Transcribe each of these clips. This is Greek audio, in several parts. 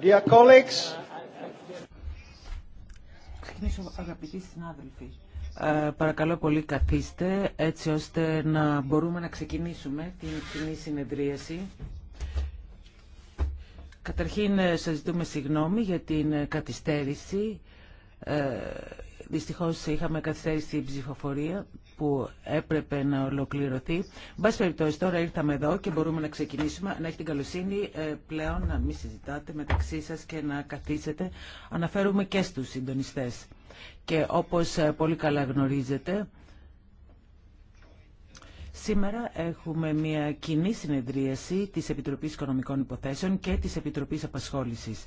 Dear colleagues. Ε, παρακαλώ πολύ καθίστε έτσι ώστε να μπορούμε να ξεκινήσουμε την κοινή συνεδρίαση. Καταρχήν ε, σας ζητούμε συγγνώμη για την ε, καθυστέρηση. Ε, δυστυχώς είχαμε καθυστέρηση ψηφοφορία που έπρεπε να ολοκληρωθεί. Μπας περιπτώσει, τώρα ήρθαμε εδώ και μπορούμε να ξεκινήσουμε. Να έχετε την καλοσύνη ε, πλέον να μην συζητάτε μεταξύ σας και να καθίσετε. Αναφέρουμε και στους συντονιστές. Και όπως ε, πολύ καλά γνωρίζετε, Σήμερα έχουμε μια κοινή συνεδρίαση της Επιτροπής Οικονομικών Υποθέσεων και της Επιτροπής Απασχόλησης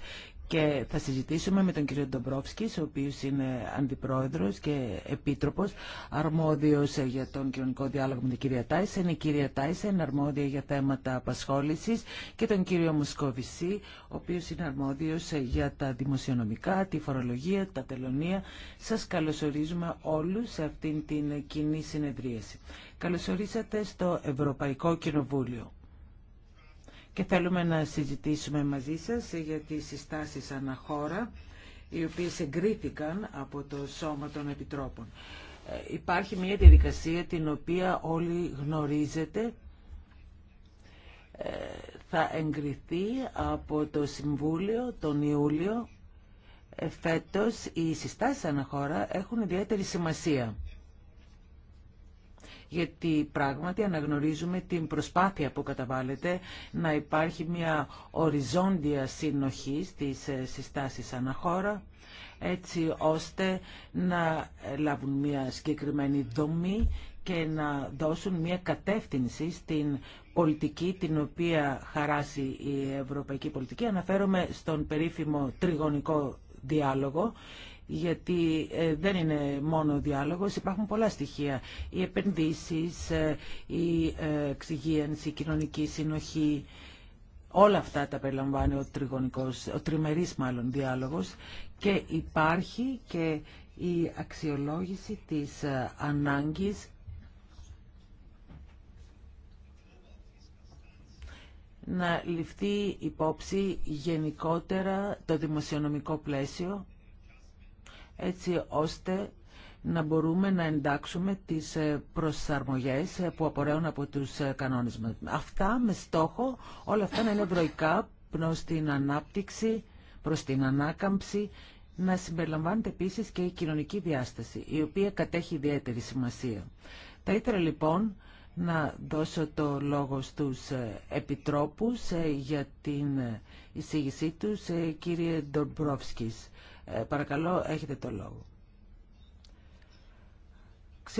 και θα συζητήσουμε με τον κύριο Ντομπρόφσκης, ο οποίος είναι αντιπρόεδρος και επίτροπος, αρμόδιος για τον κοινωνικό διάλογο με την κυρία Τάισεν, η κυρία Τάισεν αρμόδια για θέματα απασχόλησης και τον κύριο Μουσκοβισή, ο οποίος είναι αρμόδιος για τα δημοσιονομικά, τη φορολογία, τα τελωνία. Σας καλωσορίζουμε όλου σε αυτήν την κοινή συνεδρίαση. Καλωσορίσατε στο Ευρωπαϊκό Κοινοβούλιο και θέλουμε να συζητήσουμε μαζί σας για τις συστάσεις αναχώρα οι οποίες εγκρίθηκαν από το Σώμα των Επιτρόπων. Ε, υπάρχει μια διαδικασία την οποία όλοι γνωρίζετε ε, θα εγκριθεί από το Συμβούλιο τον Ιούλιο ε, φέτος οι συστάσεις αναχώρα έχουν ιδιαίτερη σημασία γιατί πράγματι αναγνωρίζουμε την προσπάθεια που καταβάλλεται να υπάρχει μια οριζόντια συνοχή στις ε, συστάσεις αναχώρα έτσι ώστε να λάβουν μια συγκεκριμένη δομή και να δώσουν μια κατεύθυνση στην πολιτική την οποία χαράσει η ευρωπαϊκή πολιτική. Αναφέρομαι στον περίφημο τριγωνικό διάλογο γιατί ε, δεν είναι μόνο ο διάλογος, υπάρχουν πολλά στοιχεία. Οι επενδύσεις, ε, η ε, εξυγίανση, η κοινωνική συνοχή, όλα αυτά τα περιλαμβάνει ο, τριγωνικός, ο τριμερής μάλλον διάλογος και υπάρχει και η αξιολόγηση της ανάγκης να ληφθεί υπόψη γενικότερα το δημοσιονομικό πλαίσιο έτσι ώστε να μπορούμε να εντάξουμε τις ε, προσαρμογές ε, που απορρέουν από τους ε, κανόνες μας. Αυτά με στόχο, όλα αυτά να είναι ευρωϊκά προς την ανάπτυξη, προς την ανάκαμψη, να συμπεριλαμβάνεται επίσης και η κοινωνική διάσταση, η οποία κατέχει ιδιαίτερη σημασία. Θα ήθελα λοιπόν να δώσω το λόγο στους επιτρόπους για την εισήγησή τους, κύριε Ντομπρόφσκης. Ε, παρακαλώ, έχετε το λόγο.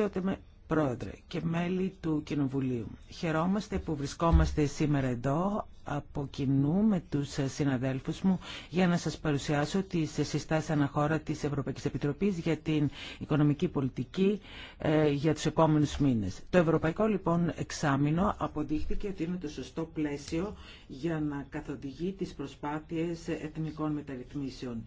ότι με πρόεδρε και μέλη του Κοινοβουλίου. Χαιρόμαστε που βρισκόμαστε σήμερα εδώ από κοινού με τους συναδέλφους μου για να σας παρουσιάσω τις συστάσεις αναχώρα της Ευρωπαϊκής Επιτροπής για την οικονομική πολιτική ε, για τους επόμενους μήνες. Το Ευρωπαϊκό λοιπόν εξάμεινο αποδείχθηκε ότι είναι το σωστό πλαίσιο για να καθοδηγεί τις προσπάθειες εθνικών μεταρρυθμίσεων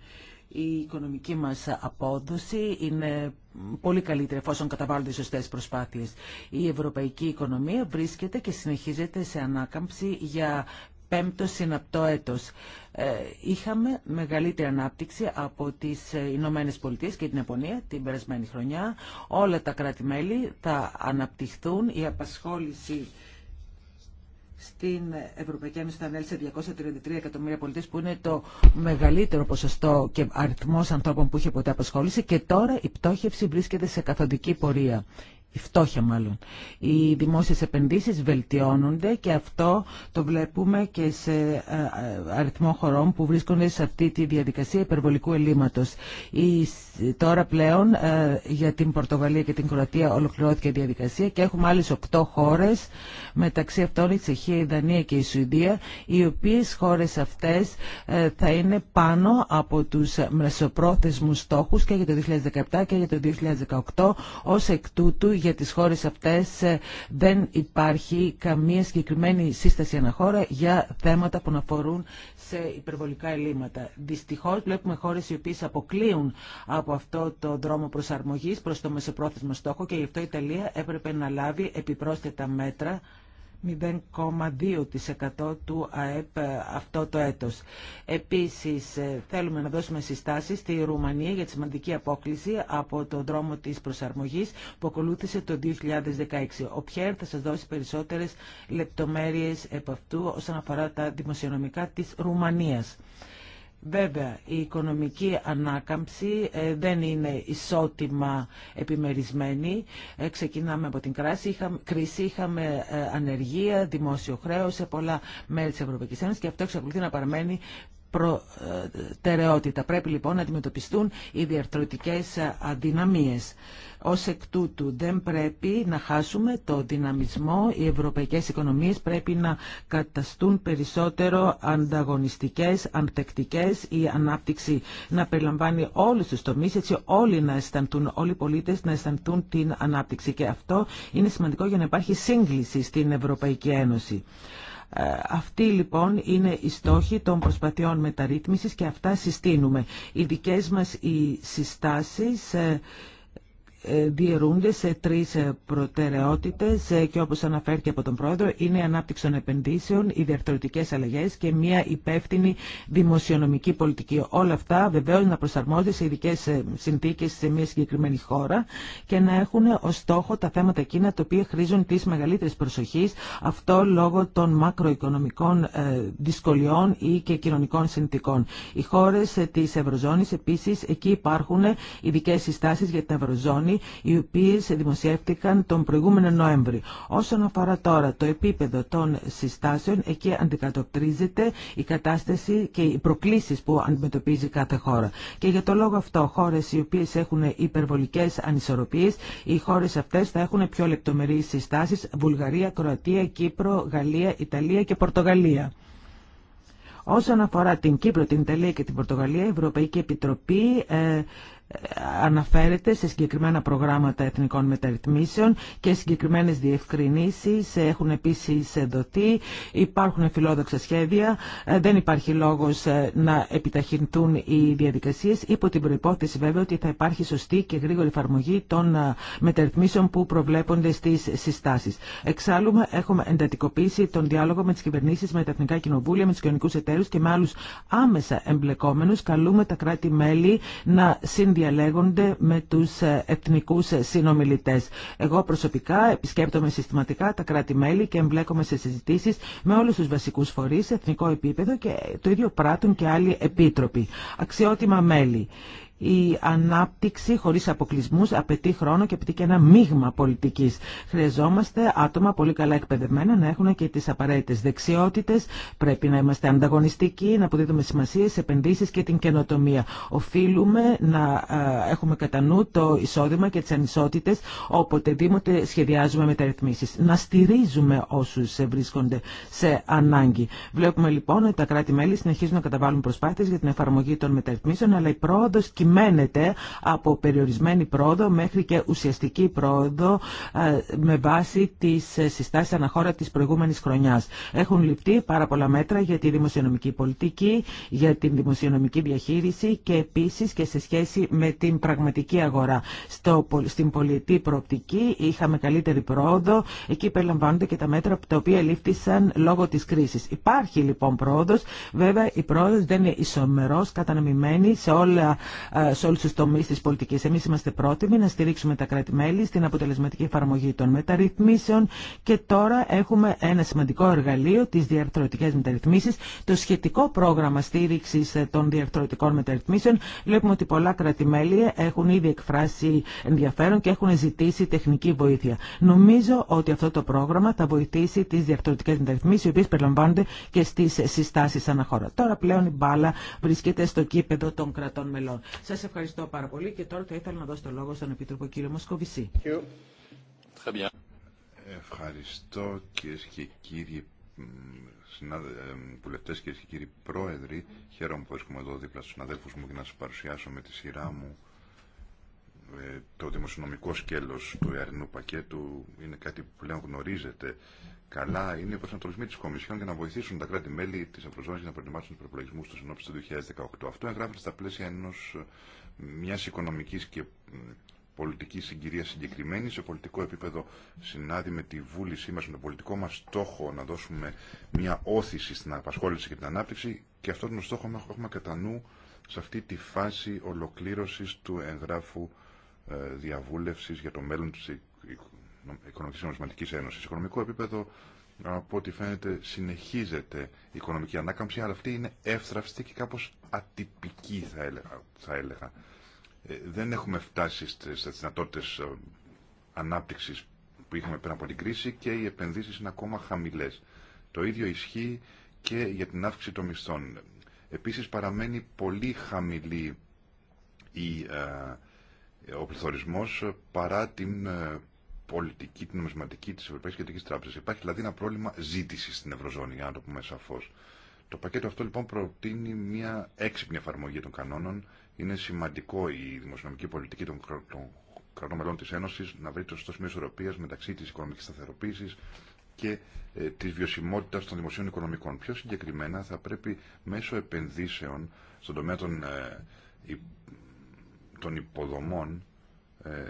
η οικονομική μας απόδοση είναι πολύ καλύτερη εφόσον καταβάλλονται οι σωστές προσπάθειες. Η ευρωπαϊκή οικονομία βρίσκεται και συνεχίζεται σε ανάκαμψη για πέμπτο συναπτό έτος. Ε, είχαμε μεγαλύτερη ανάπτυξη από τις Ηνωμένε Πολιτείες και την Ιαπωνία την περασμένη χρονιά. Όλα τα κράτη-μέλη θα αναπτυχθούν, η απασχόληση στην Ευρωπαϊκή Ένωση θα ανέλθει σε 233 εκατομμύρια πολίτες που είναι το μεγαλύτερο ποσοστό και αριθμός ανθρώπων που είχε ποτέ απασχόληση και τώρα η πτώχευση βρίσκεται σε καθοδική πορεία η φτώχεια μάλλον. Οι δημόσιες επενδύσεις βελτιώνονται και αυτό το βλέπουμε και σε ε, ε, αριθμό χωρών που βρίσκονται σε αυτή τη διαδικασία υπερβολικού ελλείμματος. Η, τώρα πλέον ε, για την Πορτογαλία και την Κροατία ολοκληρώθηκε η διαδικασία και έχουμε άλλες οκτώ χώρες, μεταξύ αυτών η Τσεχία, η Δανία και η Σουηδία, οι οποίες χώρες αυτές θα είναι πάνω από τους μεσοπρόθεσμους στόχους και για το 2017 και για το 2018 ως εκ τούτου για τις χώρες αυτές ε, δεν υπάρχει καμία συγκεκριμένη σύσταση αναχώρα για θέματα που να αφορούν σε υπερβολικά ελλείμματα. Δυστυχώς βλέπουμε χώρες οι οποίες αποκλείουν από αυτό το δρόμο προσαρμογής προς το μεσοπρόθεσμο στόχο και γι' αυτό η Ιταλία έπρεπε να λάβει επιπρόσθετα μέτρα 0,2% του ΑΕΠ ε, αυτό το έτος. Επίσης, ε, θέλουμε να δώσουμε συστάσεις στη Ρουμανία για τη σημαντική απόκληση από τον δρόμο της προσαρμογής που ακολούθησε το 2016. Ο Πιέρ θα σας δώσει περισσότερες λεπτομέρειες από αυτού όσον αφορά τα δημοσιονομικά της Ρουμανίας. Βέβαια, η οικονομική ανάκαμψη ε, δεν είναι ισότιμα επιμερισμένη. Ε, ξεκινάμε από την κρίση, είχαμε ε, ανεργία, δημόσιο χρέο σε πολλά μέρη της Ευρωπαϊκής Ένωσης και αυτό εξακολουθεί να παραμένει προτεραιότητα. Πρέπει λοιπόν να αντιμετωπιστούν οι διαρθρωτικές αδυναμίες. Ως εκ τούτου δεν πρέπει να χάσουμε το δυναμισμό. Οι ευρωπαϊκές οικονομίες πρέπει να καταστούν περισσότερο ανταγωνιστικές, αντεκτικές. Η ανάπτυξη να περιλαμβάνει όλους τους τομείς, έτσι όλοι να αισθανθούν, όλοι οι πολίτες να αισθανθούν την ανάπτυξη. Και αυτό είναι σημαντικό για να υπάρχει σύγκληση στην Ευρωπαϊκή Ένωση. Ε, αυτή λοιπόν είναι η στόχη των προσπαθειών μεταρρύθμισης και αυτά συστήνουμε. Οι δικές μας οι συστάσεις ε, ε, διαιρούνται σε τρεις ε, προτεραιότητες ε, και όπως αναφέρθηκε από τον Πρόεδρο είναι η ανάπτυξη των επενδύσεων, οι διαρθρωτικές αλλαγές και μια υπεύθυνη δημοσιονομική πολιτική. Όλα αυτά βεβαίως να προσαρμόζονται σε ειδικέ συνθήκες σε μια συγκεκριμένη χώρα και να έχουν ως στόχο τα θέματα εκείνα τα οποία χρήζουν τις μεγαλύτερες προσοχής αυτό λόγω των μακροοικονομικών δυσκολιών ή και κοινωνικών συνθήκων. Οι χώρες της Ευρωζώνης επίσης εκεί υπάρχουν ειδικέ συστάσεις για την Ευρωζώνη οι οποίε δημοσιεύτηκαν τον προηγούμενο Νοέμβρη. Όσον αφορά τώρα το επίπεδο των συστάσεων, εκεί αντικατοπτρίζεται η κατάσταση και οι προκλήσει που αντιμετωπίζει κάθε χώρα. Και για το λόγο αυτό, χώρε οι οποίε έχουν υπερβολικέ ανισορροπίε, οι χώρε αυτέ θα έχουν πιο λεπτομερεί συστάσει. Βουλγαρία, Κροατία, Κύπρο, Γαλλία, Ιταλία και Πορτογαλία. Όσον αφορά την Κύπρο, την Ιταλία και την Πορτογαλία, η Ευρωπαϊκή Επιτροπή ε, αναφέρεται σε συγκεκριμένα προγράμματα εθνικών μεταρρυθμίσεων και συγκεκριμένες διευκρινήσεις έχουν επίσης δοθεί. Υπάρχουν φιλόδοξα σχέδια, ε, δεν υπάρχει λόγος ε, να επιταχυνθούν οι διαδικασίες υπό την προϋπόθεση βέβαια ότι θα υπάρχει σωστή και γρήγορη εφαρμογή των ε, μεταρρυθμίσεων που προβλέπονται στις συστάσεις. Εξάλλου έχουμε εντατικοποίησει τον διάλογο με τις κυβερνήσεις, με τα εθνικά κοινοβούλια, με τους κοινωνικούς εταίρους και με άλλους άμεσα εμπλεκόμενους. Καλούμε τα κράτη-μέλη να διαλέγονται με τους ε, εθνικούς ε, συνομιλητές. Εγώ προσωπικά επισκέπτομαι συστηματικά τα κράτη-μέλη και εμπλέκομαι σε συζητήσεις με όλους τους βασικούς φορείς σε εθνικό επίπεδο και το ίδιο πράττουν και άλλοι επίτροποι. Αξιότιμα μέλη. Η ανάπτυξη χωρί αποκλεισμού απαιτεί χρόνο και απαιτεί και ένα μείγμα πολιτική. Χρειαζόμαστε άτομα πολύ καλά εκπαιδευμένα να έχουν και τι απαραίτητε δεξιότητε. Πρέπει να είμαστε ανταγωνιστικοί, να αποδίδουμε σημασία επενδύσει επενδύσεις και την καινοτομία. Οφείλουμε να έχουμε κατά νου το εισόδημα και τις ανισότητε οποτεδήποτε σχεδιάζουμε μεταρρυθμίσει. Να στηρίζουμε όσου βρίσκονται σε ανάγκη. Βλέπουμε λοιπόν ότι τα κράτη-μέλη συνεχίζουν να καταβάλουν προσπάθειε για την εφαρμογή των μεταρρυθμίσεων, αλλά η από περιορισμένη πρόοδο μέχρι και ουσιαστική πρόοδο ε, με βάση τις ε, συστάσεις αναχώρα της προηγούμενης χρονιάς. Έχουν ληφθεί πάρα πολλά μέτρα για τη δημοσιονομική πολιτική, για την δημοσιονομική διαχείριση και επίσης και σε σχέση με την πραγματική αγορά. Στο, στην πολιτική προοπτική είχαμε καλύτερη πρόοδο, εκεί περιλαμβάνονται και τα μέτρα τα οποία λήφθησαν λόγω της κρίσης. Υπάρχει λοιπόν πρόοδος, βέβαια η πρόοδος δεν είναι ισομερός καταναμημένη σε όλα ε, σε όλου του τομεί τη πολιτική. Εμεί είμαστε πρότιμοι να στηρίξουμε τα κράτη-μέλη στην αποτελεσματική εφαρμογή των μεταρρυθμίσεων και τώρα έχουμε ένα σημαντικό εργαλείο, τι διαρθρωτικέ μεταρρυθμίσει, το σχετικό πρόγραμμα στήριξη των διαρθρωτικών μεταρρυθμίσεων. Βλέπουμε ότι πολλά κράτη-μέλη έχουν ήδη εκφράσει ενδιαφέρον και έχουν ζητήσει τεχνική βοήθεια. Νομίζω ότι αυτό το πρόγραμμα θα βοηθήσει τι διαρθρωτικέ μεταρρυθμίσει, οι οποίε περιλαμβάνονται και στι συστάσει αναχώρα. Τώρα πλέον η μπάλα βρίσκεται στο κήπεδο των κρατών μελών. Σας ευχαριστώ πάρα πολύ και τώρα θα ήθελα να δώσω το λόγο στον Επίτροπο κύριο Μοσκοβισή. Ευχαριστώ κύριε και κύριοι ε, βουλευτέ κυρίε και κύριοι πρόεδροι. Χαίρομαι που έρχομαι εδώ δίπλα στου συναδέλφου μου και να σα παρουσιάσω με τη σειρά μου ε, το δημοσιονομικό σκέλος του ΕΑΡΝΟΥ πακέτου είναι κάτι που πλέον γνωρίζετε καλά είναι οι προσανατολισμοί τη Κομισιόν για να βοηθήσουν τα κράτη-μέλη τη Ευρωζώνη να προετοιμάσουν του προπολογισμού του ενώπιση του 2018. Αυτό εγγράφεται στα πλαίσια ενός, μιας οικονομικής και πολιτική συγκυρία συγκεκριμένη σε πολιτικό επίπεδο συνάδει με τη βούλησή μα με τον πολιτικό μα στόχο να δώσουμε μια όθηση στην απασχόληση και την ανάπτυξη και αυτόν τον στόχο έχουμε κατά νου σε αυτή τη φάση ολοκλήρωση του εγγράφου ε, διαβούλευση για το μέλλον τη. Οικονομικής Νομισματική Ένωση. Σε οικονομικό επίπεδο, από ό,τι φαίνεται, συνεχίζεται η οικονομική ανάκαμψη, αλλά αυτή είναι εύθραυστη και κάπω ατυπική, θα έλεγα. Ε, δεν έχουμε φτάσει στι δυνατότητε ε, ανάπτυξη που είχαμε πριν από την κρίση και οι επενδύσει είναι ακόμα χαμηλέ. Το ίδιο ισχύει και για την αύξηση των μισθών. Επίση, παραμένει πολύ χαμηλή η, ε, ο πληθωρισμός παρά την πολιτική, την νομισματική τη Ευρωπαϊκή Κεντρική Τράπεζα. Υπάρχει δηλαδή ένα πρόβλημα ζήτηση στην Ευρωζώνη, για να το πούμε σαφώ. Το πακέτο αυτό λοιπόν προτείνει μια έξυπνη εφαρμογή των κανόνων. Είναι σημαντικό η δημοσιονομική πολιτική των κρατών μελών τη Ένωση να βρει το σωστό σημείο ισορροπία μεταξύ τη οικονομική σταθεροποίηση και ε, τη βιωσιμότητα των δημοσίων οικονομικών. Πιο συγκεκριμένα θα πρέπει μέσω επενδύσεων στον τομέα των, ε, των υποδομών ε,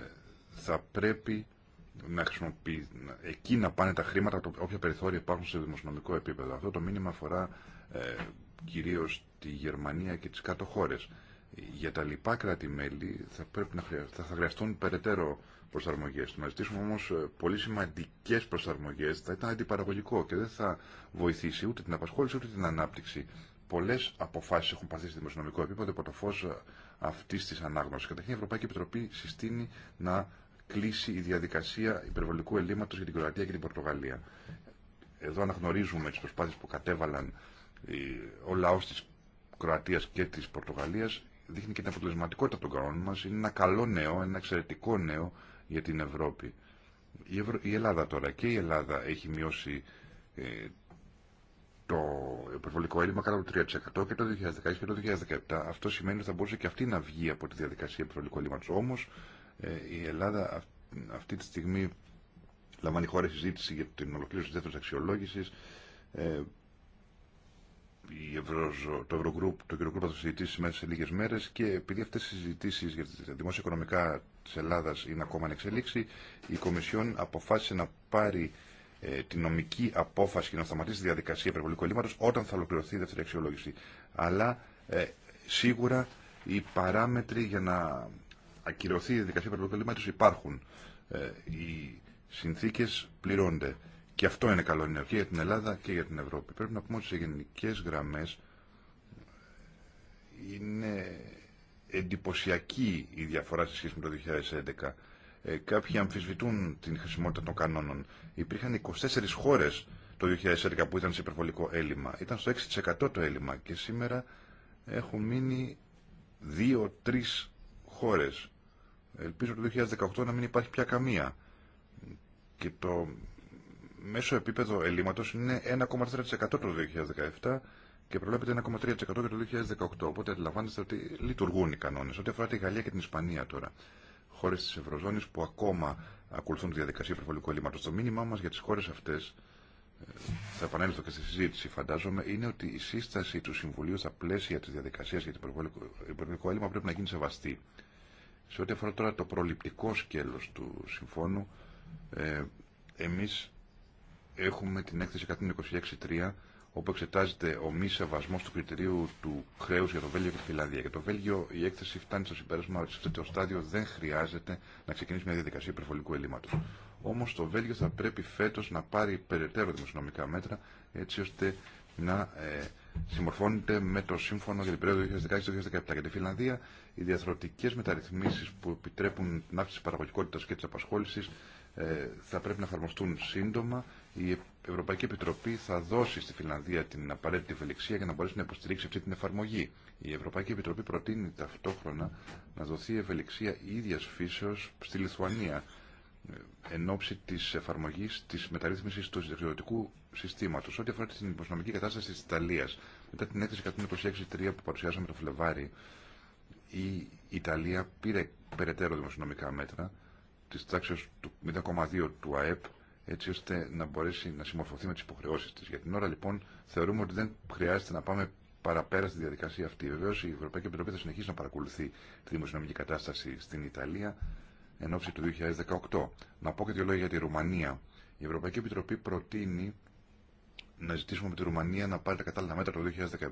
θα πρέπει να χρησιμοποιεί, εκεί να πάνε τα χρήματα, όποια περιθώρια υπάρχουν σε δημοσιονομικό επίπεδο. Αυτό το μήνυμα αφορά ε, κυρίως τη Γερμανία και τι κάτω χώρε. Για τα λοιπά κράτη-μέλη θα, πρέπει να χρειαστούν, θα χρειαστούν περαιτέρω προσαρμογές. Να ζητήσουμε όμως ε, πολύ σημαντικέ προσαρμογέ, θα ήταν αντιπαραγωγικό και δεν θα βοηθήσει ούτε την απασχόληση ούτε την ανάπτυξη. Πολλέ αποφάσει έχουν παθεί σε δημοσιονομικό επίπεδο υπό το φω ε, αυτή τη ανάγνωση. Καταρχήν η Ευρωπαϊκή Επιτροπή συστήνει να κλείσει η διαδικασία υπερβολικού ελλείμματο για την Κροατία και την Πορτογαλία. Εδώ αναγνωρίζουμε τι προσπάθειε που κατέβαλαν ο λαό τη Κροατία και τη Πορτογαλία. δείχνει και την αποτελεσματικότητα των κανόνων μα Είναι ένα καλό νέο, ένα εξαιρετικό νέο για την Ευρώπη. Η, Ευρω... η Ελλάδα τώρα και η Ελλάδα έχει μειώσει ε, το υπερβολικό έλλειμμα κατά το 3% και το 2016 και το 2017. Αυτό σημαίνει ότι θα μπορούσε και αυτή να βγει από τη διαδικασία υπερβολικού έλλειμματο. Όμω ε, η Ελλάδα αυτή τη στιγμή λαμβάνει χώρα συζήτηση για την ολοκλήρωση της δεύτερης αξιολόγησης. Ε, το Eurogroup, το Eurogroup θα συζητήσει μέσα σε λίγες μέρες και επειδή αυτές οι συζητήσεις για τα δημόσια οικονομικά της Ελλάδας είναι ακόμα ανεξελίξη, η Κομισιόν αποφάσισε να πάρει ε, τη νομική απόφαση και να σταματήσει τη διαδικασία υπερβολικού ελλείμματος όταν θα ολοκληρωθεί η δεύτερη αξιολόγηση. Αλλά ε, σίγουρα οι παράμετροι για να ακυρωθεί η διαδικασία παραπλοκαλήματος υπάρχουν. Ε, οι συνθήκες πληρώνται. Και αυτό είναι καλό νέο και για την Ελλάδα και για την Ευρώπη. Πρέπει να πούμε ότι σε γενικές γραμμές είναι εντυπωσιακή η διαφορά σε σχέση με το 2011. Ε, κάποιοι αμφισβητούν την χρησιμότητα των κανόνων. Υπήρχαν 24 χώρες το 2011 που ήταν σε υπερβολικό έλλειμμα. Ήταν στο 6% το έλλειμμα και σήμερα έχουν μείνει 2-3 χώρες. Ελπίζω το 2018 να μην υπάρχει πια καμία. Και το μέσο επίπεδο ελλείμματος είναι 1,4% το 2017 και προβλέπεται 1,3% για το 2018. Οπότε αντιλαμβάνεστε ότι λειτουργούν οι κανόνες. Ό,τι αφορά τη Γαλλία και την Ισπανία τώρα. χώρε τη Ευρωζώνης που ακόμα ακολουθούν τη διαδικασία υπερβολικού ελλείμματο. Το μήνυμά μα για τι χώρε αυτέ ε, θα επανέλθω και στη συζήτηση φαντάζομαι, είναι ότι η σύσταση του Συμβουλίου στα πλαίσια τη διαδικασία για το υπερβολικό έλλειμμα πρέπει να γίνει σεβαστή. Σε ό,τι αφορά τώρα το προληπτικό σκέλος του συμφώνου, ε, εμείς έχουμε την έκθεση 126.3 όπου εξετάζεται ο μη σεβασμό του κριτηρίου του χρέου για το Βέλγιο και τη Φιλανδία. Για το Βέλγιο η έκθεση φτάνει στο συμπέρασμα ότι σε το στάδιο δεν χρειάζεται να ξεκινήσει μια διαδικασία υπερβολικού ελλείμματο. Όμω το Βέλγιο θα πρέπει φέτο να πάρει περαιτέρω δημοσιονομικά μέτρα έτσι ώστε να ε, συμμορφώνεται με το σύμφωνο για την περίοδο 2016-2017. Για τη Φιλανδία οι διαθροτικές μεταρρυθμίσεις που επιτρέπουν την αύξηση τη παραγωγικότητα και της απασχόλησης ε, θα πρέπει να εφαρμοστούν σύντομα. Η Ευρωπαϊκή Επιτροπή θα δώσει στη Φιλανδία την απαραίτητη ευελιξία για να μπορέσει να υποστηρίξει αυτή την εφαρμογή. Η Ευρωπαϊκή Επιτροπή προτείνει ταυτόχρονα να δοθεί ευελιξία ίδια φύσεω στη Λιθουανία ε, εν ώψη τη εφαρμογή τη μεταρρύθμιση του συνταξιδοτικού συστήματο. Ό,τι αφορά την οικονομική κατάσταση τη Ιταλία, μετά την έκθεση 126.3 που παρουσιάσαμε το Φλεβάρι, η Ιταλία πήρε περαιτέρω δημοσιονομικά μέτρα τη τάξη του 0,2 του ΑΕΠ έτσι ώστε να μπορέσει να συμμορφωθεί με τι υποχρεώσει τη Για την ώρα λοιπόν θεωρούμε ότι δεν χρειάζεται να πάμε παραπέρα στη διαδικασία αυτή. Βεβαίως η Ευρωπαϊκή Επιτροπή θα συνεχίσει να παρακολουθεί τη δημοσιονομική κατάσταση στην Ιταλία εν ώψη του 2018. Να πω και δύο λόγια για τη Ρουμανία. Η Ευρωπαϊκή Επιτροπή προτείνει να ζητήσουμε από τη Ρουμανία να πάρει τα κατάλληλα μέτρα το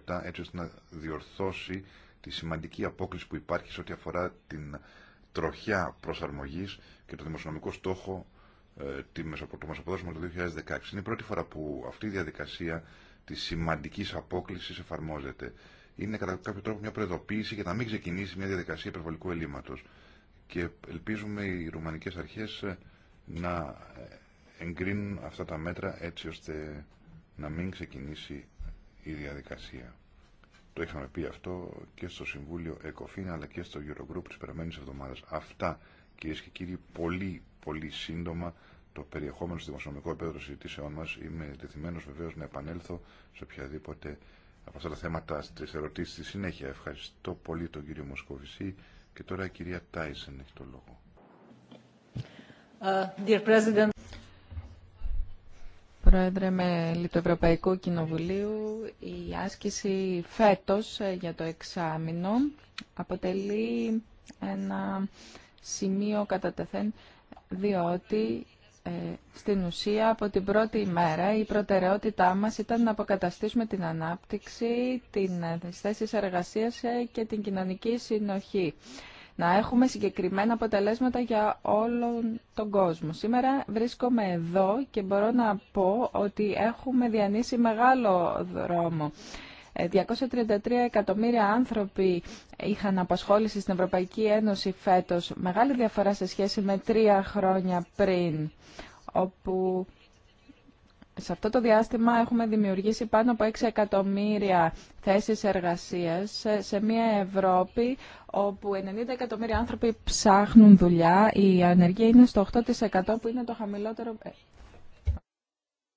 2017 έτσι ώστε να διορθώσει τη σημαντική απόκληση που υπάρχει σε ό,τι αφορά την τροχιά προσαρμογής και το δημοσιονομικό στόχο ε, το μεσοποδόσμου του 2016. Είναι η πρώτη φορά που αυτή η διαδικασία τη σημαντική απόκληση εφαρμόζεται. Είναι κατά κάποιο τρόπο μια προεδοποίηση για να μην ξεκινήσει μια διαδικασία υπερβολικού ελλείμματο. Και ελπίζουμε οι ρουμανικέ αρχέ ε, να ε, εγκρίνουν αυτά τα μέτρα έτσι ώστε να μην ξεκινήσει η διαδικασία. Το είχαμε πει αυτό και στο Συμβούλιο ΕΚΟΦΗΝ αλλά και στο Eurogroup της περαμένης εβδομάδας. Αυτά κυρίε και κύριοι πολύ πολύ σύντομα το περιεχόμενο στο δημοσιονομικό επίπεδο των συζητήσεών μας. Είμαι δεθειμένος βεβαίως να επανέλθω σε οποιαδήποτε από αυτά τα θέματα στις ερωτήσεις στη συνέχεια. Ευχαριστώ πολύ τον κύριο Μοσκοβισή και τώρα η κυρία Τάισεν έχει το λόγο. Uh, dear President. Πρόεδρε, με του Κοινοβουλίου, η άσκηση φέτος ε, για το εξάμεινο αποτελεί ένα σημείο κατά τεθέν, διότι ε, στην ουσία από την πρώτη ημέρα η προτεραιότητά μας ήταν να αποκαταστήσουμε την ανάπτυξη, την, θέση ε, θέσεις εργασίας και την κοινωνική συνοχή να έχουμε συγκεκριμένα αποτελέσματα για όλον τον κόσμο. Σήμερα βρίσκομαι εδώ και μπορώ να πω ότι έχουμε διανύσει μεγάλο δρόμο. 233 ε, εκατομμύρια άνθρωποι είχαν απασχόληση στην Ευρωπαϊκή Ένωση φέτος. Μεγάλη διαφορά σε σχέση με τρία χρόνια πριν, όπου σε αυτό το διάστημα έχουμε δημιουργήσει πάνω από 6 εκατομμύρια θέσεις εργασίας σε μια Ευρώπη όπου 90 εκατομμύρια άνθρωποι ψάχνουν δουλειά. Η ανεργία είναι στο 8% που είναι το χαμηλότερο... 19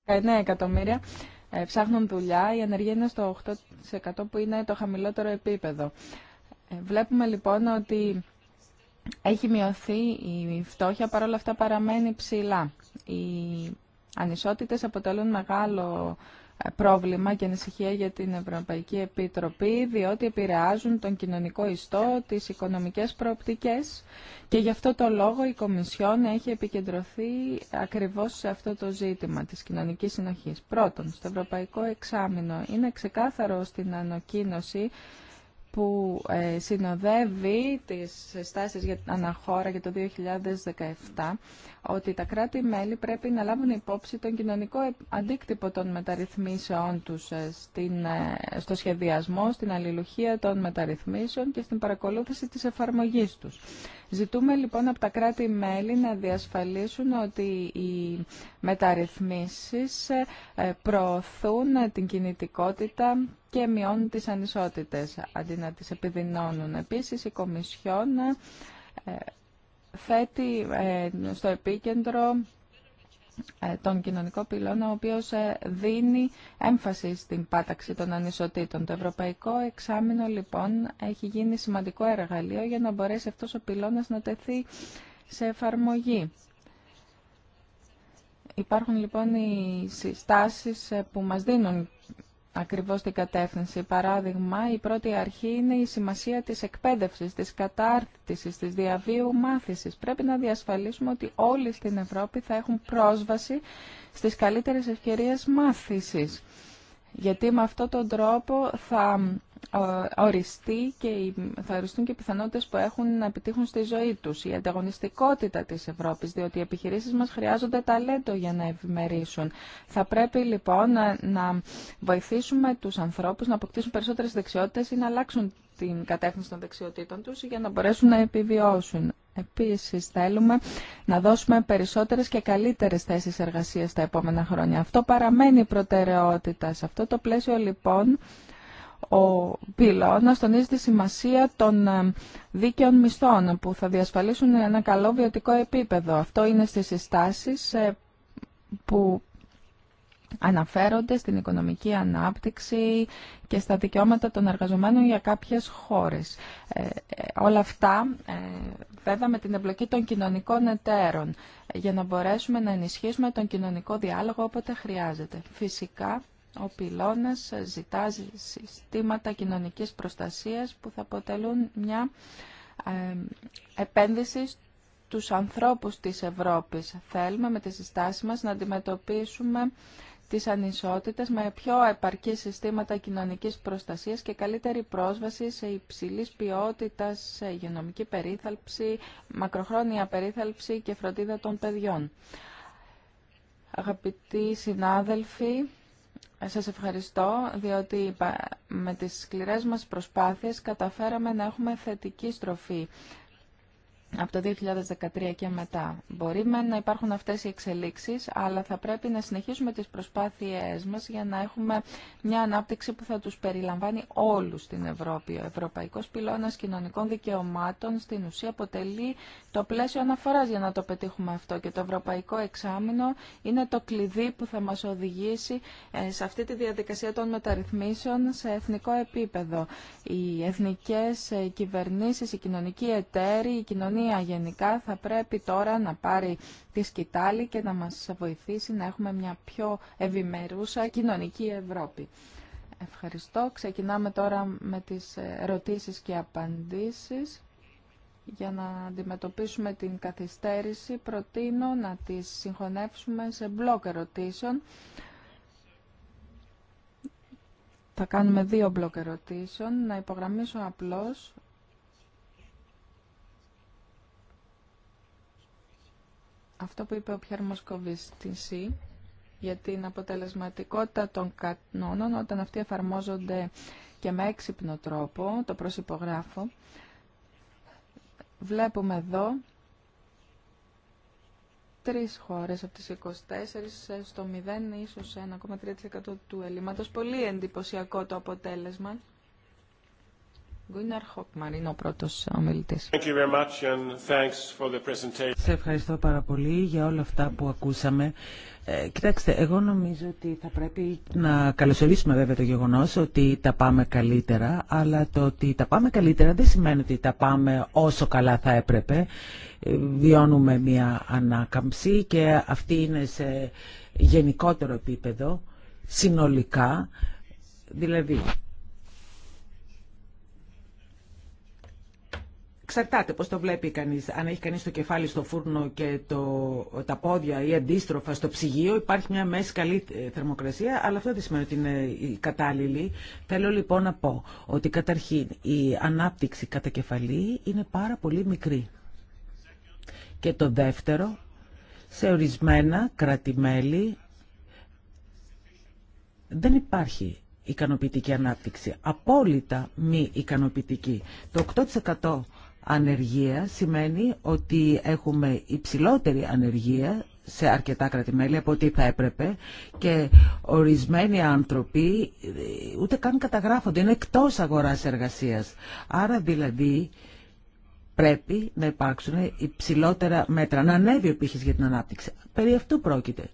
ε, εκατομμύρια ε, ψάχνουν δουλειά. Η ανεργία είναι στο 8% που είναι το χαμηλότερο επίπεδο. Ε, βλέπουμε λοιπόν ότι έχει μειωθεί η φτώχεια, παρόλα αυτά παραμένει ψηλά. Η ανισότητες αποτελούν μεγάλο ε, πρόβλημα και ανησυχία για την Ευρωπαϊκή Επιτροπή, διότι επηρεάζουν τον κοινωνικό ιστό, τις οικονομικές προοπτικές και γι' αυτό το λόγο η Κομισιόν έχει επικεντρωθεί ακριβώς σε αυτό το ζήτημα της κοινωνικής συνοχής. Πρώτον, στο Ευρωπαϊκό Εξάμεινο είναι ξεκάθαρο στην ανακοίνωση που ε, συνοδεύει τις στάσεις για την αναχώρα για το 2017 ότι τα κράτη-μέλη πρέπει να λάβουν υπόψη τον κοινωνικό αντίκτυπο των μεταρρυθμίσεων τους ε, στην, ε, στο σχεδιασμό, στην αλληλουχία των μεταρρυθμίσεων και στην παρακολούθηση της εφαρμογής τους. Ζητούμε λοιπόν από τα κράτη-μέλη να διασφαλίσουν ότι οι μεταρρυθμίσεις ε, προωθούν την κινητικότητα και μειώνουν τις ανισότητες αντί να τις επιδεινώνουν. Επίσης η Κομισιόν ε, θέτει ε, στο επίκεντρο ε, τον κοινωνικό πυλώνα, ο οποίος ε, δίνει έμφαση στην πάταξη των ανισοτήτων. Το Ευρωπαϊκό Εξάμεινο, λοιπόν, έχει γίνει σημαντικό εργαλείο για να μπορέσει αυτός ο πυλώνας να τεθεί σε εφαρμογή. Υπάρχουν, λοιπόν, οι συστάσεις ε, που μας δίνουν ακριβώς την κατεύθυνση. Παράδειγμα, η πρώτη αρχή είναι η σημασία της εκπαίδευσης, της κατάρτισης, της διαβίου μάθησης. Πρέπει να διασφαλίσουμε ότι όλοι στην Ευρώπη θα έχουν πρόσβαση στις καλύτερες ευκαιρίες μάθησης. Γιατί με αυτόν τον τρόπο θα οριστεί και θα οριστούν και οι πιθανότητε που έχουν να επιτύχουν στη ζωή του. Η ανταγωνιστικότητα τη Ευρώπη, διότι οι επιχειρήσει μα χρειάζονται ταλέντο για να ευημερήσουν. Θα πρέπει λοιπόν να, να βοηθήσουμε του ανθρώπου, να αποκτήσουν περισσότερε δεξιότητε ή να αλλάξουν την κατεύθυνση των δεξιοτήτων τους για να μπορέσουν να επιβιώσουν. Επίσης θέλουμε να δώσουμε περισσότερες και καλύτερες θέσεις εργασίας τα επόμενα χρόνια. Αυτό παραμένει προτεραιότητα. Σε αυτό το πλαίσιο λοιπόν ο να τονίζει τη σημασία των ε, δίκαιων μισθών που θα διασφαλίσουν ένα καλό βιωτικό επίπεδο. Αυτό είναι στις συστάσεις ε, που αναφέρονται στην οικονομική ανάπτυξη και στα δικαιώματα των εργαζομένων για κάποιες χώρες. Ε, όλα αυτά βέβαια με την εμπλοκή των κοινωνικών εταίρων για να μπορέσουμε να ενισχύσουμε τον κοινωνικό διάλογο όποτε χρειάζεται. Φυσικά ο πυλώνας ζητά συστήματα κοινωνικής προστασίας που θα αποτελούν μια ε, επένδυση στους ανθρώπους της Ευρώπης. Θέλουμε με τη συστάση μας να αντιμετωπίσουμε τις ανισότητες με πιο επαρκή συστήματα κοινωνικής προστασίας και καλύτερη πρόσβαση σε υψηλής ποιότητας υγειονομική περίθαλψη, μακροχρόνια περίθαλψη και φροντίδα των παιδιών. Αγαπητοί συνάδελφοι, σας ευχαριστώ, διότι με τις σκληρές μας προσπάθειες καταφέραμε να έχουμε θετική στροφή από το 2013 και μετά. Μπορεί να υπάρχουν αυτές οι εξελίξεις, αλλά θα πρέπει να συνεχίσουμε τις προσπάθειές μας για να έχουμε μια ανάπτυξη που θα τους περιλαμβάνει όλους στην Ευρώπη. Ο Ευρωπαϊκός Πυλώνας Κοινωνικών Δικαιωμάτων στην ουσία αποτελεί το πλαίσιο αναφοράς για να το πετύχουμε αυτό και το Ευρωπαϊκό Εξάμεινο είναι το κλειδί που θα μας οδηγήσει ε, σε αυτή τη διαδικασία των μεταρρυθμίσεων σε εθνικό επίπεδο. Οι εθνικές ε, κυβερνήσεις, οι κοινωνικοί εταίροι, οι κοινωνικοί κοινωνία γενικά θα πρέπει τώρα να πάρει τη σκητάλη και να μας βοηθήσει να έχουμε μια πιο ευημερούσα κοινωνική Ευρώπη. Ευχαριστώ. Ξεκινάμε τώρα με τις ερωτήσεις και απαντήσεις. Για να αντιμετωπίσουμε την καθυστέρηση προτείνω να τις συγχωνεύσουμε σε μπλοκ ερωτήσεων. Θα κάνουμε δύο μπλοκ ερωτήσεων. Να υπογραμμίσω απλώς αυτό που είπε ο Πιέρ Μοσκοβής στην ΣΥ για την αποτελεσματικότητα των κανόνων όταν αυτοί εφαρμόζονται και με έξυπνο τρόπο, το προσυπογράφω. Βλέπουμε εδώ τρεις χώρες από τις 24 στο 0 ίσως 1,3% του ελλείμματος. Πολύ εντυπωσιακό το αποτέλεσμα Γκούναρ είναι ο Σε ευχαριστώ πάρα πολύ για όλα αυτά που ακούσαμε. Ε, κοιτάξτε, εγώ νομίζω ότι θα πρέπει να καλωσορίσουμε βέβαια το γεγονός ότι τα πάμε καλύτερα, αλλά το ότι τα πάμε καλύτερα δεν σημαίνει ότι τα πάμε όσο καλά θα έπρεπε. Ε, βιώνουμε μια ανάκαμψη και αυτή είναι σε γενικότερο επίπεδο, συνολικά. Δηλαδή, Ξαρτάται πώς το βλέπει κανείς. Αν έχει κανείς το κεφάλι στο φούρνο και το, τα πόδια ή αντίστροφα στο ψυγείο, υπάρχει μια μέση καλή ε, θερμοκρασία, αλλά αυτό δεν σημαίνει ότι είναι η ε, κατάλληλη. Θέλω λοιπόν να πω ότι καταρχήν η ανάπτυξη κατά κεφαλή είναι πάρα πολύ μικρή. Και το δεύτερο, σε ορισμένα κρατημέλη δεν υπάρχει ικανοποιητική ανάπτυξη. Απόλυτα μη ικανοποιητική. Το 8% ανεργία σημαίνει ότι έχουμε υψηλότερη ανεργία σε αρκετά κρατημέλη από ό,τι θα έπρεπε και ορισμένοι άνθρωποι ούτε καν καταγράφονται, είναι εκτός αγοράς εργασίας. Άρα δηλαδή πρέπει να υπάρξουν υψηλότερα μέτρα, να ανέβει ο πύχης για την ανάπτυξη. Περί αυτού πρόκειται.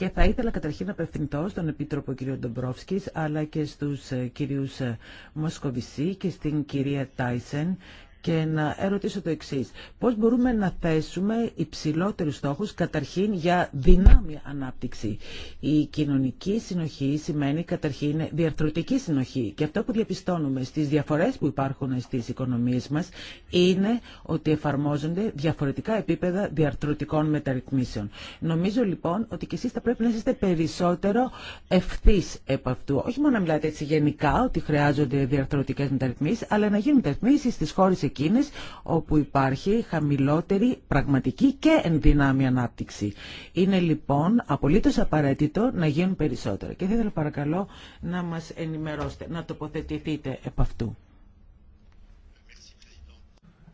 Και θα ήθελα καταρχήν να απευθυνθώ στον Επίτροπο κ. Ντομπρόφσκη, αλλά και στους ε, κυρίους ε, Μοσκοβισή και στην κυρία Τάισεν και να ερωτήσω το εξή. Πώ μπορούμε να θέσουμε υψηλότερου στόχου καταρχήν για δυνάμια ανάπτυξη. Η κοινωνική συνοχή σημαίνει καταρχήν διαρθρωτική συνοχή και αυτό που διαπιστώνουμε στι διαφορέ που υπάρχουν στι οικονομίε μα είναι ότι εφαρμόζονται διαφορετικά επίπεδα διαρθρωτικών μεταρρυθμίσεων. Νομίζω λοιπόν ότι και εσεί θα πρέπει να είστε περισσότερο ευθύ επ' αυτού. Όχι μόνο να μιλάτε έτσι γενικά ότι χρειάζονται διαρθρωτικέ μεταρρυθμίσει, αλλά να γίνουν μεταρρυθμίσει στι χώρε εκείνες όπου υπάρχει χαμηλότερη πραγματική και ενδυνάμια ανάπτυξη. Είναι λοιπόν απολύτως απαραίτητο να γίνουν περισσότερα. Και θα ήθελα παρακαλώ να μας ενημερώσετε, να τοποθετηθείτε επ' αυτού.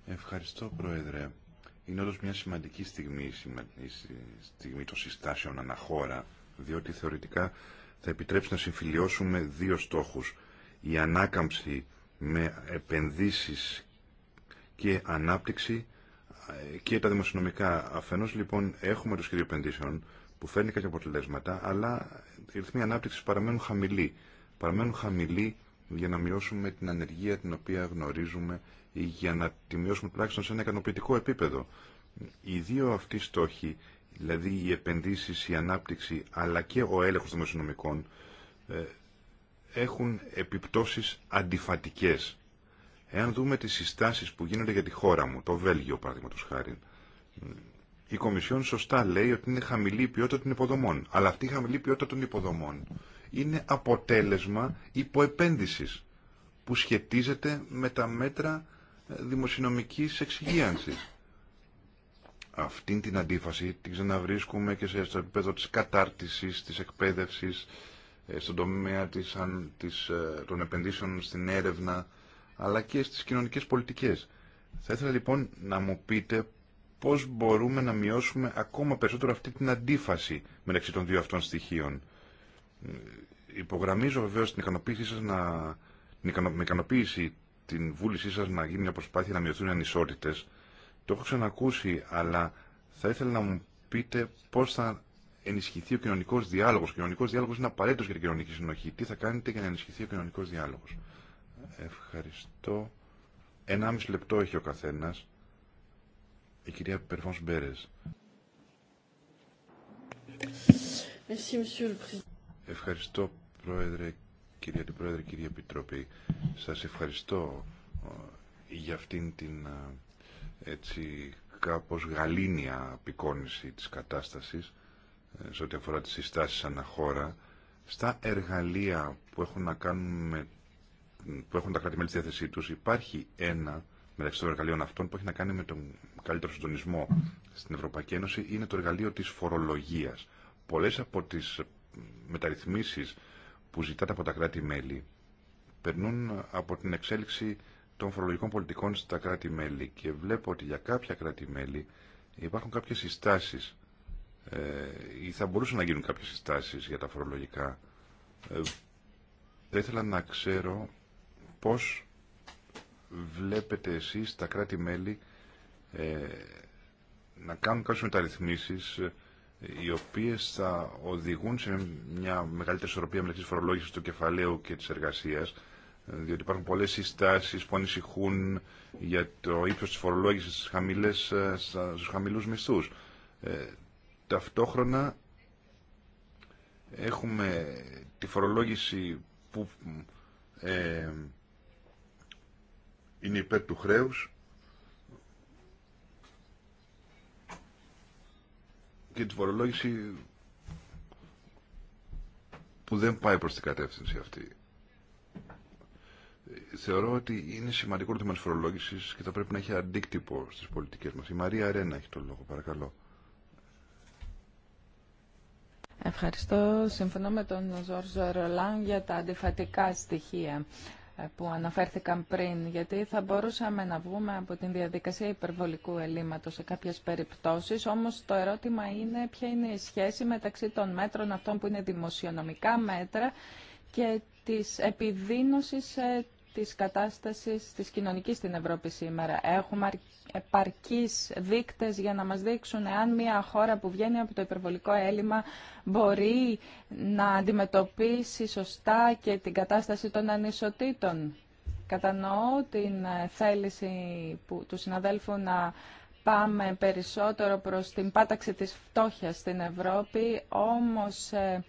Ευχαριστώ Πρόεδρε. Είναι όντως μια σημαντική στιγμή, η στιγμή των συστάσεων αναχώρα, διότι θεωρητικά θα επιτρέψει να συμφιλειώσουμε δύο στόχους. Η ανάκαμψη με επενδύσεις και ανάπτυξη ε, και τα δημοσιονομικά. Αφενός λοιπόν έχουμε τους σχέδιο επενδύσεων που φέρνει κάποια αποτελέσματα, αλλά οι ρυθμοί ανάπτυξης παραμένουν χαμηλοί. Παραμένουν χαμηλοί για να μειώσουμε την ανεργία την οποία γνωρίζουμε ή για να τη μειώσουμε τουλάχιστον σε ένα ικανοποιητικό επίπεδο. Οι δύο αυτοί στόχοι, δηλαδή οι επενδύσεις, η ανάπτυξη αλλά και ο έλεγχος δημοσιονομικών, ε, έχουν επιπτώσεις αντιφατικές. Εάν δούμε τις συστάσεις που γίνονται για τη χώρα μου, το Βέλγιο παραδείγματος χάρη, η Κομισιόν σωστά λέει ότι είναι χαμηλή η ποιότητα των υποδομών. Αλλά αυτή η χαμηλή ποιότητα των υποδομών είναι αποτέλεσμα υποεπένδυσης που σχετίζεται με τα μέτρα ε, δημοσιονομικής εξυγίανσης. Αυτή την αντίφαση την ξαναβρίσκουμε και στο επίπεδο της κατάρτισης, της εκπαίδευσης, ε, στον τομέα ε, των επενδύσεων στην έρευνα, αλλά και στις κοινωνικές πολιτικές. Θα ήθελα λοιπόν να μου πείτε πώς μπορούμε να μειώσουμε ακόμα περισσότερο αυτή την αντίφαση μεταξύ των δύο αυτών στοιχείων. Υπογραμμίζω βεβαίως την ικανοποίησή σας να... την ικανοποίηση την βούλησή σας να γίνει μια προσπάθεια να μειωθούν οι ανισότητες. Το έχω ξανακούσει, αλλά θα ήθελα να μου πείτε πώς θα ενισχυθεί ο κοινωνικός διάλογος. Ο κοινωνικός διάλογος είναι απαραίτητος για την κοινωνική συνοχή. Τι θα κάνετε για να ενισχυθεί ο κοινωνικός διάλογος. Ευχαριστώ. 1,5 λεπτό έχει ο καθένας. Η κυρία Περφόνς Μπέρες. Ευχαριστώ, Πρόεδρε, κυρία την Πρόεδρε, κυρία Επιτροπή. Σας ευχαριστώ ε, για αυτήν την ε, έτσι κάπως γαλήνια απεικόνηση της κατάστασης ε, σε ό,τι αφορά τις συστάσεις αναχώρα στα εργαλεία που έχουν να κάνουν με που έχουν τα κράτη-μέλη στη διάθεσή του, υπάρχει ένα μεταξύ των εργαλείων αυτών που έχει να κάνει με τον καλύτερο συντονισμό στην Ευρωπαϊκή Ένωση, είναι το εργαλείο τη φορολογία. Πολλέ από τι μεταρρυθμίσει που ζητάτε από τα κράτη-μέλη περνούν από την εξέλιξη των φορολογικών πολιτικών στα κράτη-μέλη και βλέπω ότι για κάποια κράτη-μέλη υπάρχουν κάποιε συστάσει ε, ή θα μπορούσαν να γίνουν κάποιε συστάσει για τα φορολογικά. Ε, θα ήθελα να ξέρω πώς βλέπετε εσείς τα κράτη-μέλη ε, να κάνουν κάποιες μεταρρυθμίσεις ε, οι οποίες θα οδηγούν σε μια μεγαλύτερη ισορροπία μεταξύ φορολόγησης του κεφαλαίου και της εργασίας διότι υπάρχουν πολλές συστάσεις που ανησυχούν για το ύψος της φορολόγησης στις χαμηλές, ε, στους χαμηλούς μισθούς. Ε, ταυτόχρονα έχουμε τη φορολόγηση που ε, είναι υπέρ του χρέους και τη φορολόγηση που δεν πάει προς την κατεύθυνση αυτή. Θεωρώ ότι είναι σημαντικό το θέμα της φορολόγησης και θα πρέπει να έχει αντίκτυπο στις πολιτικές μας. Η Μαρία Αρένα έχει τον λόγο, παρακαλώ. Ευχαριστώ. Συμφωνώ με τον Ζόρζο Ρολάν για τα αντιφατικά στοιχεία που αναφέρθηκαν πριν, γιατί θα μπορούσαμε να βγούμε από την διαδικασία υπερβολικού ελλείμματος σε κάποιες περιπτώσεις, όμως το ερώτημα είναι ποια είναι η σχέση μεταξύ των μέτρων αυτών που είναι δημοσιονομικά μέτρα και της επιδίνωσης ε, της κατάστασης της κοινωνικής στην Ευρώπη σήμερα. Έχουμε επαρκείς δείκτες για να μας δείξουν αν μια χώρα που βγαίνει από το υπερβολικό έλλειμμα μπορεί να αντιμετωπίσει σωστά και την κατάσταση των ανισοτήτων. Κατανοώ την ε, θέληση του συναδέλφου να πάμε περισσότερο προς την πάταξη της φτώχειας στην Ευρώπη, όμως ε,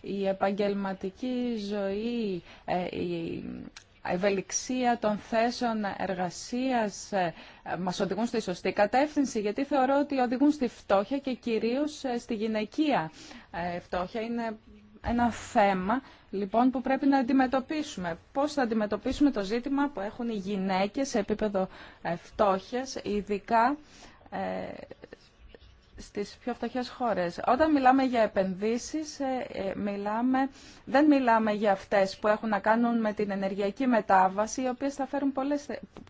η επαγγελματική ζωή, ε, η ευελιξία των θέσεων εργασίας ε, μας οδηγούν στη σωστή κατεύθυνση, γιατί θεωρώ ότι οδηγούν στη φτώχεια και κυρίως ε, στη γυναικεία ε, φτώχεια. Είναι ένα θέμα λοιπόν που πρέπει να αντιμετωπίσουμε. Πώς θα αντιμετωπίσουμε το ζήτημα που έχουν οι γυναίκες σε επίπεδο φτώχειας, ειδικά στις πιο φτωχές χώρες. Όταν μιλάμε για επενδύσεις, ε, ε, μιλάμε, δεν μιλάμε για αυτές που έχουν να κάνουν με την ενεργειακή μετάβαση, οι οποίες θα φέρουν πολλές,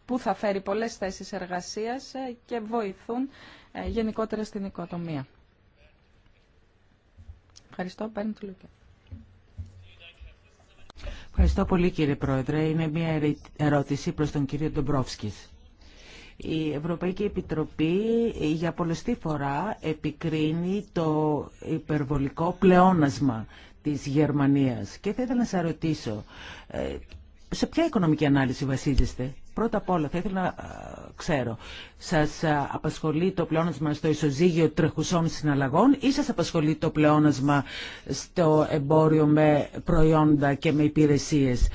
που θα φέρει πολλές θέσεις εργασίας ε, και βοηθούν γενικότερα στην οικοτομία. Ευχαριστώ. Παίρνει το Ευχαριστώ πολύ κύριε Πρόεδρε. Είναι μια ερώτηση προς τον κύριο Ντομπρόφσκης. Η Ευρωπαϊκή Επιτροπή για πολλωστή φορά επικρίνει το υπερβολικό πλεόνασμα της Γερμανίας. Και θα ήθελα να σας ρωτήσω, ε, σε ποια οικονομική ανάλυση βασίζεστε. Πρώτα απ' όλα θα ήθελα να ε, ξέρω, σας ε, απασχολεί το πλεόνασμα στο ισοζύγιο τρεχουσών συναλλαγών ή σας απασχολεί το πλεόνασμα στο εμπόριο με προϊόντα και με υπηρεσίες.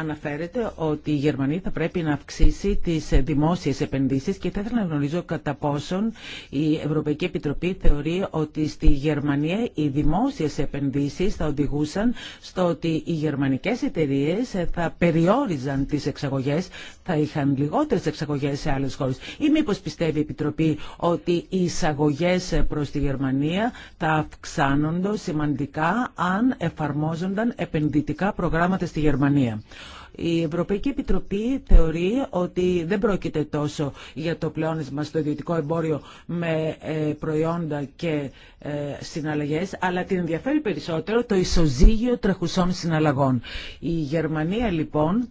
Αναφέρεται ότι η Γερμανία θα πρέπει να αυξήσει τις δημόσιες επενδύσεις και θα ήθελα να γνωρίζω κατά πόσον η Ευρωπαϊκή Επιτροπή θεωρεί ότι στη Γερμανία οι δημόσιες επενδύσεις θα οδηγούσαν στο ότι οι γερμανικές εταιρείε θα περιόριζαν τις εξαγωγές, θα είχαν λιγότερες εξαγωγές σε άλλες χώρες. Ή μήπω πιστεύει η Επιτροπή ότι οι εισαγωγέ προς τη Γερμανία θα αυξάνονται σημαντικά αν εφαρμόζονταν επενδυτικά προγράμματα στη Γερμανία. Η Ευρωπαϊκή Επιτροπή θεωρεί ότι δεν πρόκειται τόσο για το πλεόνασμα στο ιδιωτικό εμπόριο με ε, προϊόντα και ε, συναλλαγές, αλλά την ενδιαφέρει περισσότερο το ισοζύγιο τρεχουσών συναλλαγών. Η Γερμανία λοιπόν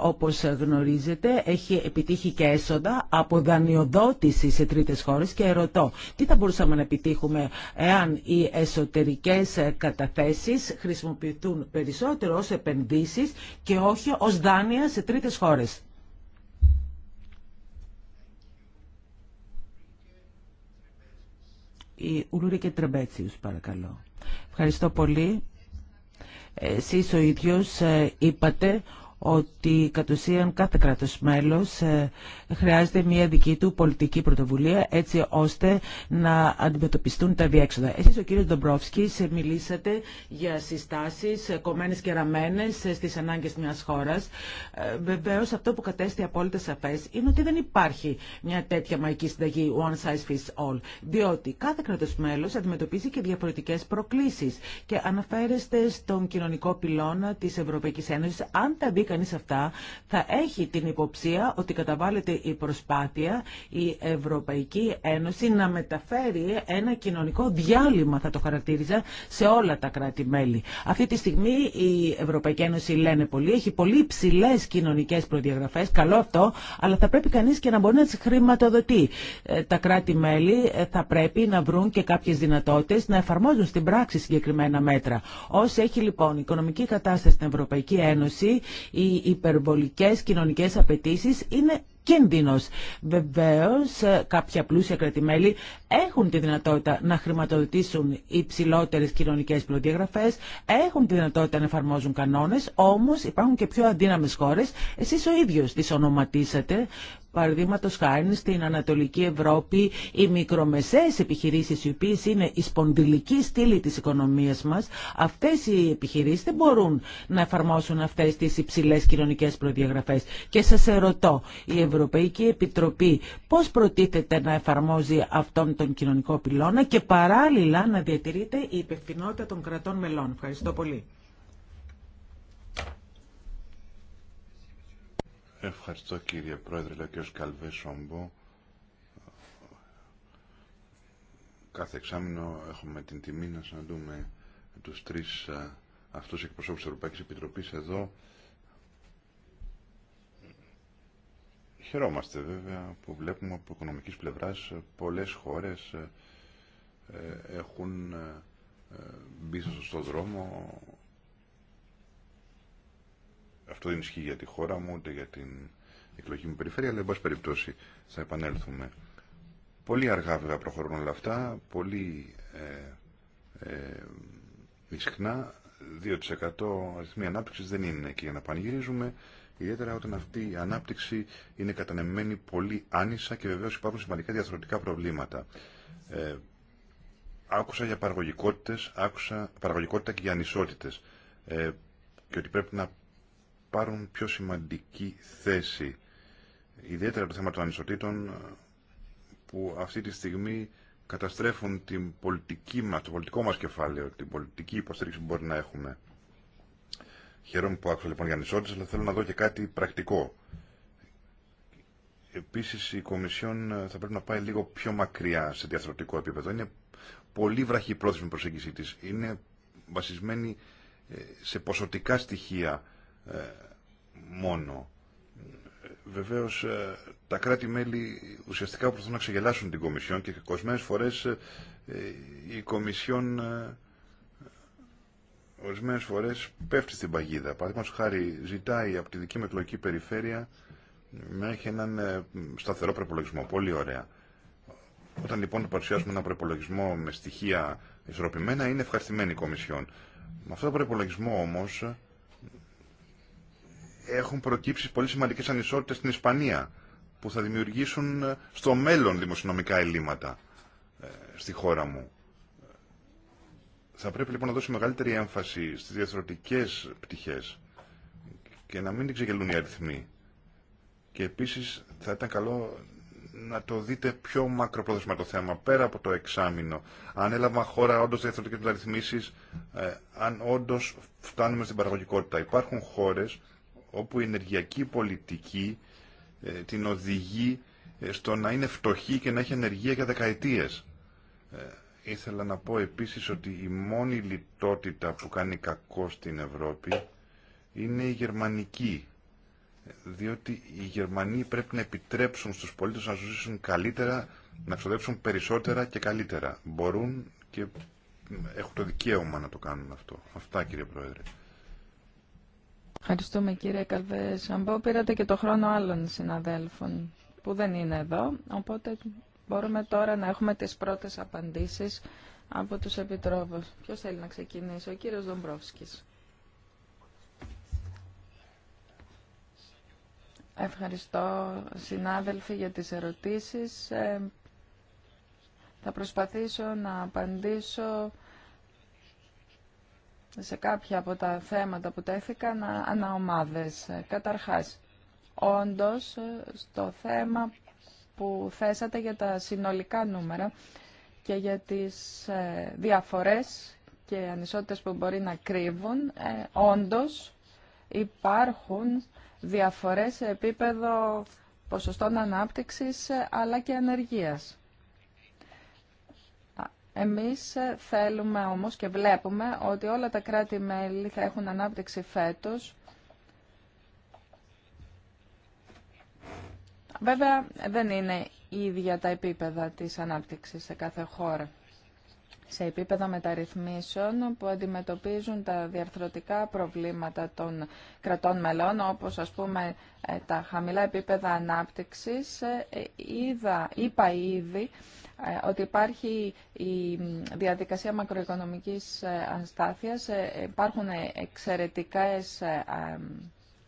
όπως γνωρίζετε, έχει επιτύχει και έσοδα από δανειοδότηση σε τρίτες χώρες και ερωτώ, τι θα μπορούσαμε να επιτύχουμε εάν οι εσωτερικές καταθέσεις χρησιμοποιηθούν περισσότερο ως επενδύσεις και όχι ως δάνεια σε τρίτες χώρες. Η Ουλούρη Τρεμπέτσιους, παρακαλώ. Ευχαριστώ πολύ. Εσείς ο ίδιος ε, είπατε ότι κατ' ουσίαν κάθε κράτος μέλος ε, χρειάζεται μια δική του πολιτική πρωτοβουλία έτσι ώστε να αντιμετωπιστούν τα διέξοδα. Εσείς ο κύριος Ντομπρόφσκης μιλήσατε για συστάσεις ε, κομμένες και ραμμένες ε, στις ανάγκες μιας χώρας. Βεβαίως αυτό που κατέστη απόλυτα σαφές είναι ότι δεν υπάρχει μια τέτοια μαϊκή συνταγή one size fits all διότι κάθε κράτος μέλος αντιμετωπίζει και διαφορετικές προκλήσεις και αναφέρεστε στον κοινωνικό πυλώνα της Ευρωπαϊκής Ένωσης αν τα κανείς αυτά θα έχει την υποψία ότι καταβάλλεται η προσπάθεια η Ευρωπαϊκή Ένωση να μεταφέρει ένα κοινωνικό διάλειμμα, θα το χαρακτήριζα, σε όλα τα κράτη-μέλη. Αυτή τη στιγμή η Ευρωπαϊκή Ένωση λένε πολύ, έχει πολύ ψηλέ κοινωνικέ προδιαγραφές, καλό αυτό, αλλά θα πρέπει κανείς και να μπορεί να τις χρηματοδοτεί. Ε, τα κράτη-μέλη ε, θα πρέπει να βρουν και κάποιες δυνατότητε να εφαρμόζουν στην πράξη συγκεκριμένα μέτρα. Όσο έχει λοιπόν η οικονομική κατάσταση στην Ευρωπαϊκή Ένωση, οι υπερβολικές κοινωνικές απαιτήσει είναι κίνδυνος. Βεβαίως, ε, κάποια πλούσια κρατημέλη έχουν τη δυνατότητα να χρηματοδοτήσουν υψηλότερες κοινωνικές προδιαγραφές, έχουν τη δυνατότητα να εφαρμόζουν κανόνες, όμως υπάρχουν και πιο αδύναμες χώρες. Εσείς ο ίδιος τις ονοματίσατε Παραδείγματο χάρη στην Ανατολική Ευρώπη, οι μικρομεσαίες επιχειρήσεις, οι οποίε είναι η σπονδυλική στήλη τη οικονομία μας, Αυτέ οι επιχειρήσει δεν μπορούν να εφαρμόσουν αυτέ τι υψηλέ κοινωνικέ προδιαγραφέ. Και σα ερωτώ, η Ευρωπαϊκή Επιτροπή πώς προτίθεται να εφαρμόζει αυτόν τον κοινωνικό πυλώνα και παράλληλα να διατηρείται η υπευθυνότητα των κρατών μελών. Ευχαριστώ πολύ. Ευχαριστώ κύριε Πρόεδρε, και ο Καλβέ Σόμπο. Κάθε εξάμεινο έχουμε την τιμή να συναντούμε τους τρεις αυτούς εκπροσώπους της Ευρωπαϊκής Επιτροπής εδώ. Χαιρόμαστε βέβαια που βλέπουμε από οικονομικής πλευράς πολλές χώρες ε, έχουν ε, μπει στο δρόμο αυτό δεν ισχύει για τη χώρα μου, ούτε για την εκλογή μου περιφέρεια, αλλά εν πάση περιπτώσει θα επανέλθουμε. Πολύ αργά βέβαια προχωρούν όλα αυτά, πολύ ε, ε, 2% αριθμοί ανάπτυξη δεν είναι εκεί για να πανηγυρίζουμε, ιδιαίτερα όταν αυτή η ανάπτυξη είναι κατανεμμένη πολύ άνισα και βεβαίω υπάρχουν σημαντικά διαθροτικά προβλήματα. Ε, άκουσα για παραγωγικότητε, άκουσα παραγωγικότητα και για ανισότητε. Ε, και ότι πρέπει να πάρουν πιο σημαντική θέση. Ιδιαίτερα το θέμα των ανισοτήτων που αυτή τη στιγμή καταστρέφουν την πολιτική μας, το πολιτικό μας κεφάλαιο, την πολιτική υποστήριξη που μπορεί να έχουμε. Χαίρομαι που άκουσα λοιπόν για ανισότητες, αλλά θέλω να δω και κάτι πρακτικό. Επίσης η Κομισιόν ε, θα πρέπει να πάει λίγο πιο μακριά σε διαθροτικό επίπεδο. Είναι πολύ βραχή η με προσέγγιση της. Είναι βασισμένη ε, σε ποσοτικά στοιχεία ε, μόνο. Βεβαίως ε, τα κράτη-μέλη ουσιαστικά προσπαθούν να ξεγελάσουν την Κομισιόν και κοσμένες φορές ε, η Κομισιόν ορισμένες φορές πέφτει στην παγίδα. Παραδείγματος χάρη ζητάει από τη δική μου εκλογική περιφέρεια να έχει έναν σταθερό προπολογισμό. Πολύ ωραία. Όταν λοιπόν παρουσιάσουμε ένα προπολογισμό με στοιχεία ισορροπημένα είναι ευχαριστημένη η Κομισιόν. Με αυτό το προπολογισμό όμως έχουν προκύψει πολύ σημαντικέ ανισότητε στην Ισπανία που θα δημιουργήσουν ε, στο μέλλον δημοσιονομικά ελλείμματα ε, στη χώρα μου. Θα πρέπει λοιπόν να δώσει μεγαλύτερη έμφαση στις διαθροτικές πτυχές και να μην την ξεγελούν οι αριθμοί. Και επίσης θα ήταν καλό να το δείτε πιο μακροπρόθεσμα το θέμα, πέρα από το εξάμεινο. Αν έλαβα χώρα όντως διαθροτικές μεταρρυθμίσεις, ε, αν όντως φτάνουμε στην παραγωγικότητα. Υπάρχουν χώρες όπου η ενεργειακή πολιτική ε, την οδηγεί ε, στο να είναι φτωχή και να έχει ενεργεία για δεκαετίες. Ε, ήθελα να πω επίσης ότι η μόνη λιτότητα που κάνει κακό στην Ευρώπη είναι η γερμανική. Διότι οι Γερμανοί πρέπει να επιτρέψουν στους πολίτες να ζήσουν καλύτερα, να ξοδέψουν περισσότερα και καλύτερα. Μπορούν και έχουν το δικαίωμα να το κάνουν αυτό. Αυτά κύριε Πρόεδρε. Ευχαριστούμε κύριε Αν πω, Πήρατε και το χρόνο άλλων συναδέλφων που δεν είναι εδώ, οπότε μπορούμε τώρα να έχουμε τις πρώτες απαντήσεις από τους επιτρόπους. Ποιος θέλει να ξεκινήσει, ο κύριος Δομπρόφσκης. Ευχαριστώ συνάδελφοι για τις ερωτήσεις. Ε, θα προσπαθήσω να απαντήσω σε κάποια από τα θέματα που τέθηκαν αναομάδες. Καταρχάς, όντως, στο θέμα που θέσατε για τα συνολικά νούμερα και για τις ε, διαφορές και ανισότητες που μπορεί να κρύβουν, ε, όντως υπάρχουν διαφορές σε επίπεδο ποσοστών ανάπτυξης ε, αλλά και ανεργίας. Εμείς θέλουμε όμως και βλέπουμε ότι όλα τα κράτη-μέλη θα έχουν ανάπτυξη φέτος. Βέβαια δεν είναι ίδια τα επίπεδα της ανάπτυξης σε κάθε χώρα σε επίπεδο μεταρρυθμίσεων που αντιμετωπίζουν τα διαρθρωτικά προβλήματα των κρατών μελών, όπως ας πούμε ε, τα χαμηλά επίπεδα ανάπτυξης. Ε, είδα, είπα ήδη ε, ότι υπάρχει η διαδικασία μακροοικονομικής αστάθειας, υπάρχουν εξαιρετικές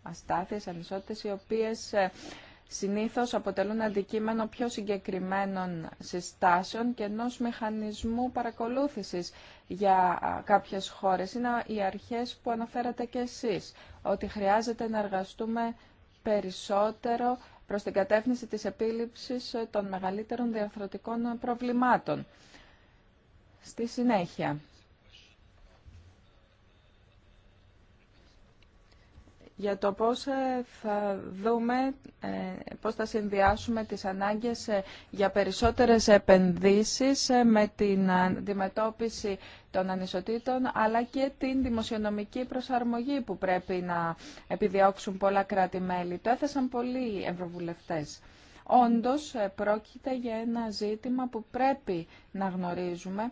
αστάθειες, ανισότητες, οι οποίες συνήθως αποτελούν αντικείμενο πιο συγκεκριμένων συστάσεων και ενός μηχανισμού παρακολούθησης για κάποιες χώρες. Είναι οι αρχές που αναφέρατε και εσείς, ότι χρειάζεται να εργαστούμε περισσότερο προς την κατεύθυνση της επίληψης ε, των μεγαλύτερων διαρθρωτικών ε, προβλημάτων. Στη συνέχεια, για το πώς ε, θα δούμε, ε, πώς θα συνδυάσουμε τις ανάγκες ε, για περισσότερες επενδύσεις με την αντιμετώπιση των ανισοτήτων, αλλά και την δημοσιονομική προσαρμογή που πρέπει να επιδιώξουν πολλά κράτη-μέλη. Το έθεσαν πολλοί ευρωβουλευτές. Όντως, πρόκειται για ένα ζήτημα που πρέπει να γνωρίζουμε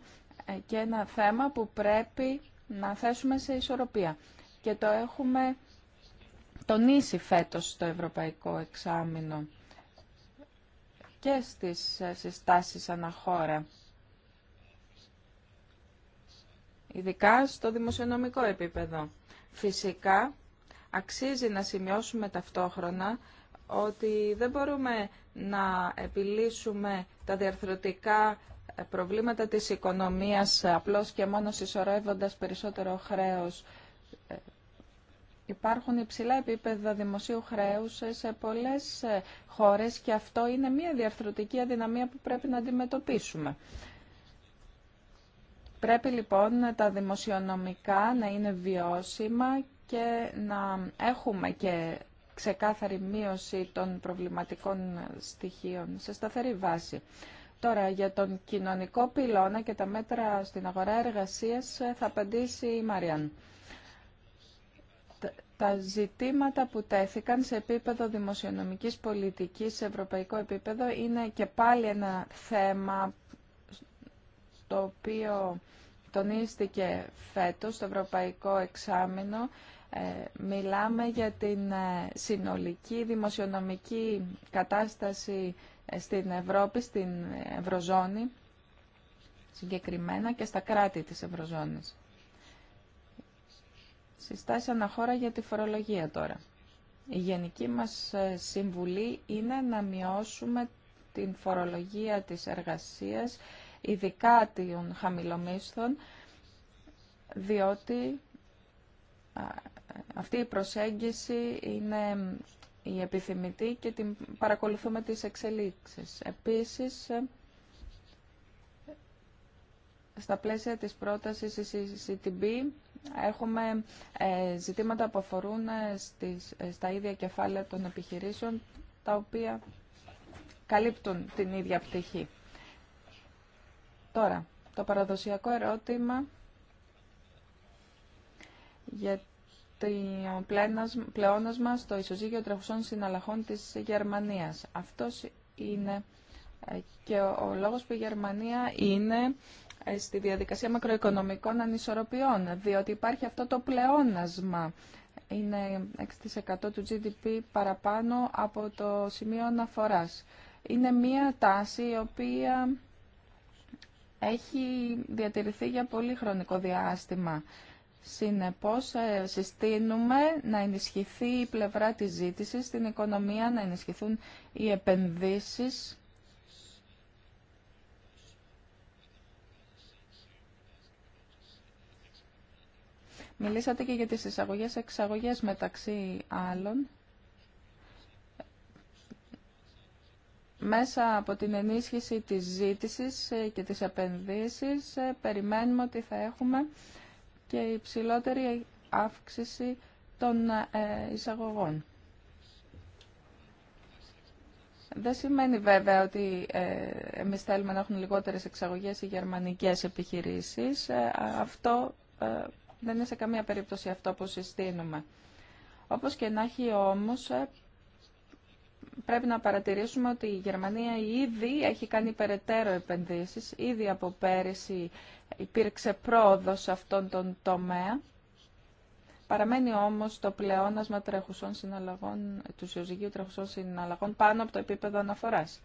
και ένα θέμα που πρέπει να θέσουμε σε ισορροπία. Και το έχουμε τονίσει φέτος το Ευρωπαϊκό Εξάμεινο και στις ε, συστάσεις αναχώρα. Ειδικά στο δημοσιονομικό επίπεδο. Φυσικά, αξίζει να σημειώσουμε ταυτόχρονα ότι δεν μπορούμε να επιλύσουμε τα διαρθρωτικά προβλήματα της οικονομίας απλώς και μόνο συσσωρεύοντας περισσότερο χρέος Υπάρχουν υψηλά επίπεδα δημοσίου χρέους σε πολλέ ε, χώρες και αυτό είναι μια διαρθρωτική αδυναμία που πρέπει να αντιμετωπίσουμε. Πρέπει λοιπόν τα δημοσιονομικά να είναι βιώσιμα και να έχουμε και ξεκάθαρη μείωση των προβληματικών στοιχείων σε σταθερή βάση. Τώρα για τον κοινωνικό πυλώνα και τα μέτρα στην αγορά εργασίας ε, θα απαντήσει η Μαριάν τα ζητήματα που τέθηκαν σε επίπεδο δημοσιονομικής πολιτικής, σε ευρωπαϊκό επίπεδο, είναι και πάλι ένα θέμα το οποίο τονίστηκε φέτος στο Ευρωπαϊκό Εξάμεινο. Ε, μιλάμε για την ε, συνολική δημοσιονομική κατάσταση ε, στην Ευρώπη, στην Ευρωζώνη συγκεκριμένα και στα κράτη της Ευρωζώνης συστάσει αναχώρα για τη φορολογία τώρα. Η γενική μας ε, συμβουλή είναι να μειώσουμε την φορολογία της εργασίας, ειδικά των χαμηλομίσθων, διότι αυτή η προσέγγιση είναι η επιθυμητή και την παρακολουθούμε τις εξελίξεις. Επίσης, ε, στα πλαίσια της πρότασης της CTB έχουμε ε, ζητήματα που αφορούν ε, στις, ε, στα ίδια κεφάλαια των επιχειρήσεων, τα οποία καλύπτουν την ίδια πτυχή. Τώρα, το παραδοσιακό ερώτημα για το πλεόνασμα στο ισοζύγιο τρεχουσών συναλλαχών της Γερμανίας. Αυτός είναι και ο λόγος που η Γερμανία είναι ε, στη διαδικασία μακροοικονομικών ανισορροπιών, διότι υπάρχει αυτό το πλεόνασμα. Είναι 6% του GDP παραπάνω από το σημείο αναφοράς. Είναι μία τάση η οποία έχει διατηρηθεί για πολύ χρονικό διάστημα. Συνεπώς, ε, συστήνουμε να ενισχυθεί η πλευρά της ζήτησης στην οικονομία, να ενισχυθούν οι επενδύσεις Μιλήσατε και για τις εισαγωγές-εξαγωγές μεταξύ άλλων. Μέσα από την ενίσχυση της ζήτησης ε, και της επενδύσης ε, περιμένουμε ότι θα έχουμε και υψηλότερη αύξηση των ε, εισαγωγών. Δεν σημαίνει βέβαια ότι εμείς θέλουμε να έχουν λιγότερες εξαγωγές οι γερμανικές επιχειρήσεις. Αυτό δεν είναι σε καμία περίπτωση αυτό που συστήνουμε. Όπως και να έχει όμως, ε, πρέπει να παρατηρήσουμε ότι η Γερμανία ήδη έχει κάνει περαιτέρω επενδύσεις. Ήδη από πέρυσι υπήρξε πρόοδος σε αυτόν τον τομέα. Παραμένει όμως το πλεόνασμα τρέχουσών συναλλαγών, του συζυγίου τρέχουσών συναλλαγών πάνω από το επίπεδο αναφοράς.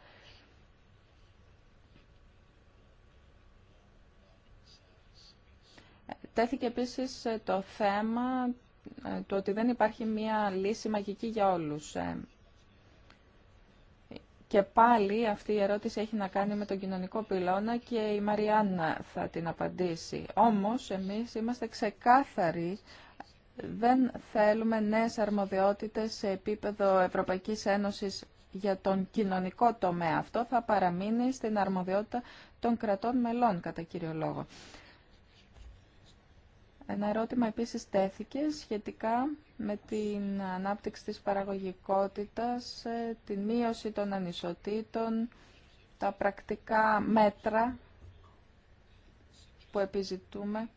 Τέθηκε επίσης ε, το θέμα ε, του ότι δεν υπάρχει μία λύση μαγική για όλους. Ε. Και πάλι αυτή η ερώτηση έχει να κάνει με τον κοινωνικό πυλώνα και η Μαριάννα θα την απαντήσει. Όμως εμείς είμαστε ξεκάθαροι δεν θέλουμε νέες αρμοδιότητες σε επίπεδο Ευρωπαϊκής Ένωσης για τον κοινωνικό τομέα. Αυτό θα παραμείνει στην αρμοδιότητα των κρατών μελών, κατά κύριο λόγο. Ένα ερώτημα επίσης τέθηκε σχετικά με την ανάπτυξη της παραγωγικότητας, ε, την μείωση των ανισοτήτων, τα πρακτικά μέτρα που επιζητούμε.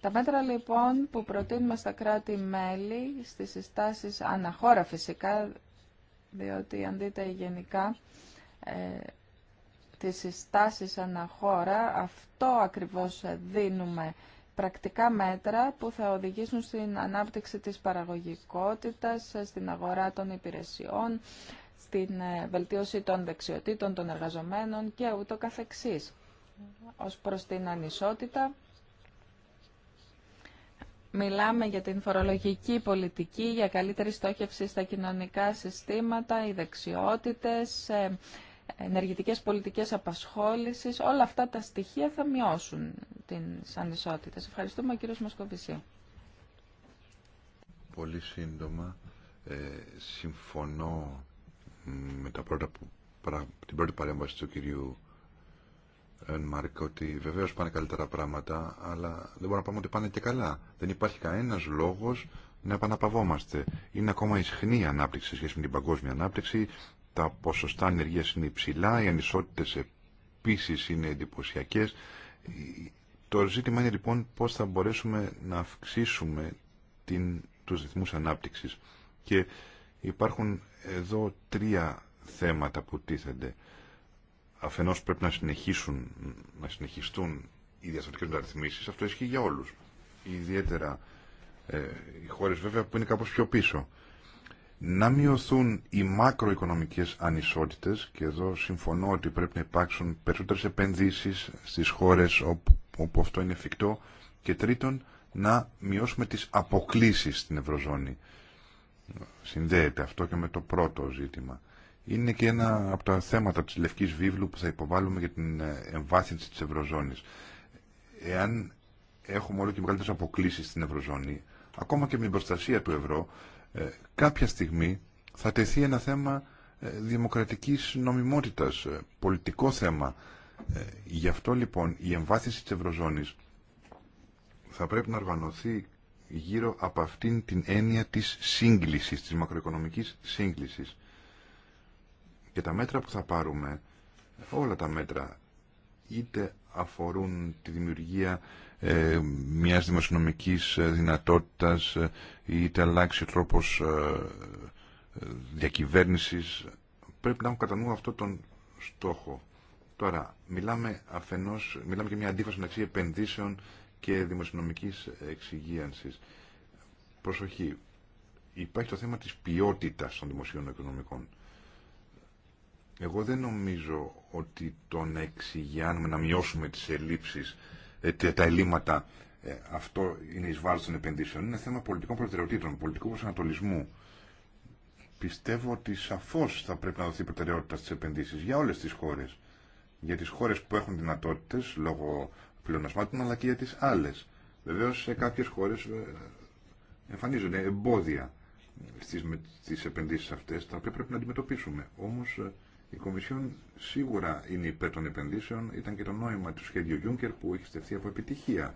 Τα μέτρα λοιπόν που προτείνουμε στα κράτη-μέλη, στις συστάσεις αναχώρα φυσικά, διότι αν δείτε γενικά, ε, τις συστάσεις αναχώρα, αυτό ακριβώς δίνουμε πρακτικά μέτρα που θα οδηγήσουν στην ανάπτυξη της παραγωγικότητας, στην αγορά των υπηρεσιών, στην ε, βελτίωση των δεξιοτήτων των εργαζομένων και ούτω καθεξής. Ως προς την ανισότητα, μιλάμε για την φορολογική πολιτική, για καλύτερη στόχευση στα κοινωνικά συστήματα, οι δεξιότητες, ε, ενεργητικές πολιτικές απασχόλησης, όλα αυτά τα στοιχεία θα μειώσουν την ανισότητα. Σε Ευχαριστούμε κύριος Μασκοβησί. Πολύ σύντομα, ε, συμφωνώ με τα πρώτα πρα, την πρώτη παρέμβαση του κυρίου Μάρκ ότι βεβαίως πάνε καλύτερα πράγματα, αλλά δεν μπορούμε να πούμε ότι πάνε και καλά. Δεν υπάρχει κανένας λόγος να επαναπαυόμαστε. Είναι ακόμα ισχνή η ανάπτυξη σε σχέση με την παγκόσμια ανάπτυξη τα ποσοστά ανεργίας είναι υψηλά, οι ανισότητες επίσης είναι εντυπωσιακέ. Το ζήτημα είναι λοιπόν πώς θα μπορέσουμε να αυξήσουμε την, τους ρυθμούς ανάπτυξης. Και υπάρχουν εδώ τρία θέματα που τίθενται. Αφενός πρέπει να συνεχίσουν, να συνεχιστούν οι διαστατικές μεταρρυθμίσεις. Αυτό ισχύει για όλους. Ιδιαίτερα ε, οι χώρες βέβαια που είναι κάπως πιο πίσω να μειωθούν οι μακροοικονομικές ανισότητες και εδώ συμφωνώ ότι πρέπει να υπάρξουν περισσότερες επενδύσεις στις χώρες όπου, αυτό είναι εφικτό και τρίτον να μειώσουμε τις αποκλίσεις στην Ευρωζώνη. Συνδέεται αυτό και με το πρώτο ζήτημα. Είναι και ένα από τα θέματα της Λευκής Βίβλου που θα υποβάλουμε για την ε, εμβάθυνση της Ευρωζώνης. Εάν έχουμε όλο και μεγαλύτερες αποκλίσεις στην Ευρωζώνη, ακόμα και με την προστασία του ευρώ, ε, κάποια στιγμή θα τεθεί ένα θέμα ε, δημοκρατικής νομιμότητας, ε, πολιτικό θέμα. Γι' αυτό λοιπόν η εμβάθυνση της Ευρωζώνης θα πρέπει να οργανωθεί γύρω από αυτήν την έννοια της σύγκλησης, της μακροοικονομικής σύγκλησης. Και τα μέτρα που θα πάρουμε, όλα τα μέτρα, είτε αφορούν τη δημιουργία ε, μιας δημοσιονομικής ε, δυνατότητας ε, ή είτε αλλάξει ο τρόπος ε, διακυβέρνησης. Πρέπει να έχουν κατά νου αυτό τον στόχο. Τώρα, μιλάμε αφενός, μιλάμε για μια αντίφαση μεταξύ επενδύσεων και δημοσιονομικής εξυγίανσης. Προσοχή, υπάρχει το θέμα της ποιότητας των δημοσίων οικονομικών. Εγώ δεν νομίζω ότι το να εξηγιάνουμε, να μειώσουμε τις ελλείψεις, ε, τα ελλείμματα, ε, αυτό είναι εις βάρος των επενδύσεων. Είναι θέμα πολιτικών προτεραιοτήτων, πολιτικού προσανατολισμού. Πιστεύω ότι σαφώς θα πρέπει να δοθεί προτεραιότητα στις επενδύσεις για όλες τις χώρες. Για τις χώρες που έχουν δυνατότητες λόγω πλεονασμάτων, αλλά και για τις άλλες. Βεβαίως σε κάποιες χώρες ε, εμφανίζονται εμπόδια στις, στις επενδύσεις αυτές, τα οποία πρέπει να αντιμετωπίσουμε. Όμως η Κομισιόν σίγουρα είναι υπέρ των επενδύσεων. Ήταν και το νόημα του σχέδιου Juncker που έχει στεφθεί από επιτυχία.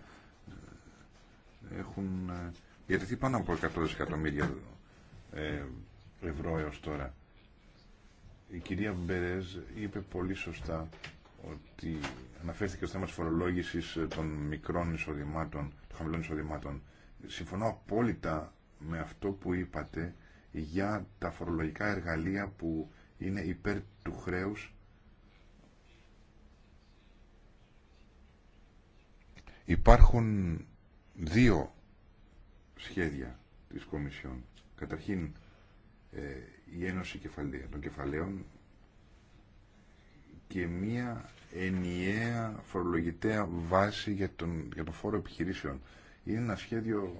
Ε, έχουν ε, διατεθεί πάνω από 100 δισεκατομμύρια ε, ευρώ έως τώρα. Η κυρία Μπερέζ είπε πολύ σωστά ότι αναφέρθηκε στο θέμα της φορολόγησης των μικρών εισοδημάτων, των χαμηλών εισοδημάτων. Συμφωνώ απόλυτα με αυτό που είπατε για τα φορολογικά εργαλεία που είναι υπέρ του χρέους Υπάρχουν δύο σχέδια της Κομισιόν. Καταρχήν ε, η Ένωση των Κεφαλαίων και μία ενιαία φορολογητέα βάση για τον, για τον φόρο επιχειρήσεων. Είναι ένα σχέδιο